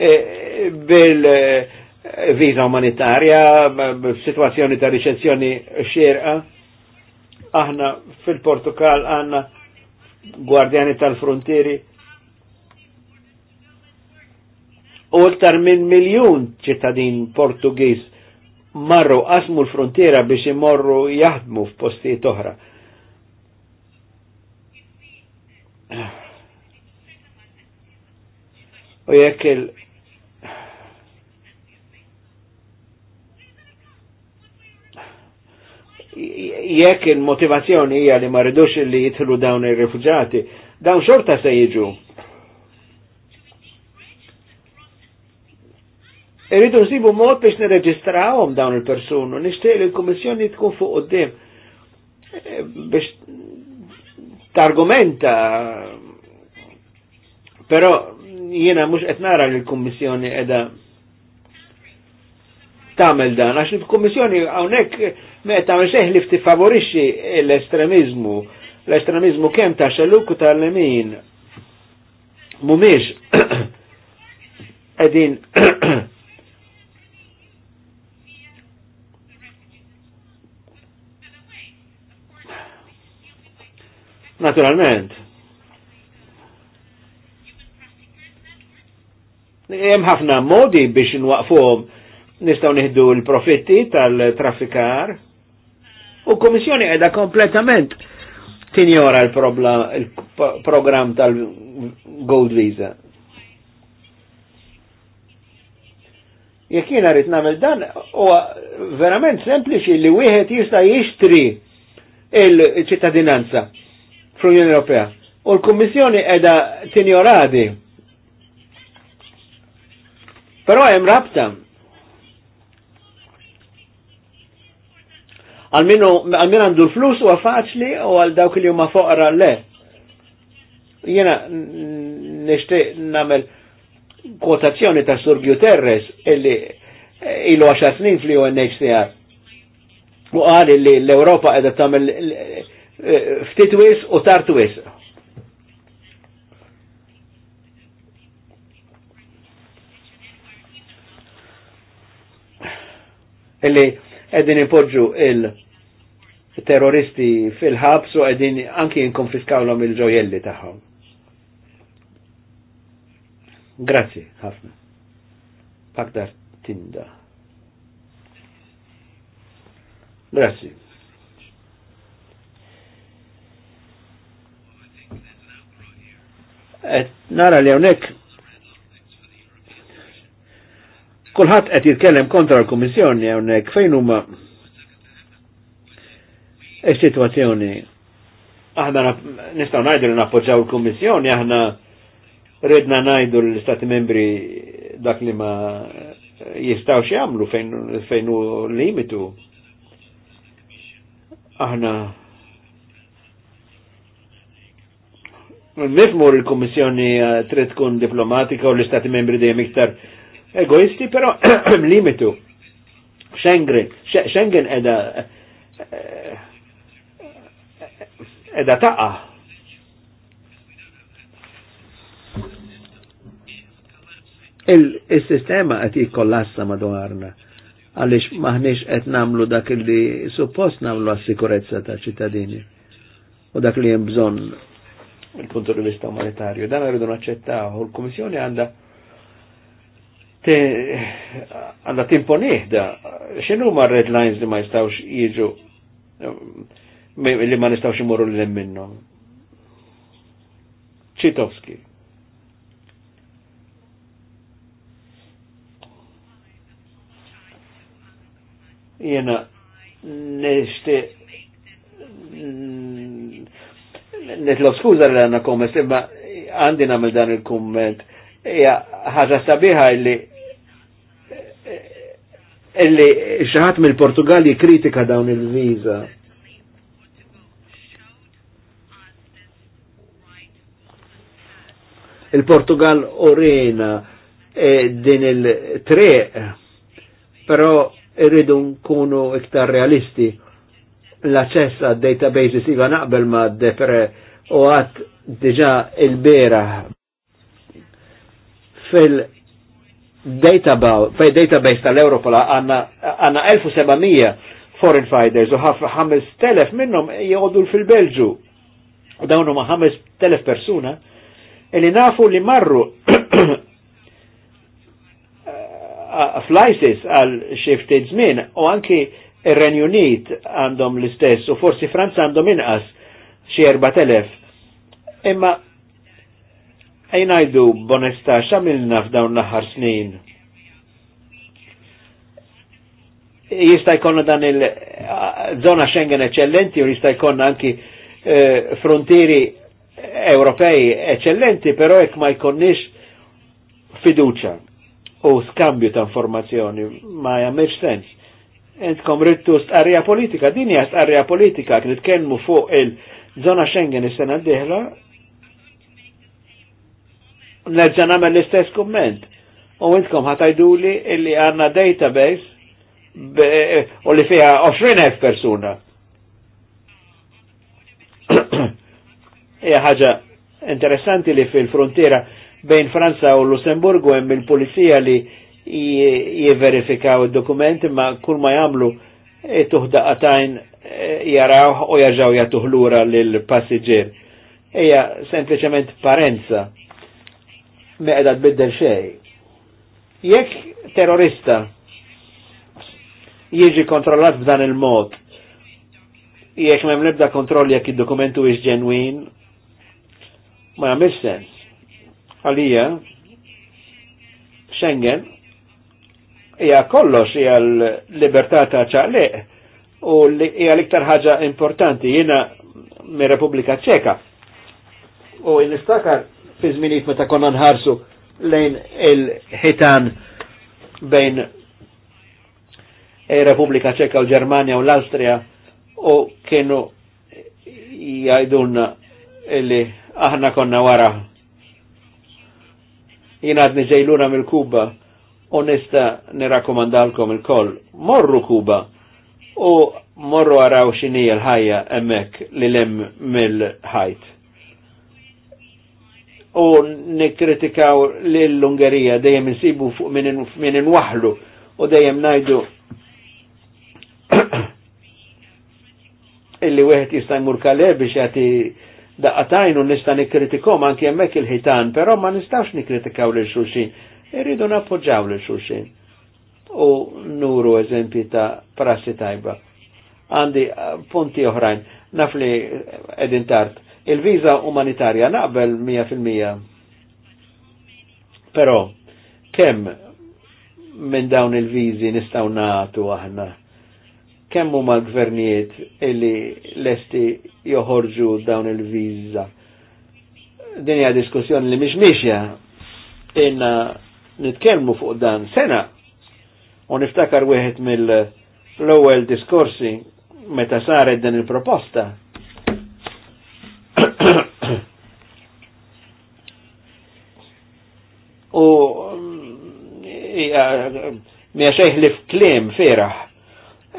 Eh, bil-viza eh, umanitarja, situazzjoni ta' ricezzjoni xerqa. Aħna fil-Portugal għanna gwardjani tal-frontieri u minn miljun ċittadin Portugiż marru qasmu l-frontiera biex imorru jaħdmu f'postijiet oħra. U jekk jekk il-motivazzjoni hija li ma rridux li jidħlu dawn ir-rifuġati, dawn xorta se jiġu. Irridu nsibu mod biex nirreġistrawhom dawn il-persunu, nixtieq li l-Kummissjoni tkun fuq qudiem eh, biex targumenta però jiena mhux qed nara li l-Kummissjoni qiegħda tagħmel dan għax il-Kummissjoni hawnhekk meta li tifavorixxi l-estremizmu, l-estremizmu kemm ta' xelluk u tal-lemin mumiex edin Naturalment. Hemm ħafna modi biex nwaqfuhom nistgħu nieħdu l-profitti tal-traffikar. U komissjoni għedha kompletament tinjora il-program tal-Gold Visa. Jek jina rrit namel dan, u verament sempliċi li wieħed jista' jixtri il-ċittadinanza fl-Unjoni Ewropea. U l-Kummissjoni qiegħda tinjoradi. Però hemm rabta Għalmin għandu l-flus u għafaxli u għal dawk li huma foqra le. Jena nishti namel kotazzjoni ta' Sur Terres illi ilu 10 snin fl-UNHCR. U għal li l-Europa edha tamel eh, ftit wis u tartwis. Illi edin impoġġu il-terroristi fil-ħabs u edin anki l-om il-ġojelli taħħom. Grazie, ħafna. Pagdar tinda. Grazie Et nara li għonek, Kulħadd qed jitkellem kontra l-Kummissjoni hawnhekk fejn huma is-sitwazzjoni. Aħna nistgħu ngħidu li nappoġġaw il-Kummissjoni, aħna redna ngħidu l-Istati membri dak li ma jistgħux jagħmlu fejn fejn hu limitu. Aħna Nifmur l-Kommissjoni trid tkun diplomatika u l-Istati membri dejjem iktar egoisti, pero limitu. Schengen, Schengen edha edha eh, taqa. Il-sistema qed jikkollassa madwarna għaliex maħniex qed namlu dak li suppost namlu għas-sikurezza ta' ċittadini u dak li hemm bżonn il-punto di vista umanitarju. Dan rridu naċċettaw u l-Kummissjoni għandha te għanna għanda timponihda, xinu ma red lines li ma jistawx jiġu, eh, li ma nistawx imorru li minnu? Čitovski. Jena nishti nitlob skuza li għanna komment, imma għandi namil dan il-komment, ja, ħaġa sabiħa li li xaħat mill-Portugali kritika dawn il-viza. il-Portugal orena e din il-tre, però irridu nkunu iktar realisti l-access għad databases iva naqbel ma depre u għat diġa il-bera fil database, database tal-Europol għanna għanna 1700 foreign fighters u 5000 minnom jgħodu fil-Belġu. U dawnu ma 5000 persuna li nafu li marru fl għal xiftit zmin u anki il renju Unit għandhom l-istess u forsi Franza għandhom inqas xie 4000. Imma Ejnajdu bonesta xamilna f'dawn l-aħħar snin. Jista' jkollna dan il-żona eh, Schengen eccellenti u jista' jkollna anki eh, frontieri Ewropej eccellenti, però jekk ma jkonniex fiduċa u skambju ta' informazzjoni ma jagħmilx sens. Entkom rittu stqarrija politika, din hija stqarrija politika kien fuq il-żona Schengen is-sena d-dieħla nerġa' nagħmel l-istess kumment. U ħatajdu li illi għandna database u li fiha 20,000 persuna. Ija ħaġa interessanti li fil-frontiera bejn Franza u Lussemburgu hemm il-pulizija li jiverifikaw id-dokumenti ma kull ma jagħmlu e qatajn e jaraw u jarġaw jatuħlura lill passiġġier. Eja sempliciment parenza meqda tbiddel xej. Jekk terrorista jieġi kontrollat b'dan il-mod, jekk mem nibda kontroll jekk id-dokumentu is ġenwin, ma jagħmilx sens. Għalija, Schengen hija kollox hija l-libertà ta' ċaqliq u hija l-iktar ħaġa importanti jiena mir-Repubblika Ċeka. U nistakar fi zminit meta konna nħarsu lejn il-ħitan bejn Repubblika Ċeka u Ġermania u l-Austria u kienu jajdunna illi aħna konna wara jina għadni ġejluna mill-Kuba u nista nirakomandalkom il-koll morru Kuba u morru għaraw xinija l-ħajja emmek li lem mill-ħajt u nikritikaw l-Ungerija dejjem insibu fuq minn inwaħlu u dejjem najdu illi wieħed jista' jmur kaleb biex jagħti daqatajn u nista' nikkritikom anke hemmhekk il-ħitan, però ma nistax nikkritikaw lil xulxin, irridu nappoġġaw lil xulxin. U nuru eżempji ta' prassi tajba. Għandi eh, punti oħrajn, naf li eh, edin Il-viza umanitarja naqbel 100%. Però kemm minn dawn il-viżi nistgħu nagħtu aħna? Kemm huma l-gvernijiet illi lesti joħorġu dawn il viza Din hija diskussjoni li mhix mixja inna nitkellmu fuq dan sena u niftakar wieħed mill-ewwel diskorsi meta saret dan il-proposta mija xejn li f'klim firaħ.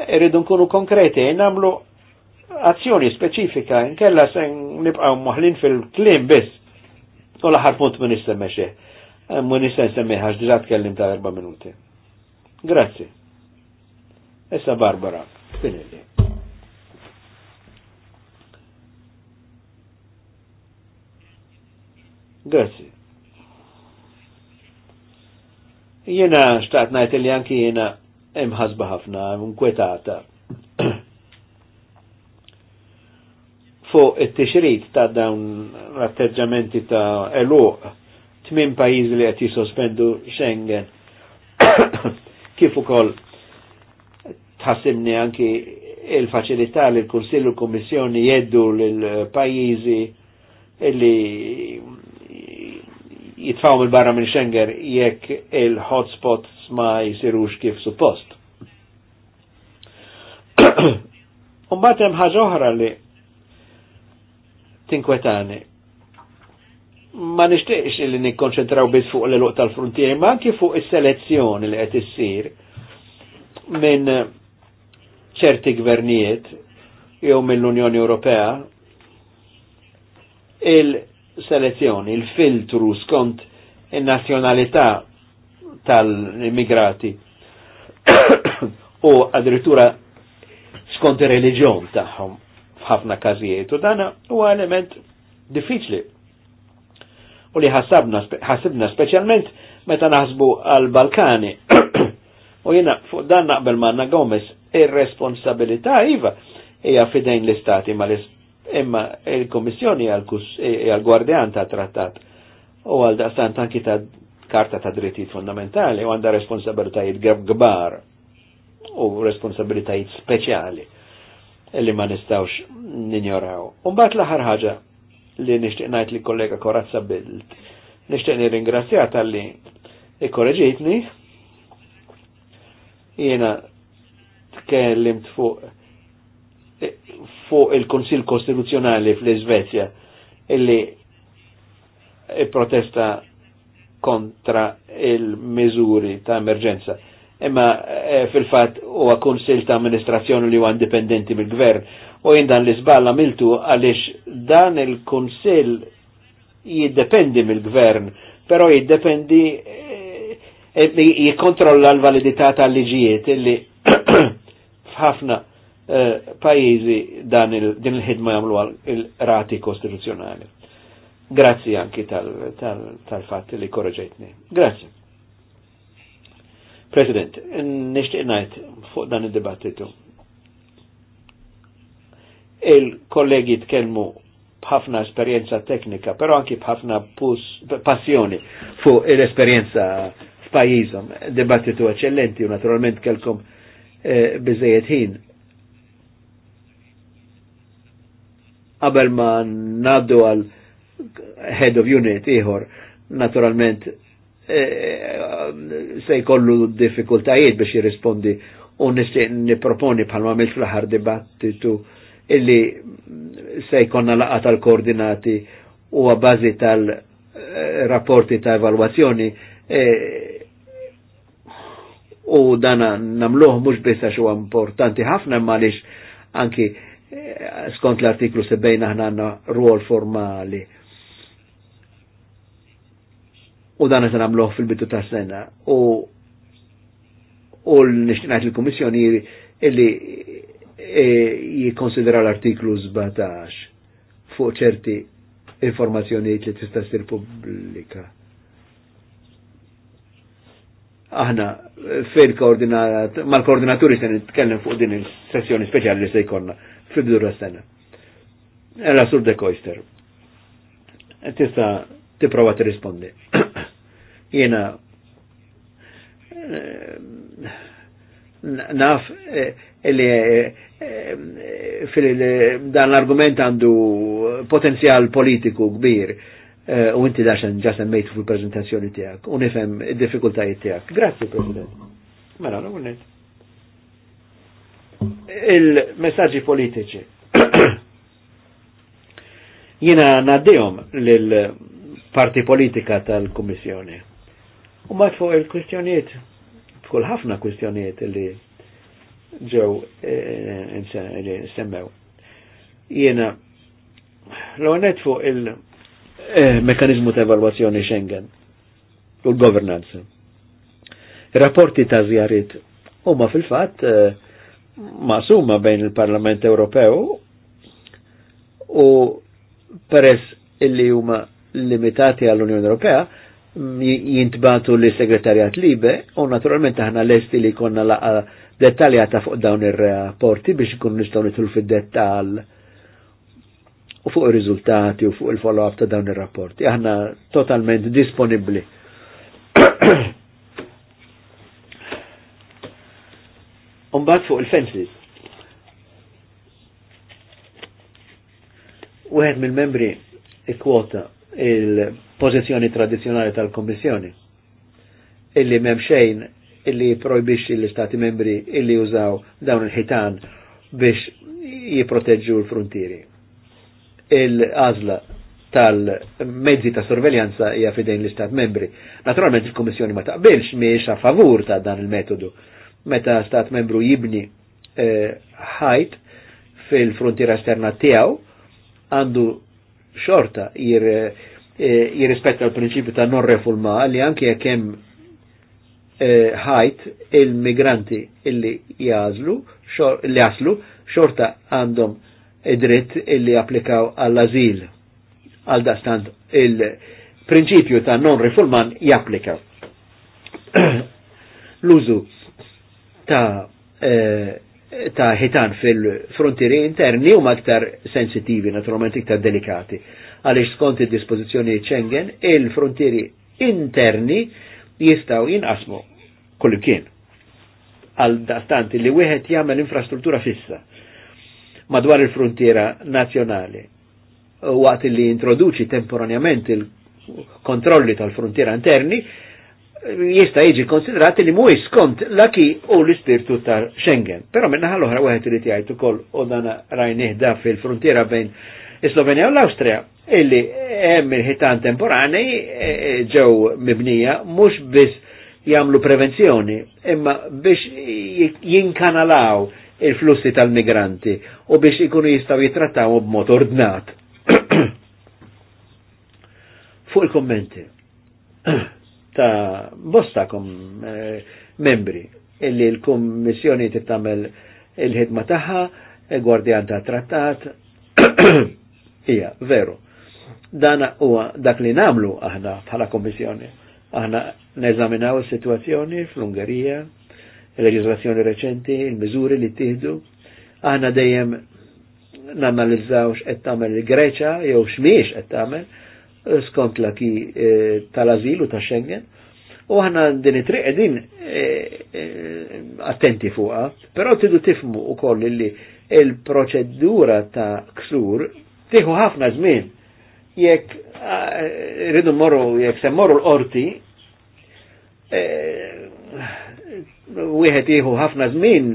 Irridu nkunu konkreti, namlu azzjoni speċifika, nkella se nibqaw muħlin fil-klim biss. U laħar punt minn istemme xeħ. Eh, minn nissemmi ħax diġà tkellim ta' erba' minuti. Grazzi. Issa Barbara, finilli. Grazzi. Jena xtaqt najt li anki jena imħasba ħafna, kwetata. Fuq it-tixrit ta' dawn l-atteġġamenti ta' eluq, tmin pajiz li għati sospendu Schengen. Kif ukoll tħassimni anki il-faċilità li l-Kunsillu Kommissjoni jeddu l-pajizi illi jitfaw mill barra minn Schengen jekk il-hotspots ma jisirux kif suppost. Umbat hemm ħaġa oħra li tinkwetani. Ma nixtieqx li nikkonċentraw biss fuq l luq tal-frontieri, ma anki fuq is-selezzjoni li qed issir minn ċerti gvernijiet jew mill-Unjoni Ewropea il selezzjoni, il-filtru skont il-nazjonalità tal-immigrati u addirittura skont il-reġjon tagħhom f'ħafna każijiet u dana huwa element diffiċli. U li ħasibna speċjalment meta naħsbu għal-Balkani. u jiena fuq dan naqbel manna Gomez ir-responsabilità iva hija fidejn l-istati ma l-istati imma il-Kommissjoni għal-Gwardjan e-, e-, ta' trattat u għal daqstant anki ta' karta ta' drittijiet fundamentali u għanda responsabilitajiet gbar u responsabilitajiet speċjali li ma nistawx ninjoraw. Umbat l-ħar ħaġa li nishtiq najt li kollega Korazza Bild, nishtiq nir-ingrazzja li ikkoreġitni jena tkellimt fuq fuq il-Konsil Kostituzzjonali fl-Svezja illi protesta kontra il mezuri ta' emerġenza. Imma e, fil-fat huwa konsil ta' amministrazzjoni li huwa indipendenti mill-gvern u jindan li sballa miltu għaliex dan il-konsil jiddependi mill-gvern, però jiddependi e, eh, eh, jikontrolla l-validità tal-liġijiet illi f'ħafna Eh, pajizi dan din il-ħidma jagħmlu il-rati kostituzzjonali. Grazzi anki tal fat li korreġetni. Grazzi. President, nixtieq ngħid fuq dan id-dibattitu. Il-kollegi tkellmu bħafna esperjenza teknika, però anki bħafna passjoni fuq l-esperjenza f'pajjiżhom. Dibattitu eċċellenti u naturalment kelkom eh, biżejjed ħin qabel ma naddu għal head of unit ieħor, naturalment e, se jkollu diffikultajiet biex jirrispondi u niproponi bħalma mill fl-ħar dibattitu illi se jkonna laqa tal-koordinati u għabazi tal-rapporti ta' evalwazzjoni e, u dana namluħ mux bisa xo importanti ħafna malix anki skont l-artiklu bejna aħna għanna ruol formali. U dan se nagħmluh fil-bidu ta' sena. U u l-nixtinajt il-Komissjoni illi e, jikonsidera l-artiklu 17 fuq ċerti informazzjonijiet li tista' sir pubblika. Aħna fil-koordinat, mal-koordinaturi se nitkellem fuq din il-sessjoni speċjali li se jkollna fil-bdura sena Ela sur de Koister. Tista prova t-rispondi. Jena eh, naf eh, li eh, dan l-argument għandu potenzjal politiku kbir u inti daċen ġasen mejtu fil-prezentazzjoni tijak u il-difikultajiet tijak. Grazie, President. Mela, l-għunet il-messagġi politiċi. Jina naddijom l-parti politika tal-Kommissjoni. U mat fuq il-kwistjoniet, fuq ħafna kwistjoniet li ġew eh, li semmew. Jina l fuq il-mekanizmu eh, ta' evalwazzjoni Schengen u l governance Rapporti ta' zjarit huma fil-fatt uh, masuma bejn il-Parlament Ewropew u peress illi huma limitati għall-Unjoni Ewropea jintbatu li segretarjat libe u naturalment aħna lesti li konna laqa dettaljata fuq dawn ir-rapporti biex ikun nistgħu nitlu fid-dettall u fuq ir-riżultati u fuq il-follow-up ta' dawn ir-rapporti. Aħna totalment disponibbli. Umbat fuq il-fences. Uħed mill-membri ikkwota il-pozizjoni tradizjonali tal-Kommissjoni illi memxejn illi projbixxi l-Istati membri illi użaw dawn il-ħitan biex jiproteġġu l-frontieri. Il-għazla tal-mezzi ta' sorveljanza hija fidejn l-Istat membri. Naturalment il-Kommissjoni ma taqbilx miex a favur ta' dan il-metodu meta stat membru jibni eh, ħajt fil-frontiera esterna tiegħu għandu xorta jir, eh, jirrispetta l-prinċipju ta' non refulma li anke jekk hemm eh, ħajt il-migranti illi jażlu li jaslu xorta għandhom id-dritt illi applikaw għall-azil għal dastant il-prinċipju ta' non refulman japplika. L-użu ta' eh, ta' ħitan fil-frontieri interni huma aktar sensitivi, naturalment iktar delikati. Għaliex skont id-dispożizzjoni Schengen, il-frontieri interni jistaw jinqasmu kullimkien għal dastanti li wieħed jagħmel infrastruttura fissa madwar il-frontiera nazzjonali waqt li introduċi temporanjament il-kontrolli tal-frontiera interni jista' jiġi konsiderat li mu skont laki u l-ispirtu ta' schengen Però minnaħa l-oħra li ti jgħid ukoll u dan rajnieħda fil-frontiera bejn Slovenija u l austria illi hemm il-ħitan temporanej e, ġew mibnija mhux biss jagħmlu prevenzjoni imma biex jinkanalaw il-flussi tal-migranti u biex ikunu jistgħu jitrattaw b'mod ordnat. Fuq il-kommenti. ta' bostakom eh, membri illi l-Kommissjoni tittamel il-ħidma tagħha, e gwardjan ta' trattat, ija, veru. Dana u dak li namlu aħna bħala Kommissjoni. Aħna neżaminaw is-sitwazzjoni fl-Ungerija, il-leġiżlazzjoni reċenti, il-miżuri li tieħdu. Aħna dejjem nanalizzaw x'qed tagħmel il-Greċa jew x'miex qed tagħmel skont la ki eh, tal-azil u ta' Schengen. U ħana din it-triq din eh, eh, attenti fuqa, però tidu tifmu u koll li il-proċedura ta' ksur tiħu ħafna żmien. Jekk rridu morru, jekk se morru l orti wieħed jieħu ħafna żmien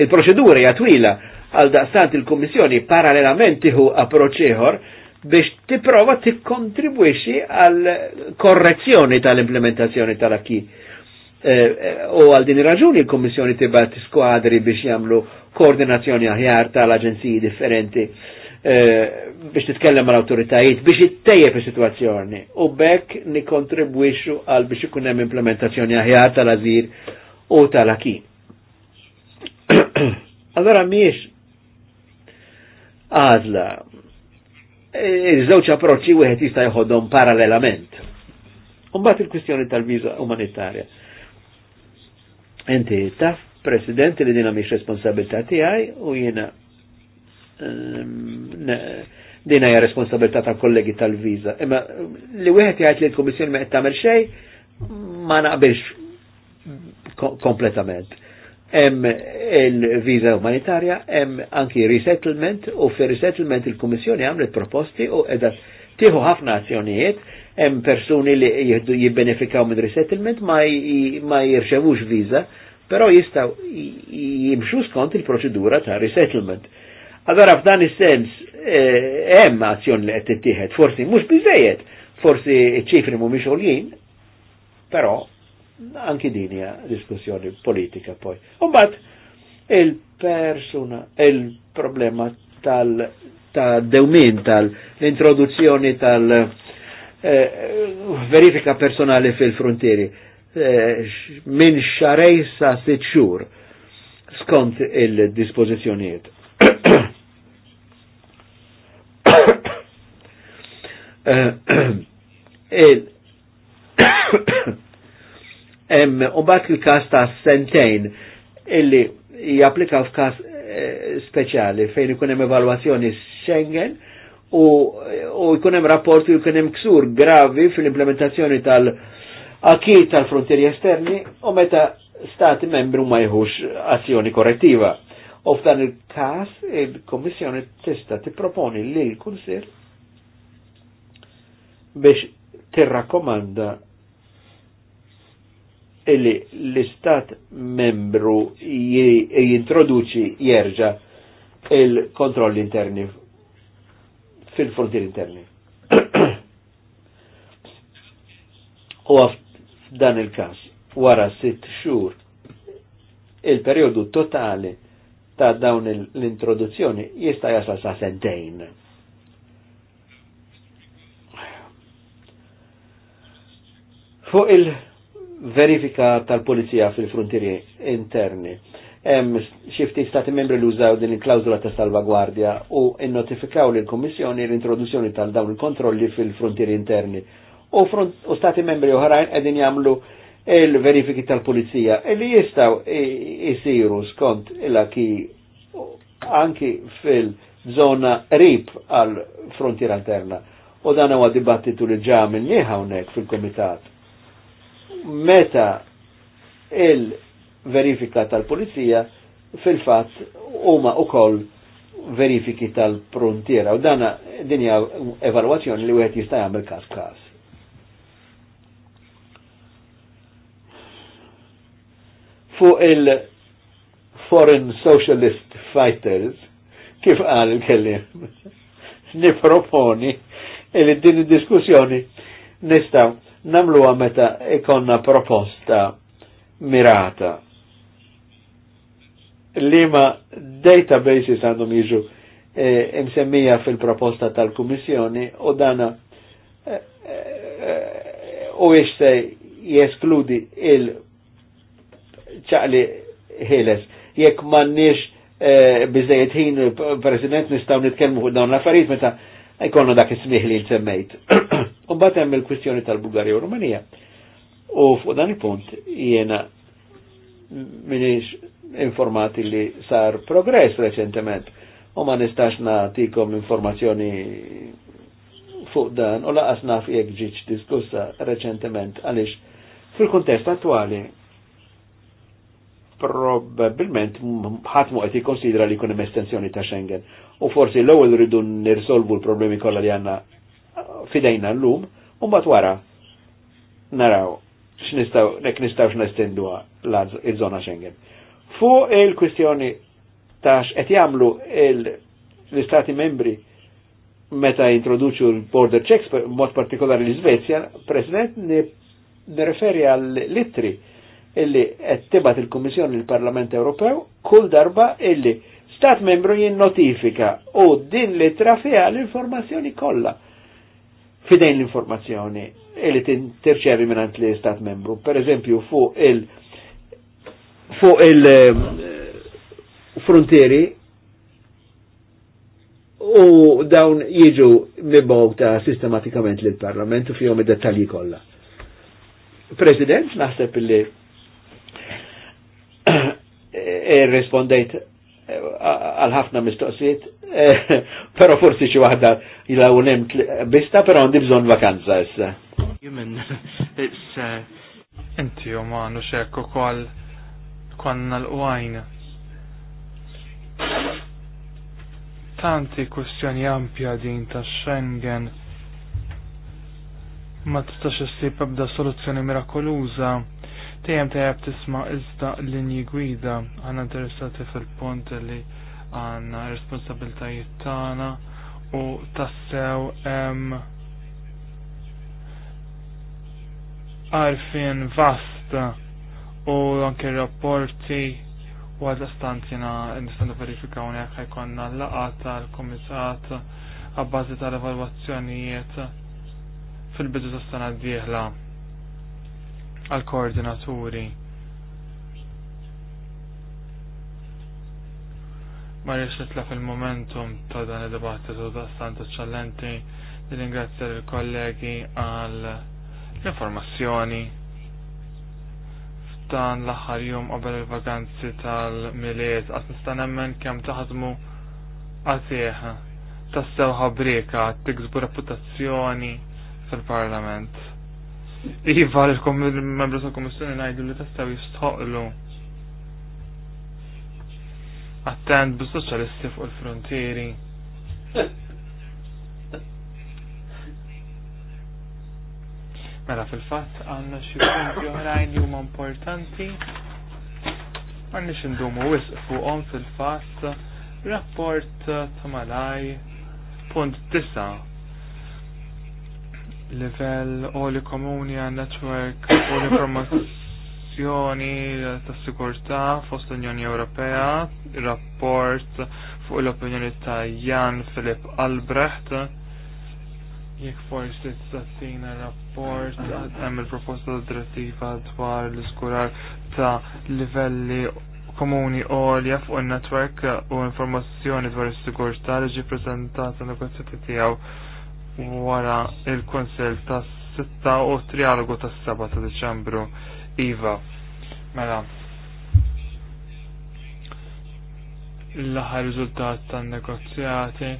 il-proċedura hija twila għal daqstant il-Kummissjoni parallelament tieħu approċċ biex tipprova tikkontribwixi għal korrezzjoni tal-implementazzjoni tal-akki. Eh, eh, u għal din raġuni l-Kommissjoni tibat skwadri biex jagħmlu koordinazzjoni aħjar tal-aġenziji differenti eh, biex titkellem mal autoritajiet biex ittejjeb is-sitwazzjoni u bekk nikkontribwixxu għal biex ikun hemm implementazzjoni aħjar tal-azir u tal-aki. Allora miex għażla. Iż-żewġ approċċi wieħed jista' jħodhom parallelament. Umbagħad il-kwistjoni tal-viża umanitarja. Inti taf President li dina mhix responsabilità tiegħi u jiena ehm, dina hija responsabilità tal kollegi tal-viża. Imma li wieħed jgħid li l-Kummissjoni ma qed tagħmel xejn ma naqbilx kompletament hemm il-viza umanitarja, hemm anki resettlement u fi resettlement il-Kummissjoni għamlet proposti u edha tieħu ħafna azzjonijiet, hemm persuni li jihdu jibbenefikaw minn resettlement ma, ma jirċevux viza, però jistgħu jimxu skont il-proċedura ta' resettlement. Allora f'dan is-sens eh, hemm eh, azzjoni li qed tittieħed, forsi mhux biżejjed, forsi ċifri mhumiex għoljin, però anki dinja diskussjoni politika poi. Umbat, il-persuna, il-problema tal ta' dewmin tal-introduzzjoni tal-verifika eh, personale personali fil-frontieri eh, minn xarej sa' sitxur skont il-dispozizjoniet. Eh, il Hemm bat il kas ta' sentejn illi japplika f'każ eh, speċjali fejn ikun hemm evalwazzjoni Schengen u, u jkun hemm rapport u jkun hemm ksur gravi fil-implementazzjoni tal- akki tal-frontieri esterni u meta stati membri ma jħux azzjoni korrettiva. U f'dan il-kas il-Kommissjoni tista' tipproponi li l-Kunsill biex tirrakkomanda illi l-istat membru e jintroduċi jerġa il-kontroll interni fil-frontier interni. U dan il-kas, wara sitt xur, il-periodu totali ta' dawn l-introduzzjoni jista' jasal sa' sentejn. Fuq il- verifika tal-polizija fil-frontieri interni. Hemm xifti stati membri li użaw din il-klawzula ta' salvaguardja u innotifikaw lil kommissjoni l-introduzzjoni tal-dawn il-kontrolli fil-frontieri interni. U, front, u stati membri oħrajn qegħdin jagħmlu il-verifiki tal-pulizija e li jistaw jisiru skont il ki anki fil-zona rip għal frontiera interna. U dan huwa dibattitu li ġa minni hawnhekk fil-komitat meta il-verifika tal-polizija fil-fat huma ukoll verifiki tal-prontiera u dana dinja evalwazzjoni li wieħed jista' jagħmel każ każ. Fuq il-Foreign Socialist Fighters, kif qal il-kellim, niproponi il din id-diskussjoni nistaw namlu meta ikonna proposta mirata. Lima databases għandhom jiġu eh, msemmija fil-proposta tal-Kummissjoni u dana eh, eh, u biex se jeskludi il-ċaqli ħeles. Jekk mannix eh, bizzejiet ħin, President, nistaw nitkelmu dawn l-affarijiet meta ikonna dak ismiħ li l-semmejt. U bat hemm il-kwistjoni tal-Bulgarija u Rumanija. U fuq dan il-punt jiena minix informati li sar progress reċentement u ma nistax natikom informazzjoni fuq dan u laqas naf jek ġiċ diskussa reċentement għalix fil-kontest attuali probabilment ħatmu qed jikkonsidra li jkun hemm estensjoni ta' Schengen. U forsi l-ewwel rridu nirsolvu l-problemi kollha li għandna fidejna l-lum, u bat wara naraw x'nistgħu nek nistgħu x'nestendu l-żona Schengen. Fuq il-kwistjoni ta' et jagħmlu l-istati membri meta introduċu l-border checks, mod partikolari l-Svezja, President, referi għall-litri illi qed tibat il-Kummissjoni l-Parlament Ewropew kull darba illi stat membru jinnotifika u din litra fiha l-informazzjoni kollha fidejn l-informazzjoni li tirċevi għant li stat membru. Per eżempju, fuq il- fuq il-frontieri eh, u dawn jiġu mibogta sistematikament l parlament u fihom id-dettalji kollha. President, naħseb li e, eh, eh, respondent għal ħafna mistoqsijiet, eh, pero forsi xi waħda ila unem bista, pero għandi bżonn vakanza issa. Jumin, it's. Eh, Inti umanu xek u kol konna l-għajn. Tanti kustjoni ampja din ta' Schengen ma tistax issib ebda soluzzjoni mirakoluża Tejjem tajab tisma iżda linji gwida għanna interessati fil-punt li għanna responsabiltajiet tagħna u tassew hemm għarfin vast u anke rapporti u għadda stanzina nistanu verifikaw nek ħajkonna l laqata tal-komitat għabbażi tal-evalwazzjonijiet fil-bidu tas-sena d-dieħla għal koordinaturi. Ma riex nitlaq il-momentum ta' dan id u da' stant eccellenti li ringrazzja l-kollegi għal l-informazzjoni f'dan l-aħħar jum qabel il-vaganzi tal-miliet għat nista' nemmen kemm taħdmu għatieħ tassew ħabrika tiksbu reputazzjoni fil-parlament. Iva l-membru tal-Komissjoni ngħidu li tistgħu jistħoqlu. Attent bis-soċjalisti fuq il-frontieri. Mela fil-fatt għandna xi punti oħrajn li huma importanti għandix indumu wisq fuqhom fil-fatt rapport ta' malaj punt 9 level oli komuni għan network u l-informazzjoni ta' sigurta fost l-Unjoni Ewropea, rapport fuq l-opinjoni ta' Jan Filip Albrecht, jekk forsi t-sassina rapport għem il-proposta Drettiva dwar l-iskurar ta' livelli komuni li fuq il-network u informazzjoni dwar is-sigurtà li ġi prezentata negozjati tiegħu wara il-Konsell tas 6 u trialogu tas 7 ta' Deċembru iva. Mela, l-aħħar riżultat tan-negozjati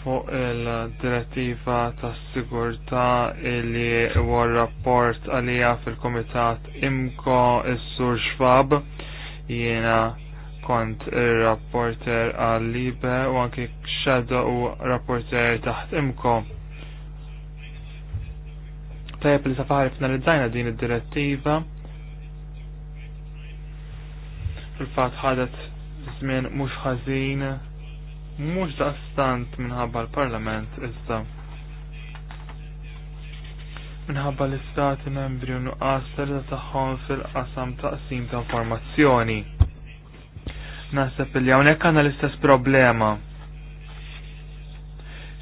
fuq il-direttiva tas sigurtà li huwa rapport għalija fil-Kumitat Imko s sur Schwab jiena kont il-rapporter għal-Libe u anki xadda u rapporter taħt Imko tajab li safari finalizzajna din id-direttiva fil-fat ħadet żmien mhux ħażin mhux daqstant minħabba l-Parlament iżda minħabba l-istati membri u nuqqas da tagħhom fil-qasam taqsim ta' informazzjoni. Naħseb li hawnhekk għandna l-istess problema.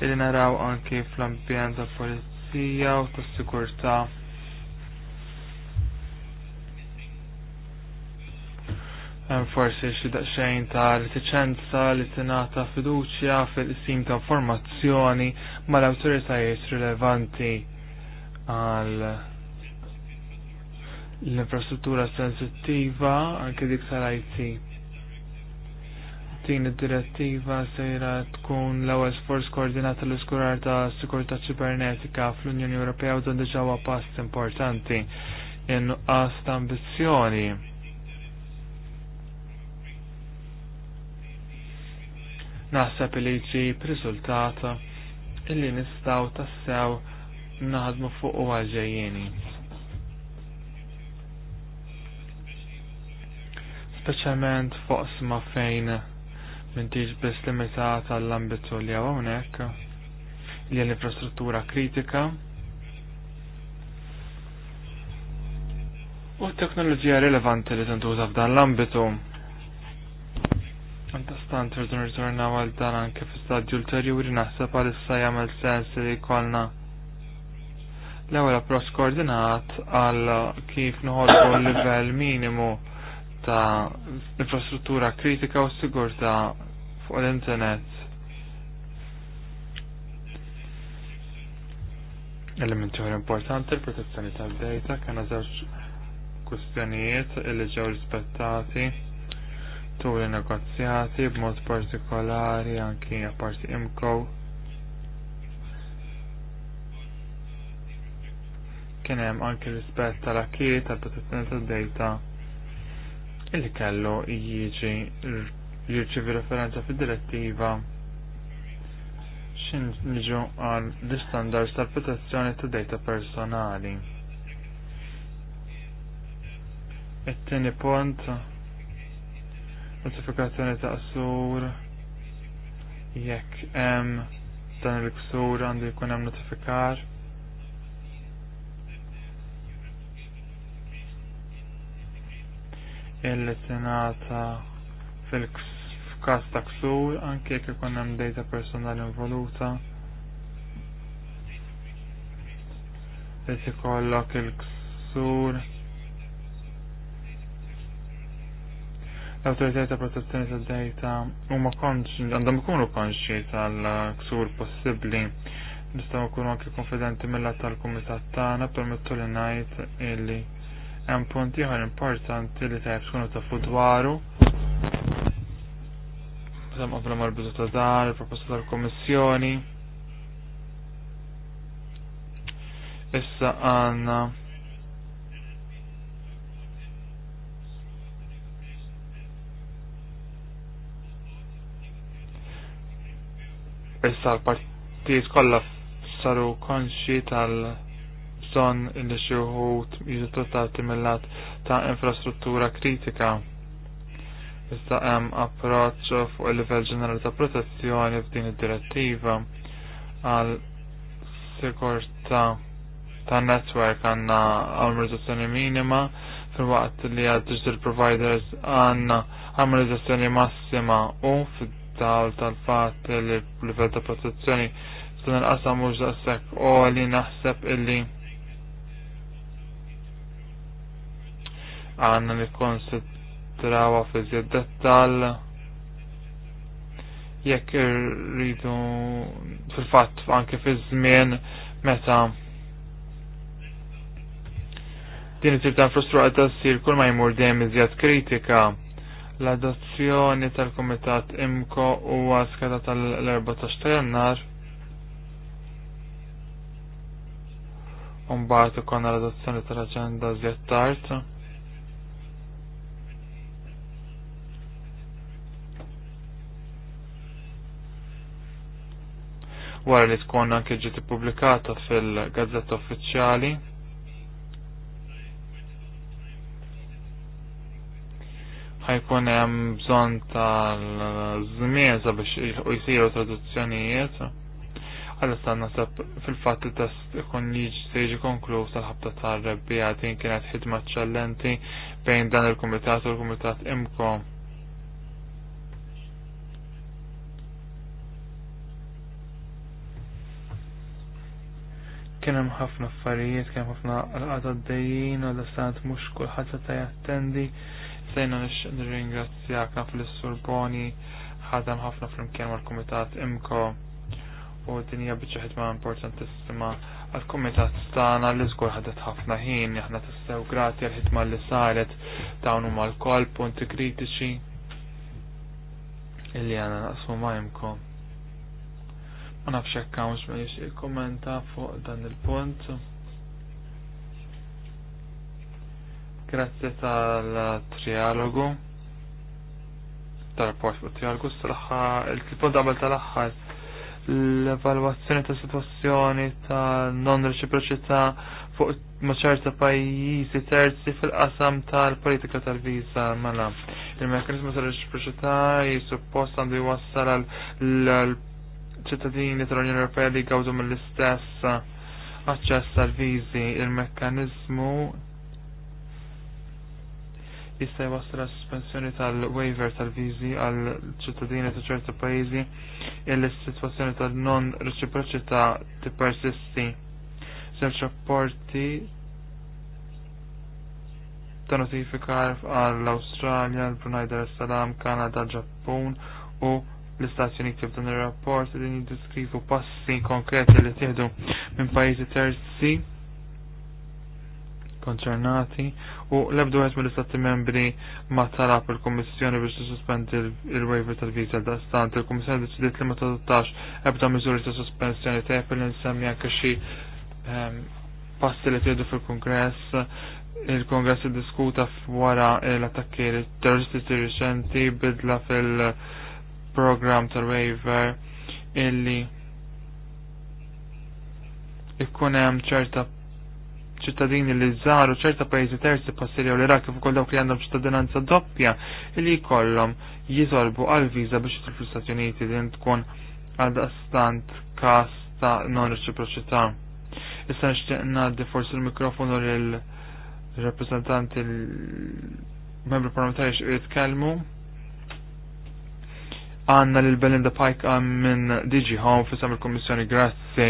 Illi naraw anki fl-ambjent ta' tal-pulizija u tas-sigurtà. Hemm forsi xi daqsxejn ta' reticenza li tingħata fiduċja fil-qsim ta' informazzjoni mal-awtoritajiet rilevanti għal l-infrastruttura sensittiva anke dik tal-IT din id-direttiva sejra tkun l-ewwel sforz koordinata l iskurar ta' sikurtà ċibernetika fl-Unjoni Ewropea u dan diġà huwa pass importanti in-nuqqas ta' ambizzjoni. Naħseb li ġib riżultat illi nistgħu tassew naħdmu fuq u għalġejjeni. Speċjalment fuq sma fejn m'intix biss limitata l-ambitu li għaw hawnhekk li l-infrastruttura kritika u t-teknoloġija rilevanti li tintuża f'dan l-ambitu. Għandastant rridu nirtornaw għal dan anke fi stadju ulterjuri naħseb għalissa jagħmel sens li jkollna l-ewwel approċċ koordinat għal kif noħolqu l-livell minimu ta' infrastruttura kritika u sigurta fuq l-internet. Element ieħor importanti l-protezzjoni tad-data kien żewġ kwistjonijiet li ġew rispettati tul negozjati b'mod partikolari anki apparti imko Kien hemm anki rispett tal-akkiet tal-protezzjoni tad-data illi kellu jiġi jirċivi referenza fi direttiva xin nġu għal l-standards tal-protezzjoni ta' data personali. It-tieni punt notifikazzjoni ta' qsur jekk hemm dan il-ksur għandu jkun hemm notifikar. il-senata fil-ksur f'każ ta' ksur anke jekk ikun hemm data personali involuta. Qed ikollok il-ksur. L-autorità ta' protezzjoni tad data huma konxi għandhom ikunu konxi tal-ksur possibbli nistgħu nkunu anke konfidenti mill tal-kumitat tagħna permettu li ngħid illi hemm punti ieħor importanti li tajb tkunu tafu dwaru qasam qabla marbuta ta' dan, il-proposta tal komissjoni Issa għanna Issa l-partijiet kollha saru konxi tal- bżonn li xi wħud jiġu trattati ta' infrastruttura kritika. Issa hemm approċċ fuq il-livell ġenerali ta' protezzjoni f'din id-direttiva għal sigurtà ta' network għandna armonizzazzjoni minima fil-waqt li għad digital providers għandna armonizzazzjoni massima u fid-dawl tal fatt li livell ta' protezzjoni f'dan il-qasam mhux daqshekk u li naħseb illi għanna li trawa fi żjed dettal jekk irridu fil-fatt anke fi żmien meta din it-tip ta' infrastruttura ssir kull ma jmur dejjem iżjed kritika l-adozzjoni tal-Kumitat Imko huwa skeda tal-14 ta' jannar Umbaħt konna l-adozzjoni tal aġenda zjettart. tard wara li tkun anke ġiet ippubblikata fil-Gazzetta Uffiċjali. ħajkun hemm bżonn tal-żmien sabiex jsiru traduzzjonijiet. Għalissa nasab fil-fatt li test kun jiġi se jiġi konkluż tal-ħabta tal rebbija din kienet ħidma eċċellenti bejn dan il-kumitat u l-kumitat imkom Kien hemm ħafna affarijiet, kien hemm ħafna għalqata d u għal mhux kulħadd ta jattendi. Sejna nirringrazzjak naf l Boni, ħadem ħafna flimkien mal-Kumitat Imko u din hija biċċa ħidma importantissima għal-Kumitat Stana li żgur ħadet ħafna ħin, aħna tistgħu grati għal-ħidma li saret dawn huma l-kol punti kritiċi illi għana naqsmu ma' Ma nafx hekk hawnx ma jixtieq kommenta fuq dan il-punt. Grazzi tal-trialogu tal-rapport fuq trialogu s saħħa il-punt qabel tal-aħħar l-evalwazzjoni ta' situazzjoni ta' non reċiproċità fuq maċerta pajjiżi terzi fil-qasam tal-politika tal-viza mela. Il-mekanizmu tal-reċiproċità jisuppost għandu jwassal għal ċittadini tal-Unjoni Ewropea li għawdu mill-istess aċċess tal-viżi il mekkanizmu jista' jwassal sospensjoni tal-waiver tal-viżi għal ċittadini ta' ċerti pajjiżi il sitwazzjoni tal-non reċiproċità tippersisti. Żewġ rapporti ta' notifikar għall-Awstralja, l-Brunei dar salam Kanada, Ġappun u l-Istati Uniti dan ir-rapport li jiddiskrivu passi konkreti li tieħdu minn pajjiżi terzi konċernati u l-ebdu għet mill-istati membri ma talab il komissjoni biex t-suspendi il-waiver tal-viza l-dastant. Il-Kommissjoni deċidiet li ma t-tattax ebda mizuri ta' sospensjoni ta' l insemmi anke xi ehm, passi li tieħdu fil-Kongress. Il-Kongress diskuta wara l-attakki terroristiċi riċenti bidla fil- program tal-waiver illi ikkun hemm ċerta ċittadini li żaru ċerta pajjiżi terzi passirja u l-Iraq kif ukoll dawk li għandhom ċittadinanza doppja illi jkollhom jitolbu għal viża biex jitlu fl-Istati Uniti din tkun għal stant kas ta' non reċiproċità. Issa nixtieq ngħaddi forsi l-mikrofonu lil rappresentanti l-membri parlamentari xqiet kelmu għanna lil Belinda Pike minn DG Home fissam il-Kommissjoni, grazzi.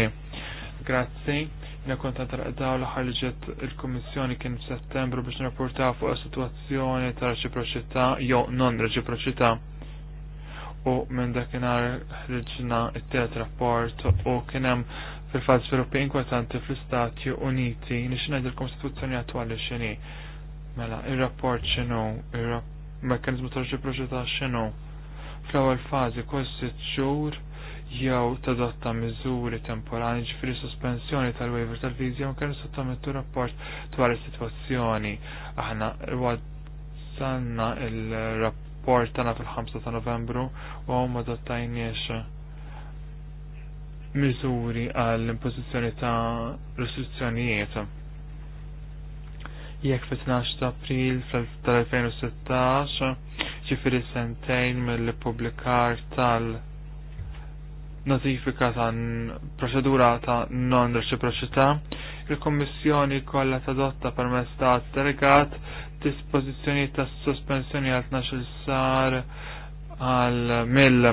Grazzi. jina kontant raqdaw l ħarġet il-Kommissjoni kien f'Settembru biex nirrapportaw fuq is-sitwazzjoni ta' reċiproċità jew non reċiproċità. U minn dakinhar ħriġna il tiet rapport u kien hemm fil-fatt sviluppi inkwetanti fl-Istati Uniti nix il situazzjoni attwali x'inhi. Mela, il rapport x'inhu, ir-mekkaniżmu ta' reċiproċità x'inhu fl-ewwel fażi kull sitt xhur jew tadotta miżuri temporani ġifieri sospensjoni tal-waiver tal viżja u kellu sottomettu rapport dwar is-sitwazzjoni. Aħna wasanna il-rapport tagħna fil-5 ta' Novembru u ma dottajniex miżuri għall-impożizzjoni ta' restrizzjonijiet jekk fit-12 ta' april tal-2016 ġifiri sentejn mill-publikar tal- notifika ta' proċedura ta' non reċiproċità, il-Kommissjoni kollha tadotta permezz ta' delegat disposizjoni ta' sospensjoni għal 12 sar għal mill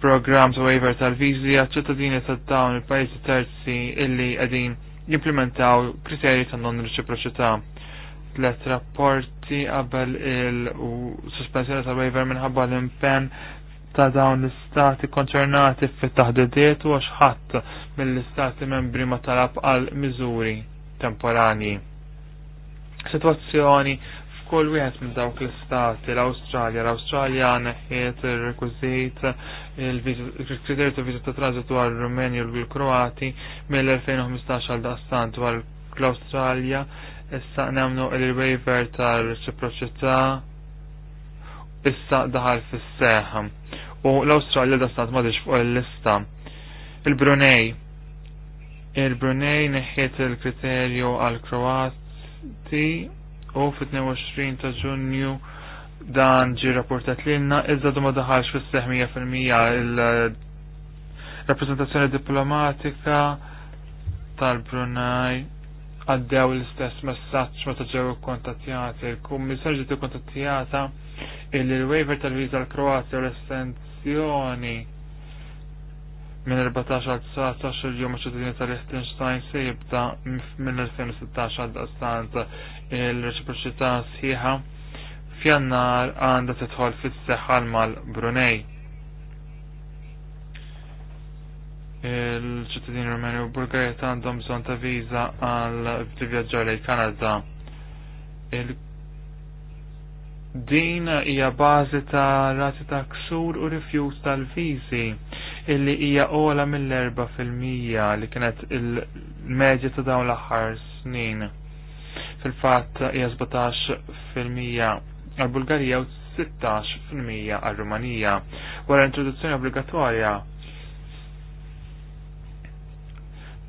program ta' waiver tal-viżi għal ċittadini ta' dawn il-pajjiżi terzi illi qegħdin jimplementaw kriterji ta' non reciprocità Tlet rapporti qabel il-sospensjoni ta' waiver minħabba l-impen ta' dawn l-istati konċernati fit taħdidiet u għaxħat mill-istati membri ma talab għal miżuri temporani. Situazzjoni Kull wieħed minn dawk l-istati l-Awstralja. L-Awstralja neħiet ir-rekwiżit il-kriterju ta' viża ta' transitu għal rumeni u l-Kroati mill-2015 għal daqstan dwar l-Awstralja issa nagħmlu il-waiver tal-reċiproċità issa daħal fis seħħa U l-Awstralja daqstant m'għadix fuq il-lista. Il-Brunei il-Brunei neħiet il-kriterju għal-Kroati u fit-22 ta' ġunju dan ġi rapportat li inna iżda duma daħalx fis-seħ mija il-rappresentazzjoni diplomatika tal-Brunaj għaddew l-istess messaċ meta ġew kontattjati. Il-kummissar ġiet kontattjata il-waiver tal visa l-Kroazja u l-estensjoni minn 14 għal 19 il-jum ċittadini tal-Liechtenstein se jibda minn 2016 għal daqstant il-reċiproċità sħiħa f'jannar għanda titħol fis-seħħal mal-Brunei. Il-ċittadini Rumeni u Bulgarija għandhom bżonn ta' viża għal vjaġġar lejn Kanada. Din hija bażi ta' rati ta' ksur u rifjuż tal-viżi illi hija ola mill erba fil-mija li kienet il-medja ta' dawn l-aħħar snin. Fil-fatt hija 17 fil-mija għal-Bulgarija u 16 fil-mija għal-Rumanija. Wara introduzzjoni obbligatorja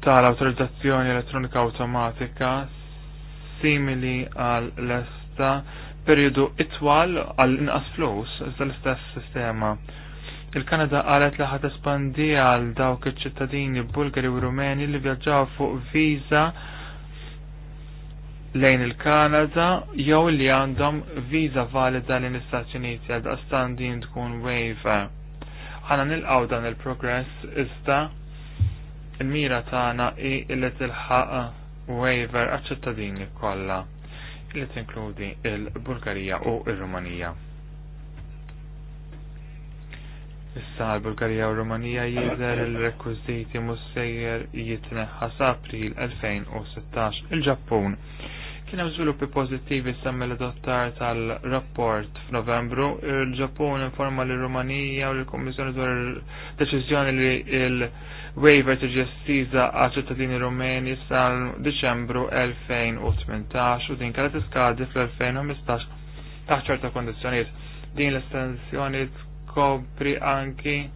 tal-autorizzazzjoni elettronika automatika simili għal-lesta periodu itwal għal inqas flus, l-istess sistema Il-Kanada qalet li ħat espandi għal dawk iċ-ċittadini Bulgari u Rumeni li vjaġġaw fuq viża lejn il-Kanada jew li għandhom viża valida lejn l-Istati Uniti għal daqstan din tkun waiver. Ħana nilqaw dan il-progress iżda il-mira tagħna hi li tilħaq waiver għaċ-ċittadini kollha li tinkludi il-Bulgarija u il-Rumanija. Issa l-Bulgarija u Rumanija jidher il-rekwiziti mussejjer jitneħħas April 2016. Il-Ġappun kien hemm żviluppi pożittivi semmi l-adottar tal-rapport f'Novembru. Il-Ġappun informa li rumanija u l-Kommissjoni dwar il-deċiżjoni li il-waiver tiġi estiża għal ċittadini Rumeni sal-Diċembru 2018 u din kellha tiskadi fl-2015 taħt ċerta kondizzjonijiet. Din l-estensjoni tkopri anki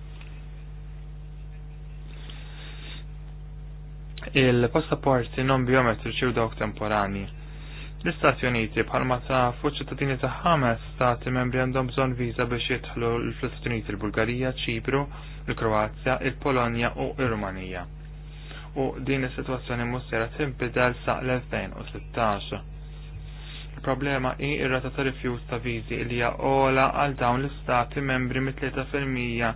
il-passaporti non biometrici u dawk temporani. L-Istati Uniti bħalma ta' fuq ċittadini ta' ħames stati membri għandhom bżonn viża biex jidħlu l-Istati Uniti il-Bulgarija, ċipru, il-Kroazja, il-Polonja u il-Rumanija. U din is-sitwazzjoni mhux sera tinbidel sa' l-2016. Il-problema hi irrata rata ta' rifjuż ta' viżi li hija ola għal dawn l-istati membri mit-3%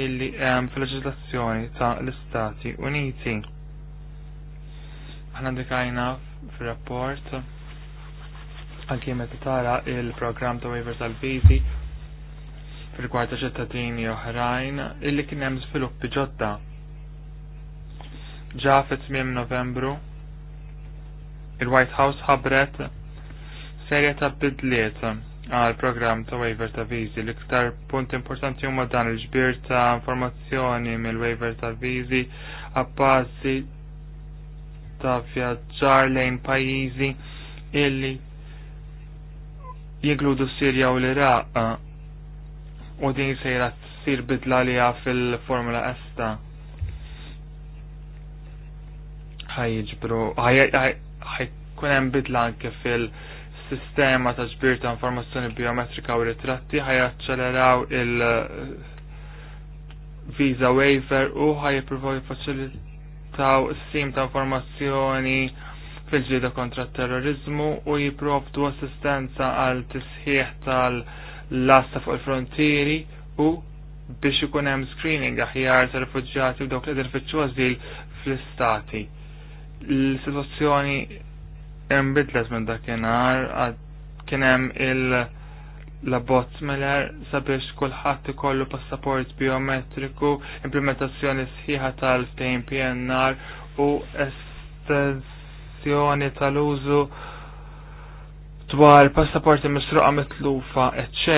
illi hemm fil leġislazzjoni ta' l-Istati Uniti. Aħna dikajna fir-rapport anke qed tara il-programm ta' waiver tal-viżi rigward ta' ċittadini oħrajn illi kien hemm żviluppi ġodda. Ġa fit-8 Novembru il-White House ħabret serja ta' bidliet għal program ta' waiver ta' vizi L-iktar punt importanti huma dan il-ġbir ta' informazzjoni mill-waiver ta' viżi għabbażi ta' vjaġġar lejn pajjiżi illi jigludu Sirja u l-Iraq u din sejra tsir bidla li fil-formula esta ħajġbru ħajkun bidla anke fil-formula sistema ta' ġbir ta' informazzjoni biometrika u ritratti jaċċeleraw il-visa eh, waiver u ħaj ħajipruvaw jifacilitaw sim ta' informazzjoni fil-ġida kontra terrorizmu u jiprovdu assistenza għal tisħiħ tal-lasta fuq il-frontieri u biex ikun hemm screening aħjar ta' rifuġġjati u dawk li qegħdin fiċċu fl-istati. L-sitwazzjoni hemm bitlet minn dakinhar kien hemm il-labbozz meler sabiex kulħadd ikollu passaport biometriku, implementazzjoni sħiħa tal-ftehim PNR u estensjoni tal-użu dwar passaporti misruqa mitlufa, etc.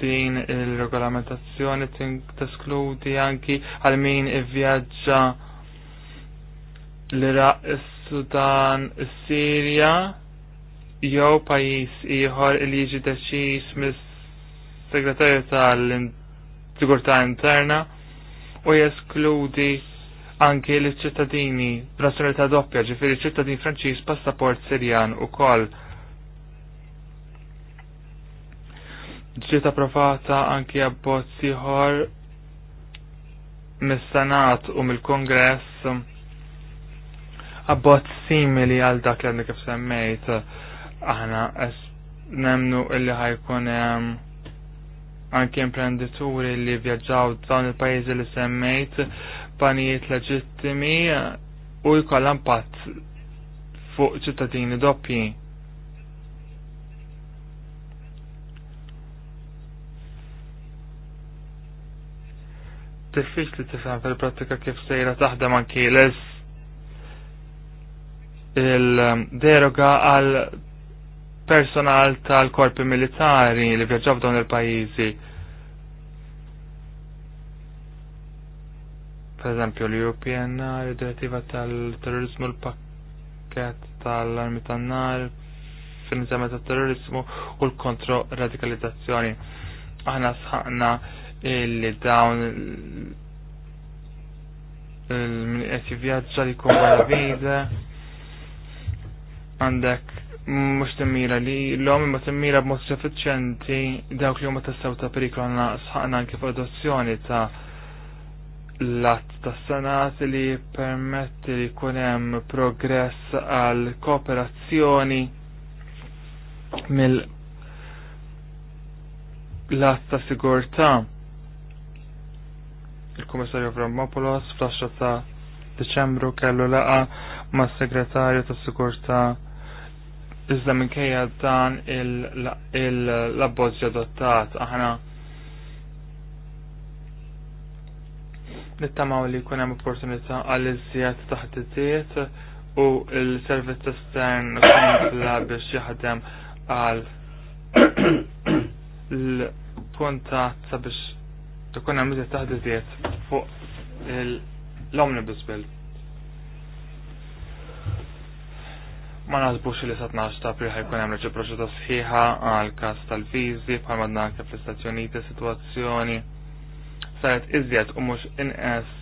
din il-regolamentazzjoni tinkludi anki għal min ivvjaġġa l-Iraq, is-Sudan, is-Sirja jew pajjiż ieħor li jiġi deċiż mis-Segretarju tal sigurta Interna u jeskludi anke l ċittadini b'nazzjonalità doppja, ġifiri ċittadin Franċiż passaport Sirjan ukoll. Ġiet approvata anke abbozz ieħor mis-Senat u mill-Kongress abbozz simili għal dak li għandek semmejt aħna nemnu illi ħajkun ehm, anki imprenditori li vjaġġaw dawn il-pajjiżi li semmejt panijiet leġittimi eh, u jkollha impatt fuq ċittadini doppji. diffiċli tifhem fil-prattika kif sejra taħdem anki les il-deroga għal personal tal-korpi militari li vjaġġaw dawn il-pajizi. Per eżempju, l-European direttiva tal-terrorizmu l-pakket tal-armi tan-nar, finanzjament tal-terrorizmu u l-kontro radikalizzazzjoni. Aħna sħaqna illi dawn il-min vjaġġa li jkun wara għandek mux temmira li l-għom ma temmira b'mod sufficienti dawk li huma tassaw ta' periklu għanna sħaqna anke produzzjoni ta' l-att tas sanat li permetti li kunem progress għal kooperazzjoni mill l-att ta' sigurta il-Komissarju Vramopoulos fl-10 ta' Deċembru kellu laqa ma' segretarju ta' sigurta' Iżda minkejja dan il-labbozz adottat aħna nittamaw li jkun hemm opportunità għal iżjed taħditiet u l-servizz estern kompla biex jaħdem għal l-kuntat sabiex ikun hemm iżjed taħditiet fuq l-omnibus bill. Ma naħsbux li sa tnax ta' april jkun hemm reċiproċità sħiħa għal każ tal-viżi bħal madna anke fl-Istati Uniti sitwazzjoni saret iżjed u mhux inqas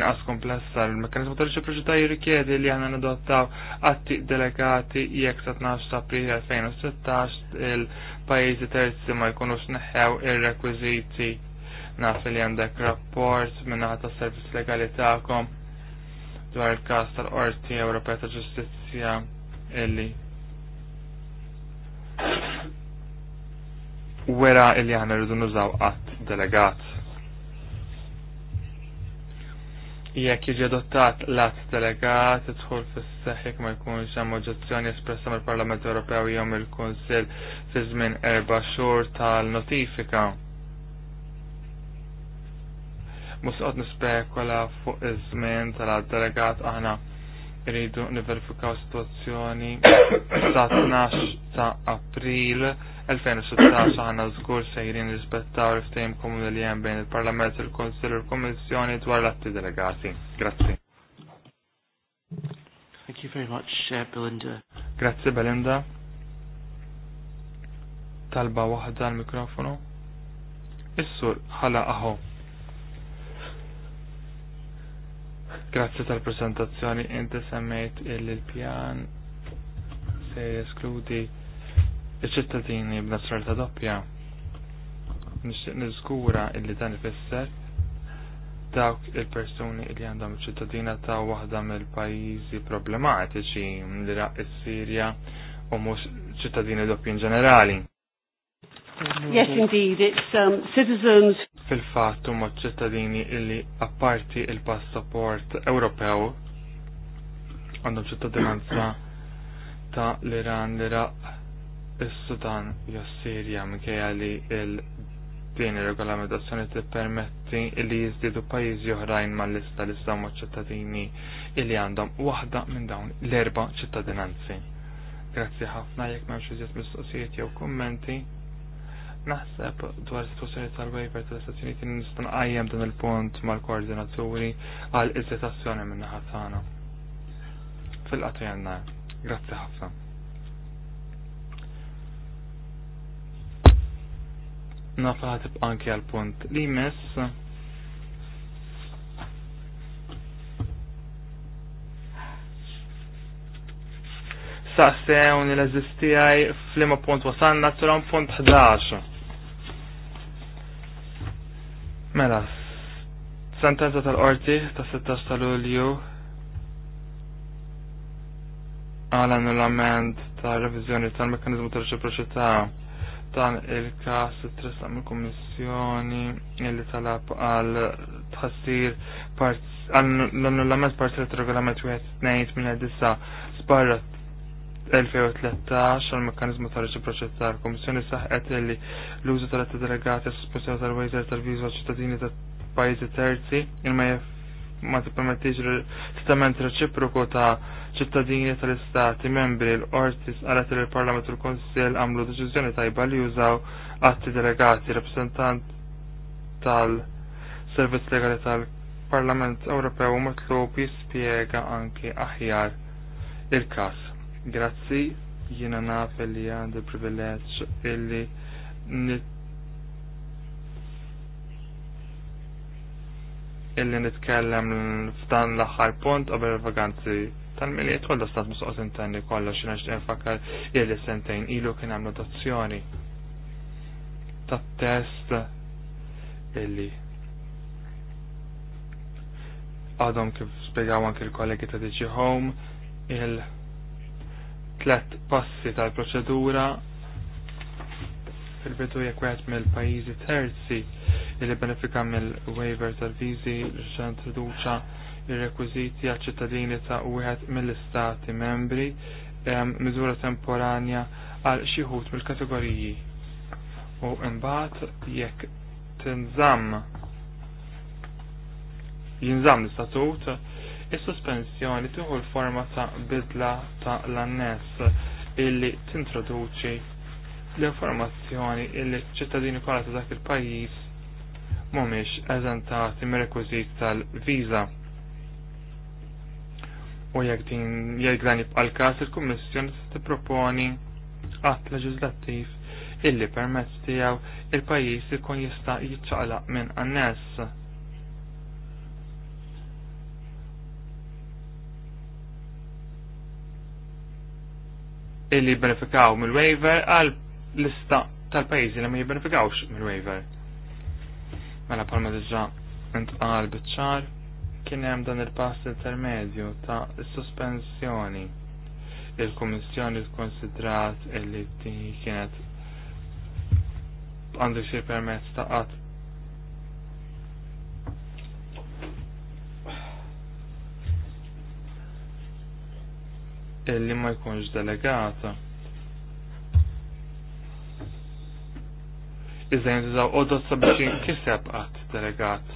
inqas komplessa l-mekkanizmu ta' reċiproċità jirrikjedi li aħna nadottaw atti delegati jekk sa tnax ta' u 2016 il-pajjiżi terzi ma jkunux neħħew ir-rekwiżiti naf li għandek rapport minnaħa ta' servizz legali tagħkom dwar il-każ tal-Qorti Ewropea ta' Ġustizzja illi wera illi aħna rridu nużaw qatt delegat. Jekk jiġi adottat l-att delegat idħol fis-seħħ ma jkunx hemm oġġezzjoni espressa mal parlament Ewropew jew il kunsill fi żmien erba' xhur tal-notifika. Mhux qed fuq iż-żmien tal-att delegat aħna Iridu niverifikaw situazzjoni sa' 12 ta' april 2016 ħana żgur sejrin rispettaw l komuni li bejn il-Parlament il-Konsil u l dwar l-atti delegati. Grazzi. Thank you very much, Belinda. Grazzi, Belinda. Talba waħda l-mikrofonu. Is-sur ħala aħo. Grazzi tal-prezentazzjoni inti semmejt il-pjan se jeskludi iċ-ċittadini b'nazzjonalità doppja. Nixtieq niżgura illi dan ifisser dawk il-persuni li għandhom ċittadina ta' waħda mill-pajjiżi problematiċi l-Iraq is-Sirja u mhux ċittadini doppji in ġenerali. Yes, indeed, it's um, citizens fil-fatt huma ċittadini illi apparti il-passaport Ewropew għandhom ċittadinanza ta' l-Iran, l-Iraq, is-Sudan jew Sirja minkejja li il din ir-regolamentazzjoni tippermetti li jiżdiedu pajjiżi oħrajn mal-lista li huma ċittadini illi għandhom waħda minn dawn l-erba' ċittadinanzi. Grazzi ħafna jekk m'hemmx iżjed mistoqsijiet jew kummenti. Naħseb dwar situazzjoni tal-waiver tal-Istazzjoni kien nista' nqajjem dan il-punt mal-koordinaturi għal iżitazzjoni minn ħatana. Fil-qatu jenna, Grazzi ħafna. Nafa ħatib anki għal-punt li mess saqsew nil ezistijaj fl-imma punt wasan t punt 11. Mela, sentenza tal-qorti ta' 16 ta' Lulju għal annullament ta' revizjoni tal-mekanizmu ta' reċiproċità dan il-kas tressaq mill kummissjoni illi talab għal tħassir l-annullament parti regolament 1.2.8 sparrat. 2013 għal mekanizmu ta' reċiproċità l-Komissjoni saħqet li l-użu tal-atti delegati sospensjoni tal wajzer tal vizu għal-ċittadini ta' pajjiżi terzi imma ma l-istament reċiproku ta' ċittadini tal-istati membri l-qorti qalet li l-Parlament u l-Konsil għamlu deċiżjoni tajba li jużaw atti delegati rappresentant tal-Servizz Legali tal-Parlament Ewropew matlu bispiega anki aħjar il-każ Grazzi, jiena naf li għandi privileġġ illi illi nitkellem f'dan l-aħħar punt qabel vaganzi tal-miliet għal dastat sentajn li kollox xina ġdien fakkar illi sentejn ilu kien hemm notazzjoni ta' test illi għadhom kif spjegaw anke il kollegi ta' Digi Home il- tlet passi tal-proċedura fil-bidu jekk wieħed mill-pajjiżi terzi li benefika mill-waiver tal-viżi xa introduċa il rekwiżiti għal ċittadini ta' wieħed mill-istati membri miżura temporanja għal xi mill-kategoriji. U mbagħad jekk tinżamm jinżamm l-istatut Is-suspensjoni tieħu l-forma ta' bidla ta' l-annes illi tintroduċi l-informazzjoni illi ċittadini kollha ta' dak il-pajjiż mhumiex eżentati mir-rekwiżit tal-viża. U jekk din jekk dan jibqa' l-każ il-Kummissjoni se tipproponi att leġislattiv illi permezz tiegħu il-pajjiż ikun jista' jiċċaqlaq minn anness illi jibbenefikaw mill-waiver għal lista tal-pajjiżi li ma jibbenefikawx mill-waiver. Mela palma diġà intqal biċ-ċar kien hemm dan il-pass intermedju ta' sospensjoni. Il-Kummissjoni tkonsidrat illi kienet għandu xi permezz ta' qatt illi ma jkunx delegata. Iżda jintużaw odot sabiex jinkiseb għat delegat.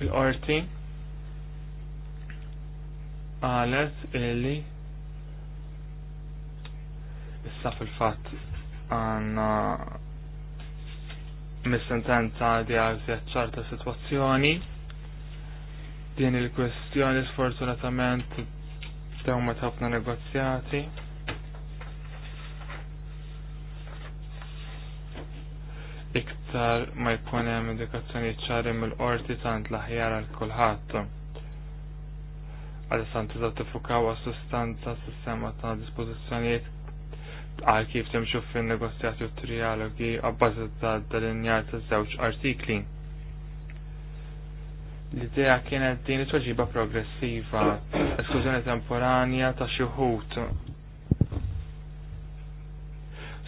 Il-qorti għalet illi issa fil-fat għanna mis-sentenza di għazja ċarta situazzjoni din il-kwestjoni sfortunatament dawmet ħafna negozjati. Iktar ma jkun hemm indikazzjoni ċari mill-qorti tant l-aħjar għal kulħadd. Għal-sant iżda tifukaw sustanza sistema ta' dispożizzjonijiet għal kif timxu fin negozjati u trialogi għabbażi ta' dal-injar ta' żewġ artikli. L-idea kienet din it-toġiba progressiva, esklużjoni temporanja ta' xi wħud.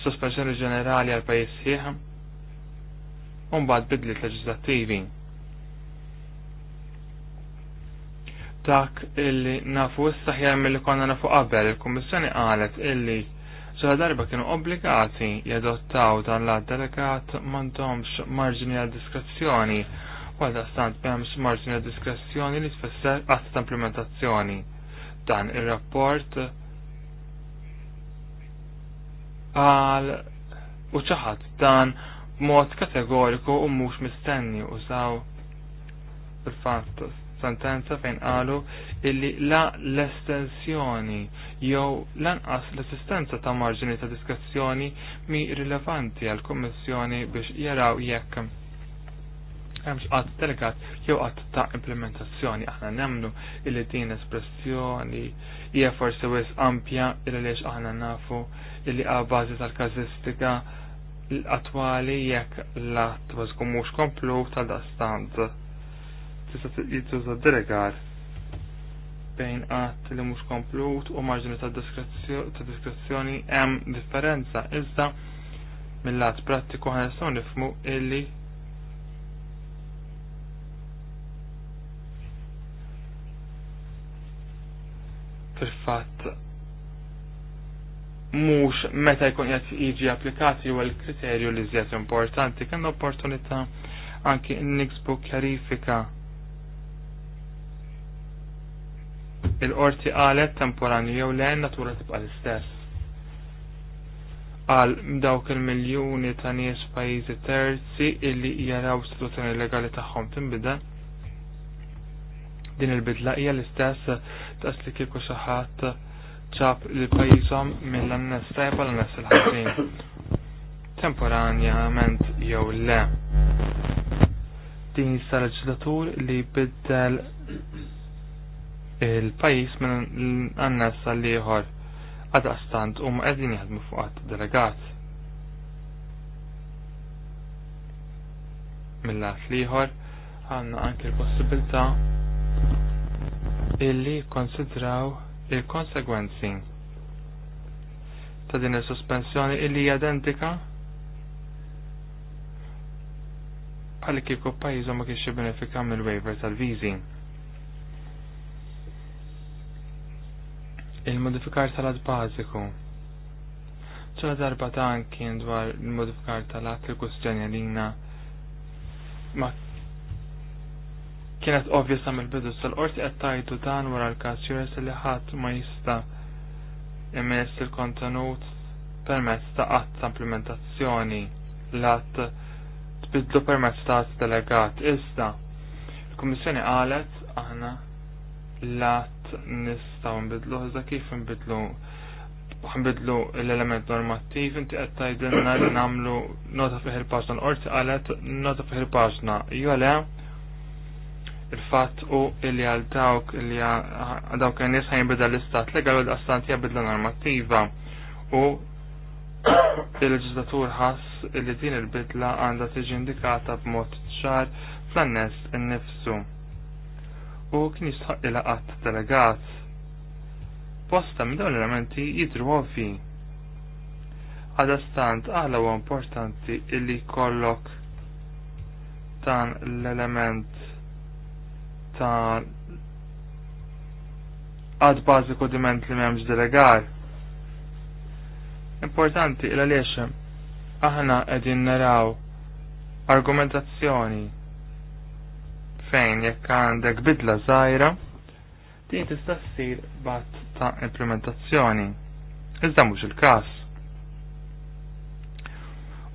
Sospensjoni ġenerali għal pajjiż sieħ, u mbagħad bidliet leġislattivi. Dak illi nafu issa jagħmel li konna nafu qabel, il-Kummissjoni qalet illi ċala darba kienu obbligati jadottaw dan l delegat mandomx marġini għal diskrezzjoni Għal daqstant b'hemm marġina diskrezzjoni li tfisser qatt ta' implementazzjoni. Dan ir-rapport għal u ċaħat dan mod kategoriku u mhux mistenni użaw il-fatt sentenza fejn qalu illi la l-estensjoni jew lanqas l-esistenza ta' marġini ta' diskrezzjoni mi rilevanti għal kommissjoni biex jaraw jekk hemmx qatt delegat jew qatt ta' implementazzjoni aħna nemmnu illi din espressjoni hija forsi wis ampja il lex aħna nafu illi għal bażi tal-każistika l-attwali jekk l-att bażgu mhux komplu tal-dastand tista' jittuża delegar bejn qatt li mhux komplut u marġni ta' diskrezzjoni hemm differenza iżda mill-lat prattiku ħan nifmu nifhmu illi fil-fatt mhux meta jkun qed jiġi applikati u l-kriterju li zjat importanti kien opportunità anki niksbu klarifika il-qorti qalet temporani jew le natura tibqa l-istess għal dawk il-miljoni ta' nies pajizi terzi illi jaraw istituzzjoni legali tagħhom tinbidel. Din il-bidla hija l-istess taqs li kieku xi ċab li pajizom mill-annes tajba l-annes l-ħazin. Temporanja, ment, jew le. Din sa leġislatur li biddel il-pajis minn għannas għal-liħor għadastant u ma' maqedin jħadmu fuqat delegat. Mill-għat liħor għanna anki l-possibilta illi konsidraw il-konsegwenzi ta' din il-sospensjoni illi identika għalli kieku pajizom ma kienx benefika mill-waiver tal vizi Il-modifikar tal ad bażiku. ċala darba ta' kien dwar il-modifikar tal ad il-kustjoni għalina ma' kienet ovvja sam il-bidu sal-qorti qed tajdu dan wara l-każ jures li ħadd ma jista' imess il-kontenut permezz ta' qatt ta' implementazzjoni l-att tbidlu permezz ta' għatt delegat iżda. l kummissjoni qalet aħna l nista' nistgħu nbidlu iżda kif nbidlu ħanbidlu l-element normattiv inti qed tgħidilna li nagħmlu nota fih il-paġna l-qorti qalet nota fih il-paġna. Jo le, il-fatt u illi għal dawk illi għal dawk n-nies ħajnbidha l-istat legal u l-astant jabidla normattiva u il-leġislatur ħass illi din il-bidla għandha tiġi indikata b'mod ċar fl-annes innifsu. U kien jistħaq ila qatt delegat. Posta minn dawn l-elementi jidru ovvi. Għadastant għala u importanti illi kollok dan l-element ta' għad bażiku diment li m'hemmx delegar. Importanti il għaliex aħna qegħdin naraw argumentazzjoni fejn jekk għandek bidla żgħira din tista' ssir bat ta' implementazzjoni. Iżda mhux il-każ.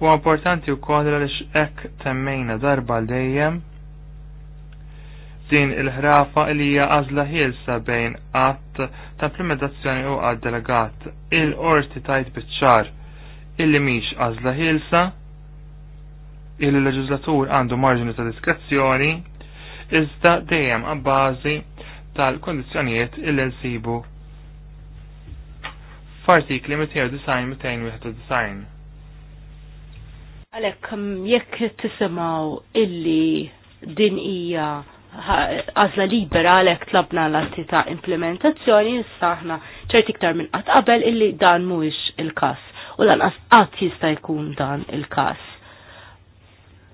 U importanti wkoll għaliex hekk temmejna darba l dejjem din il-ħrafa li hija għażla ħielsa bejn qatt ta' implementazzjoni u għad delegat. Il-qorti tajt biċ-ċar illi mhix għażla ħielsa, il-leġislatur għandu marġini ta' diskrezzjoni, iżda dejjem għabbażi tal-kondizjonijiet illi nsibu f'artikli 291. Għalek, jekk tisimaw illi din hija għazla libera għalek tlabna l-atti ta' implementazzjoni, jistaħna ċerti ktar minn qatt qabel illi dan mhuwiex il-kas. U lanqas qatt jista' jkun dan il-kas.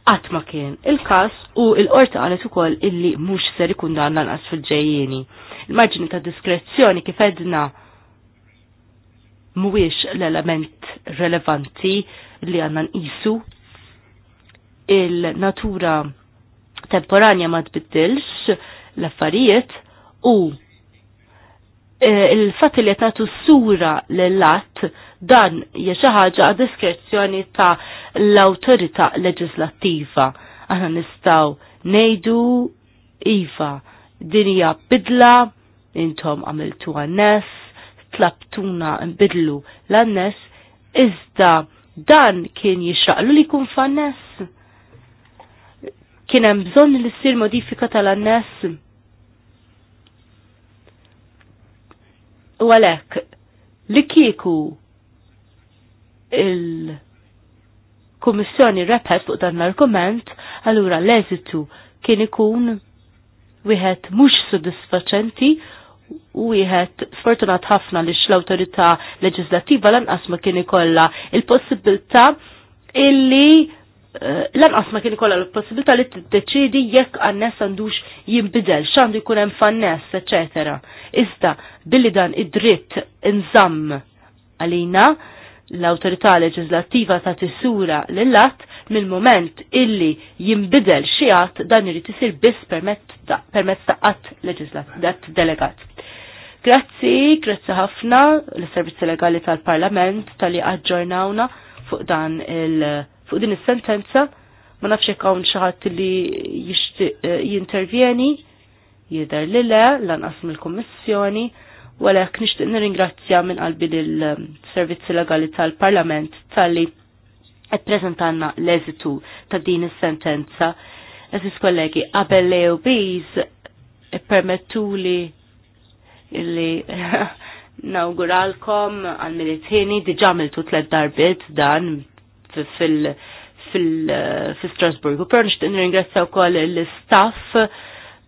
Qatt ma kien il-kas u l-qorti qalet ukoll illi mhux ser ikun dan lanqas fil-ġejjieni. Il-marġini ta' diskrezzjoni kif edna mhuwiex l-element relevanti li għandna nqisu il-natura temporanja ma tbiddilx l-affarijiet u e, il-fat li jtatu sura l-lat dan jieċaħġa għad diskrezzjoni ta' l-autorita leġislattiva. Aħna nistaw nejdu Iva, dinja bidla, intom għamiltu għannes, tlabtuna bidlu l-annes, iżda dan kien jixraqlu li kun fannes kien hemm bżonn li ssir modifika tal-annes. U għalhekk li kieku il-Kummissjoni repet fuq dan l-argument, allura l-eżitu kien ikun wieħed mhux sodisfaċenti u wieħed sfortunat ħafna li l-awtorità leġislattiva lanqas ma kien ikollha il-possibilità illi Eh, lanqas ma kien ikolla l-possibilità li tiddeċidi jekk għannes għandux jinbidel, x'għandu jkun hemm fannes, eċetera. Iżda billi dan id-dritt inżamm għalina l-awtorità leġislattiva ta' tisura lill-att mill-moment illi jinbidel xi għatt dan irid isir biss permezz ta' qatt leġislat delegat. Grazzi, grazzi ħafna l-Servizzi Legali tal-Parlament tal-li aġġornawna fuq dan il- fuq din is-sentenza ma nafx hekk hawn xi ħadd li jixtieq eh, jintervjeni jidher li le lanqas mill-Kummissjoni u għalhekk nixtieq nirringrazzja minn qalbi lil eh, servizzi legali tal-Parlament talli qed preżentanna l-eżitu ta' din is-sentenza. Eżis kollegi, qabel u Bees permettuli li nawguralkom għal militini diġa miltu tlet darbit dan ġrat fil- fil-Strasburg. U per nixtieq u wkoll l-istaff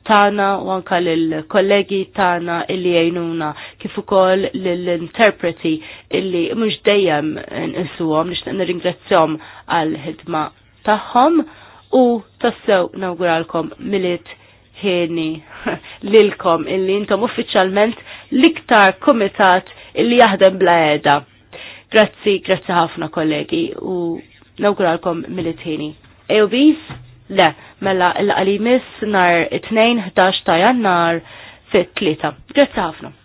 tagħna u anke l-kollegi tagħna illi jgħinuna kif ukoll l-interpreti illi mhux dejjem nsuhom nixtieq nirringrazzjahom għal ħidma tagħhom u tassew nawguralkom milit ħieni lilkom illi intom uffiċjalment l-iktar komitat illi jaħdem bla edha. Grazzi, grazzi ħafna kollegi u nawguralkom mill-tini. Ewbis? Le, mela l-qalimis nar 2-11 ta' jannar fit-3. Grazzi ħafna.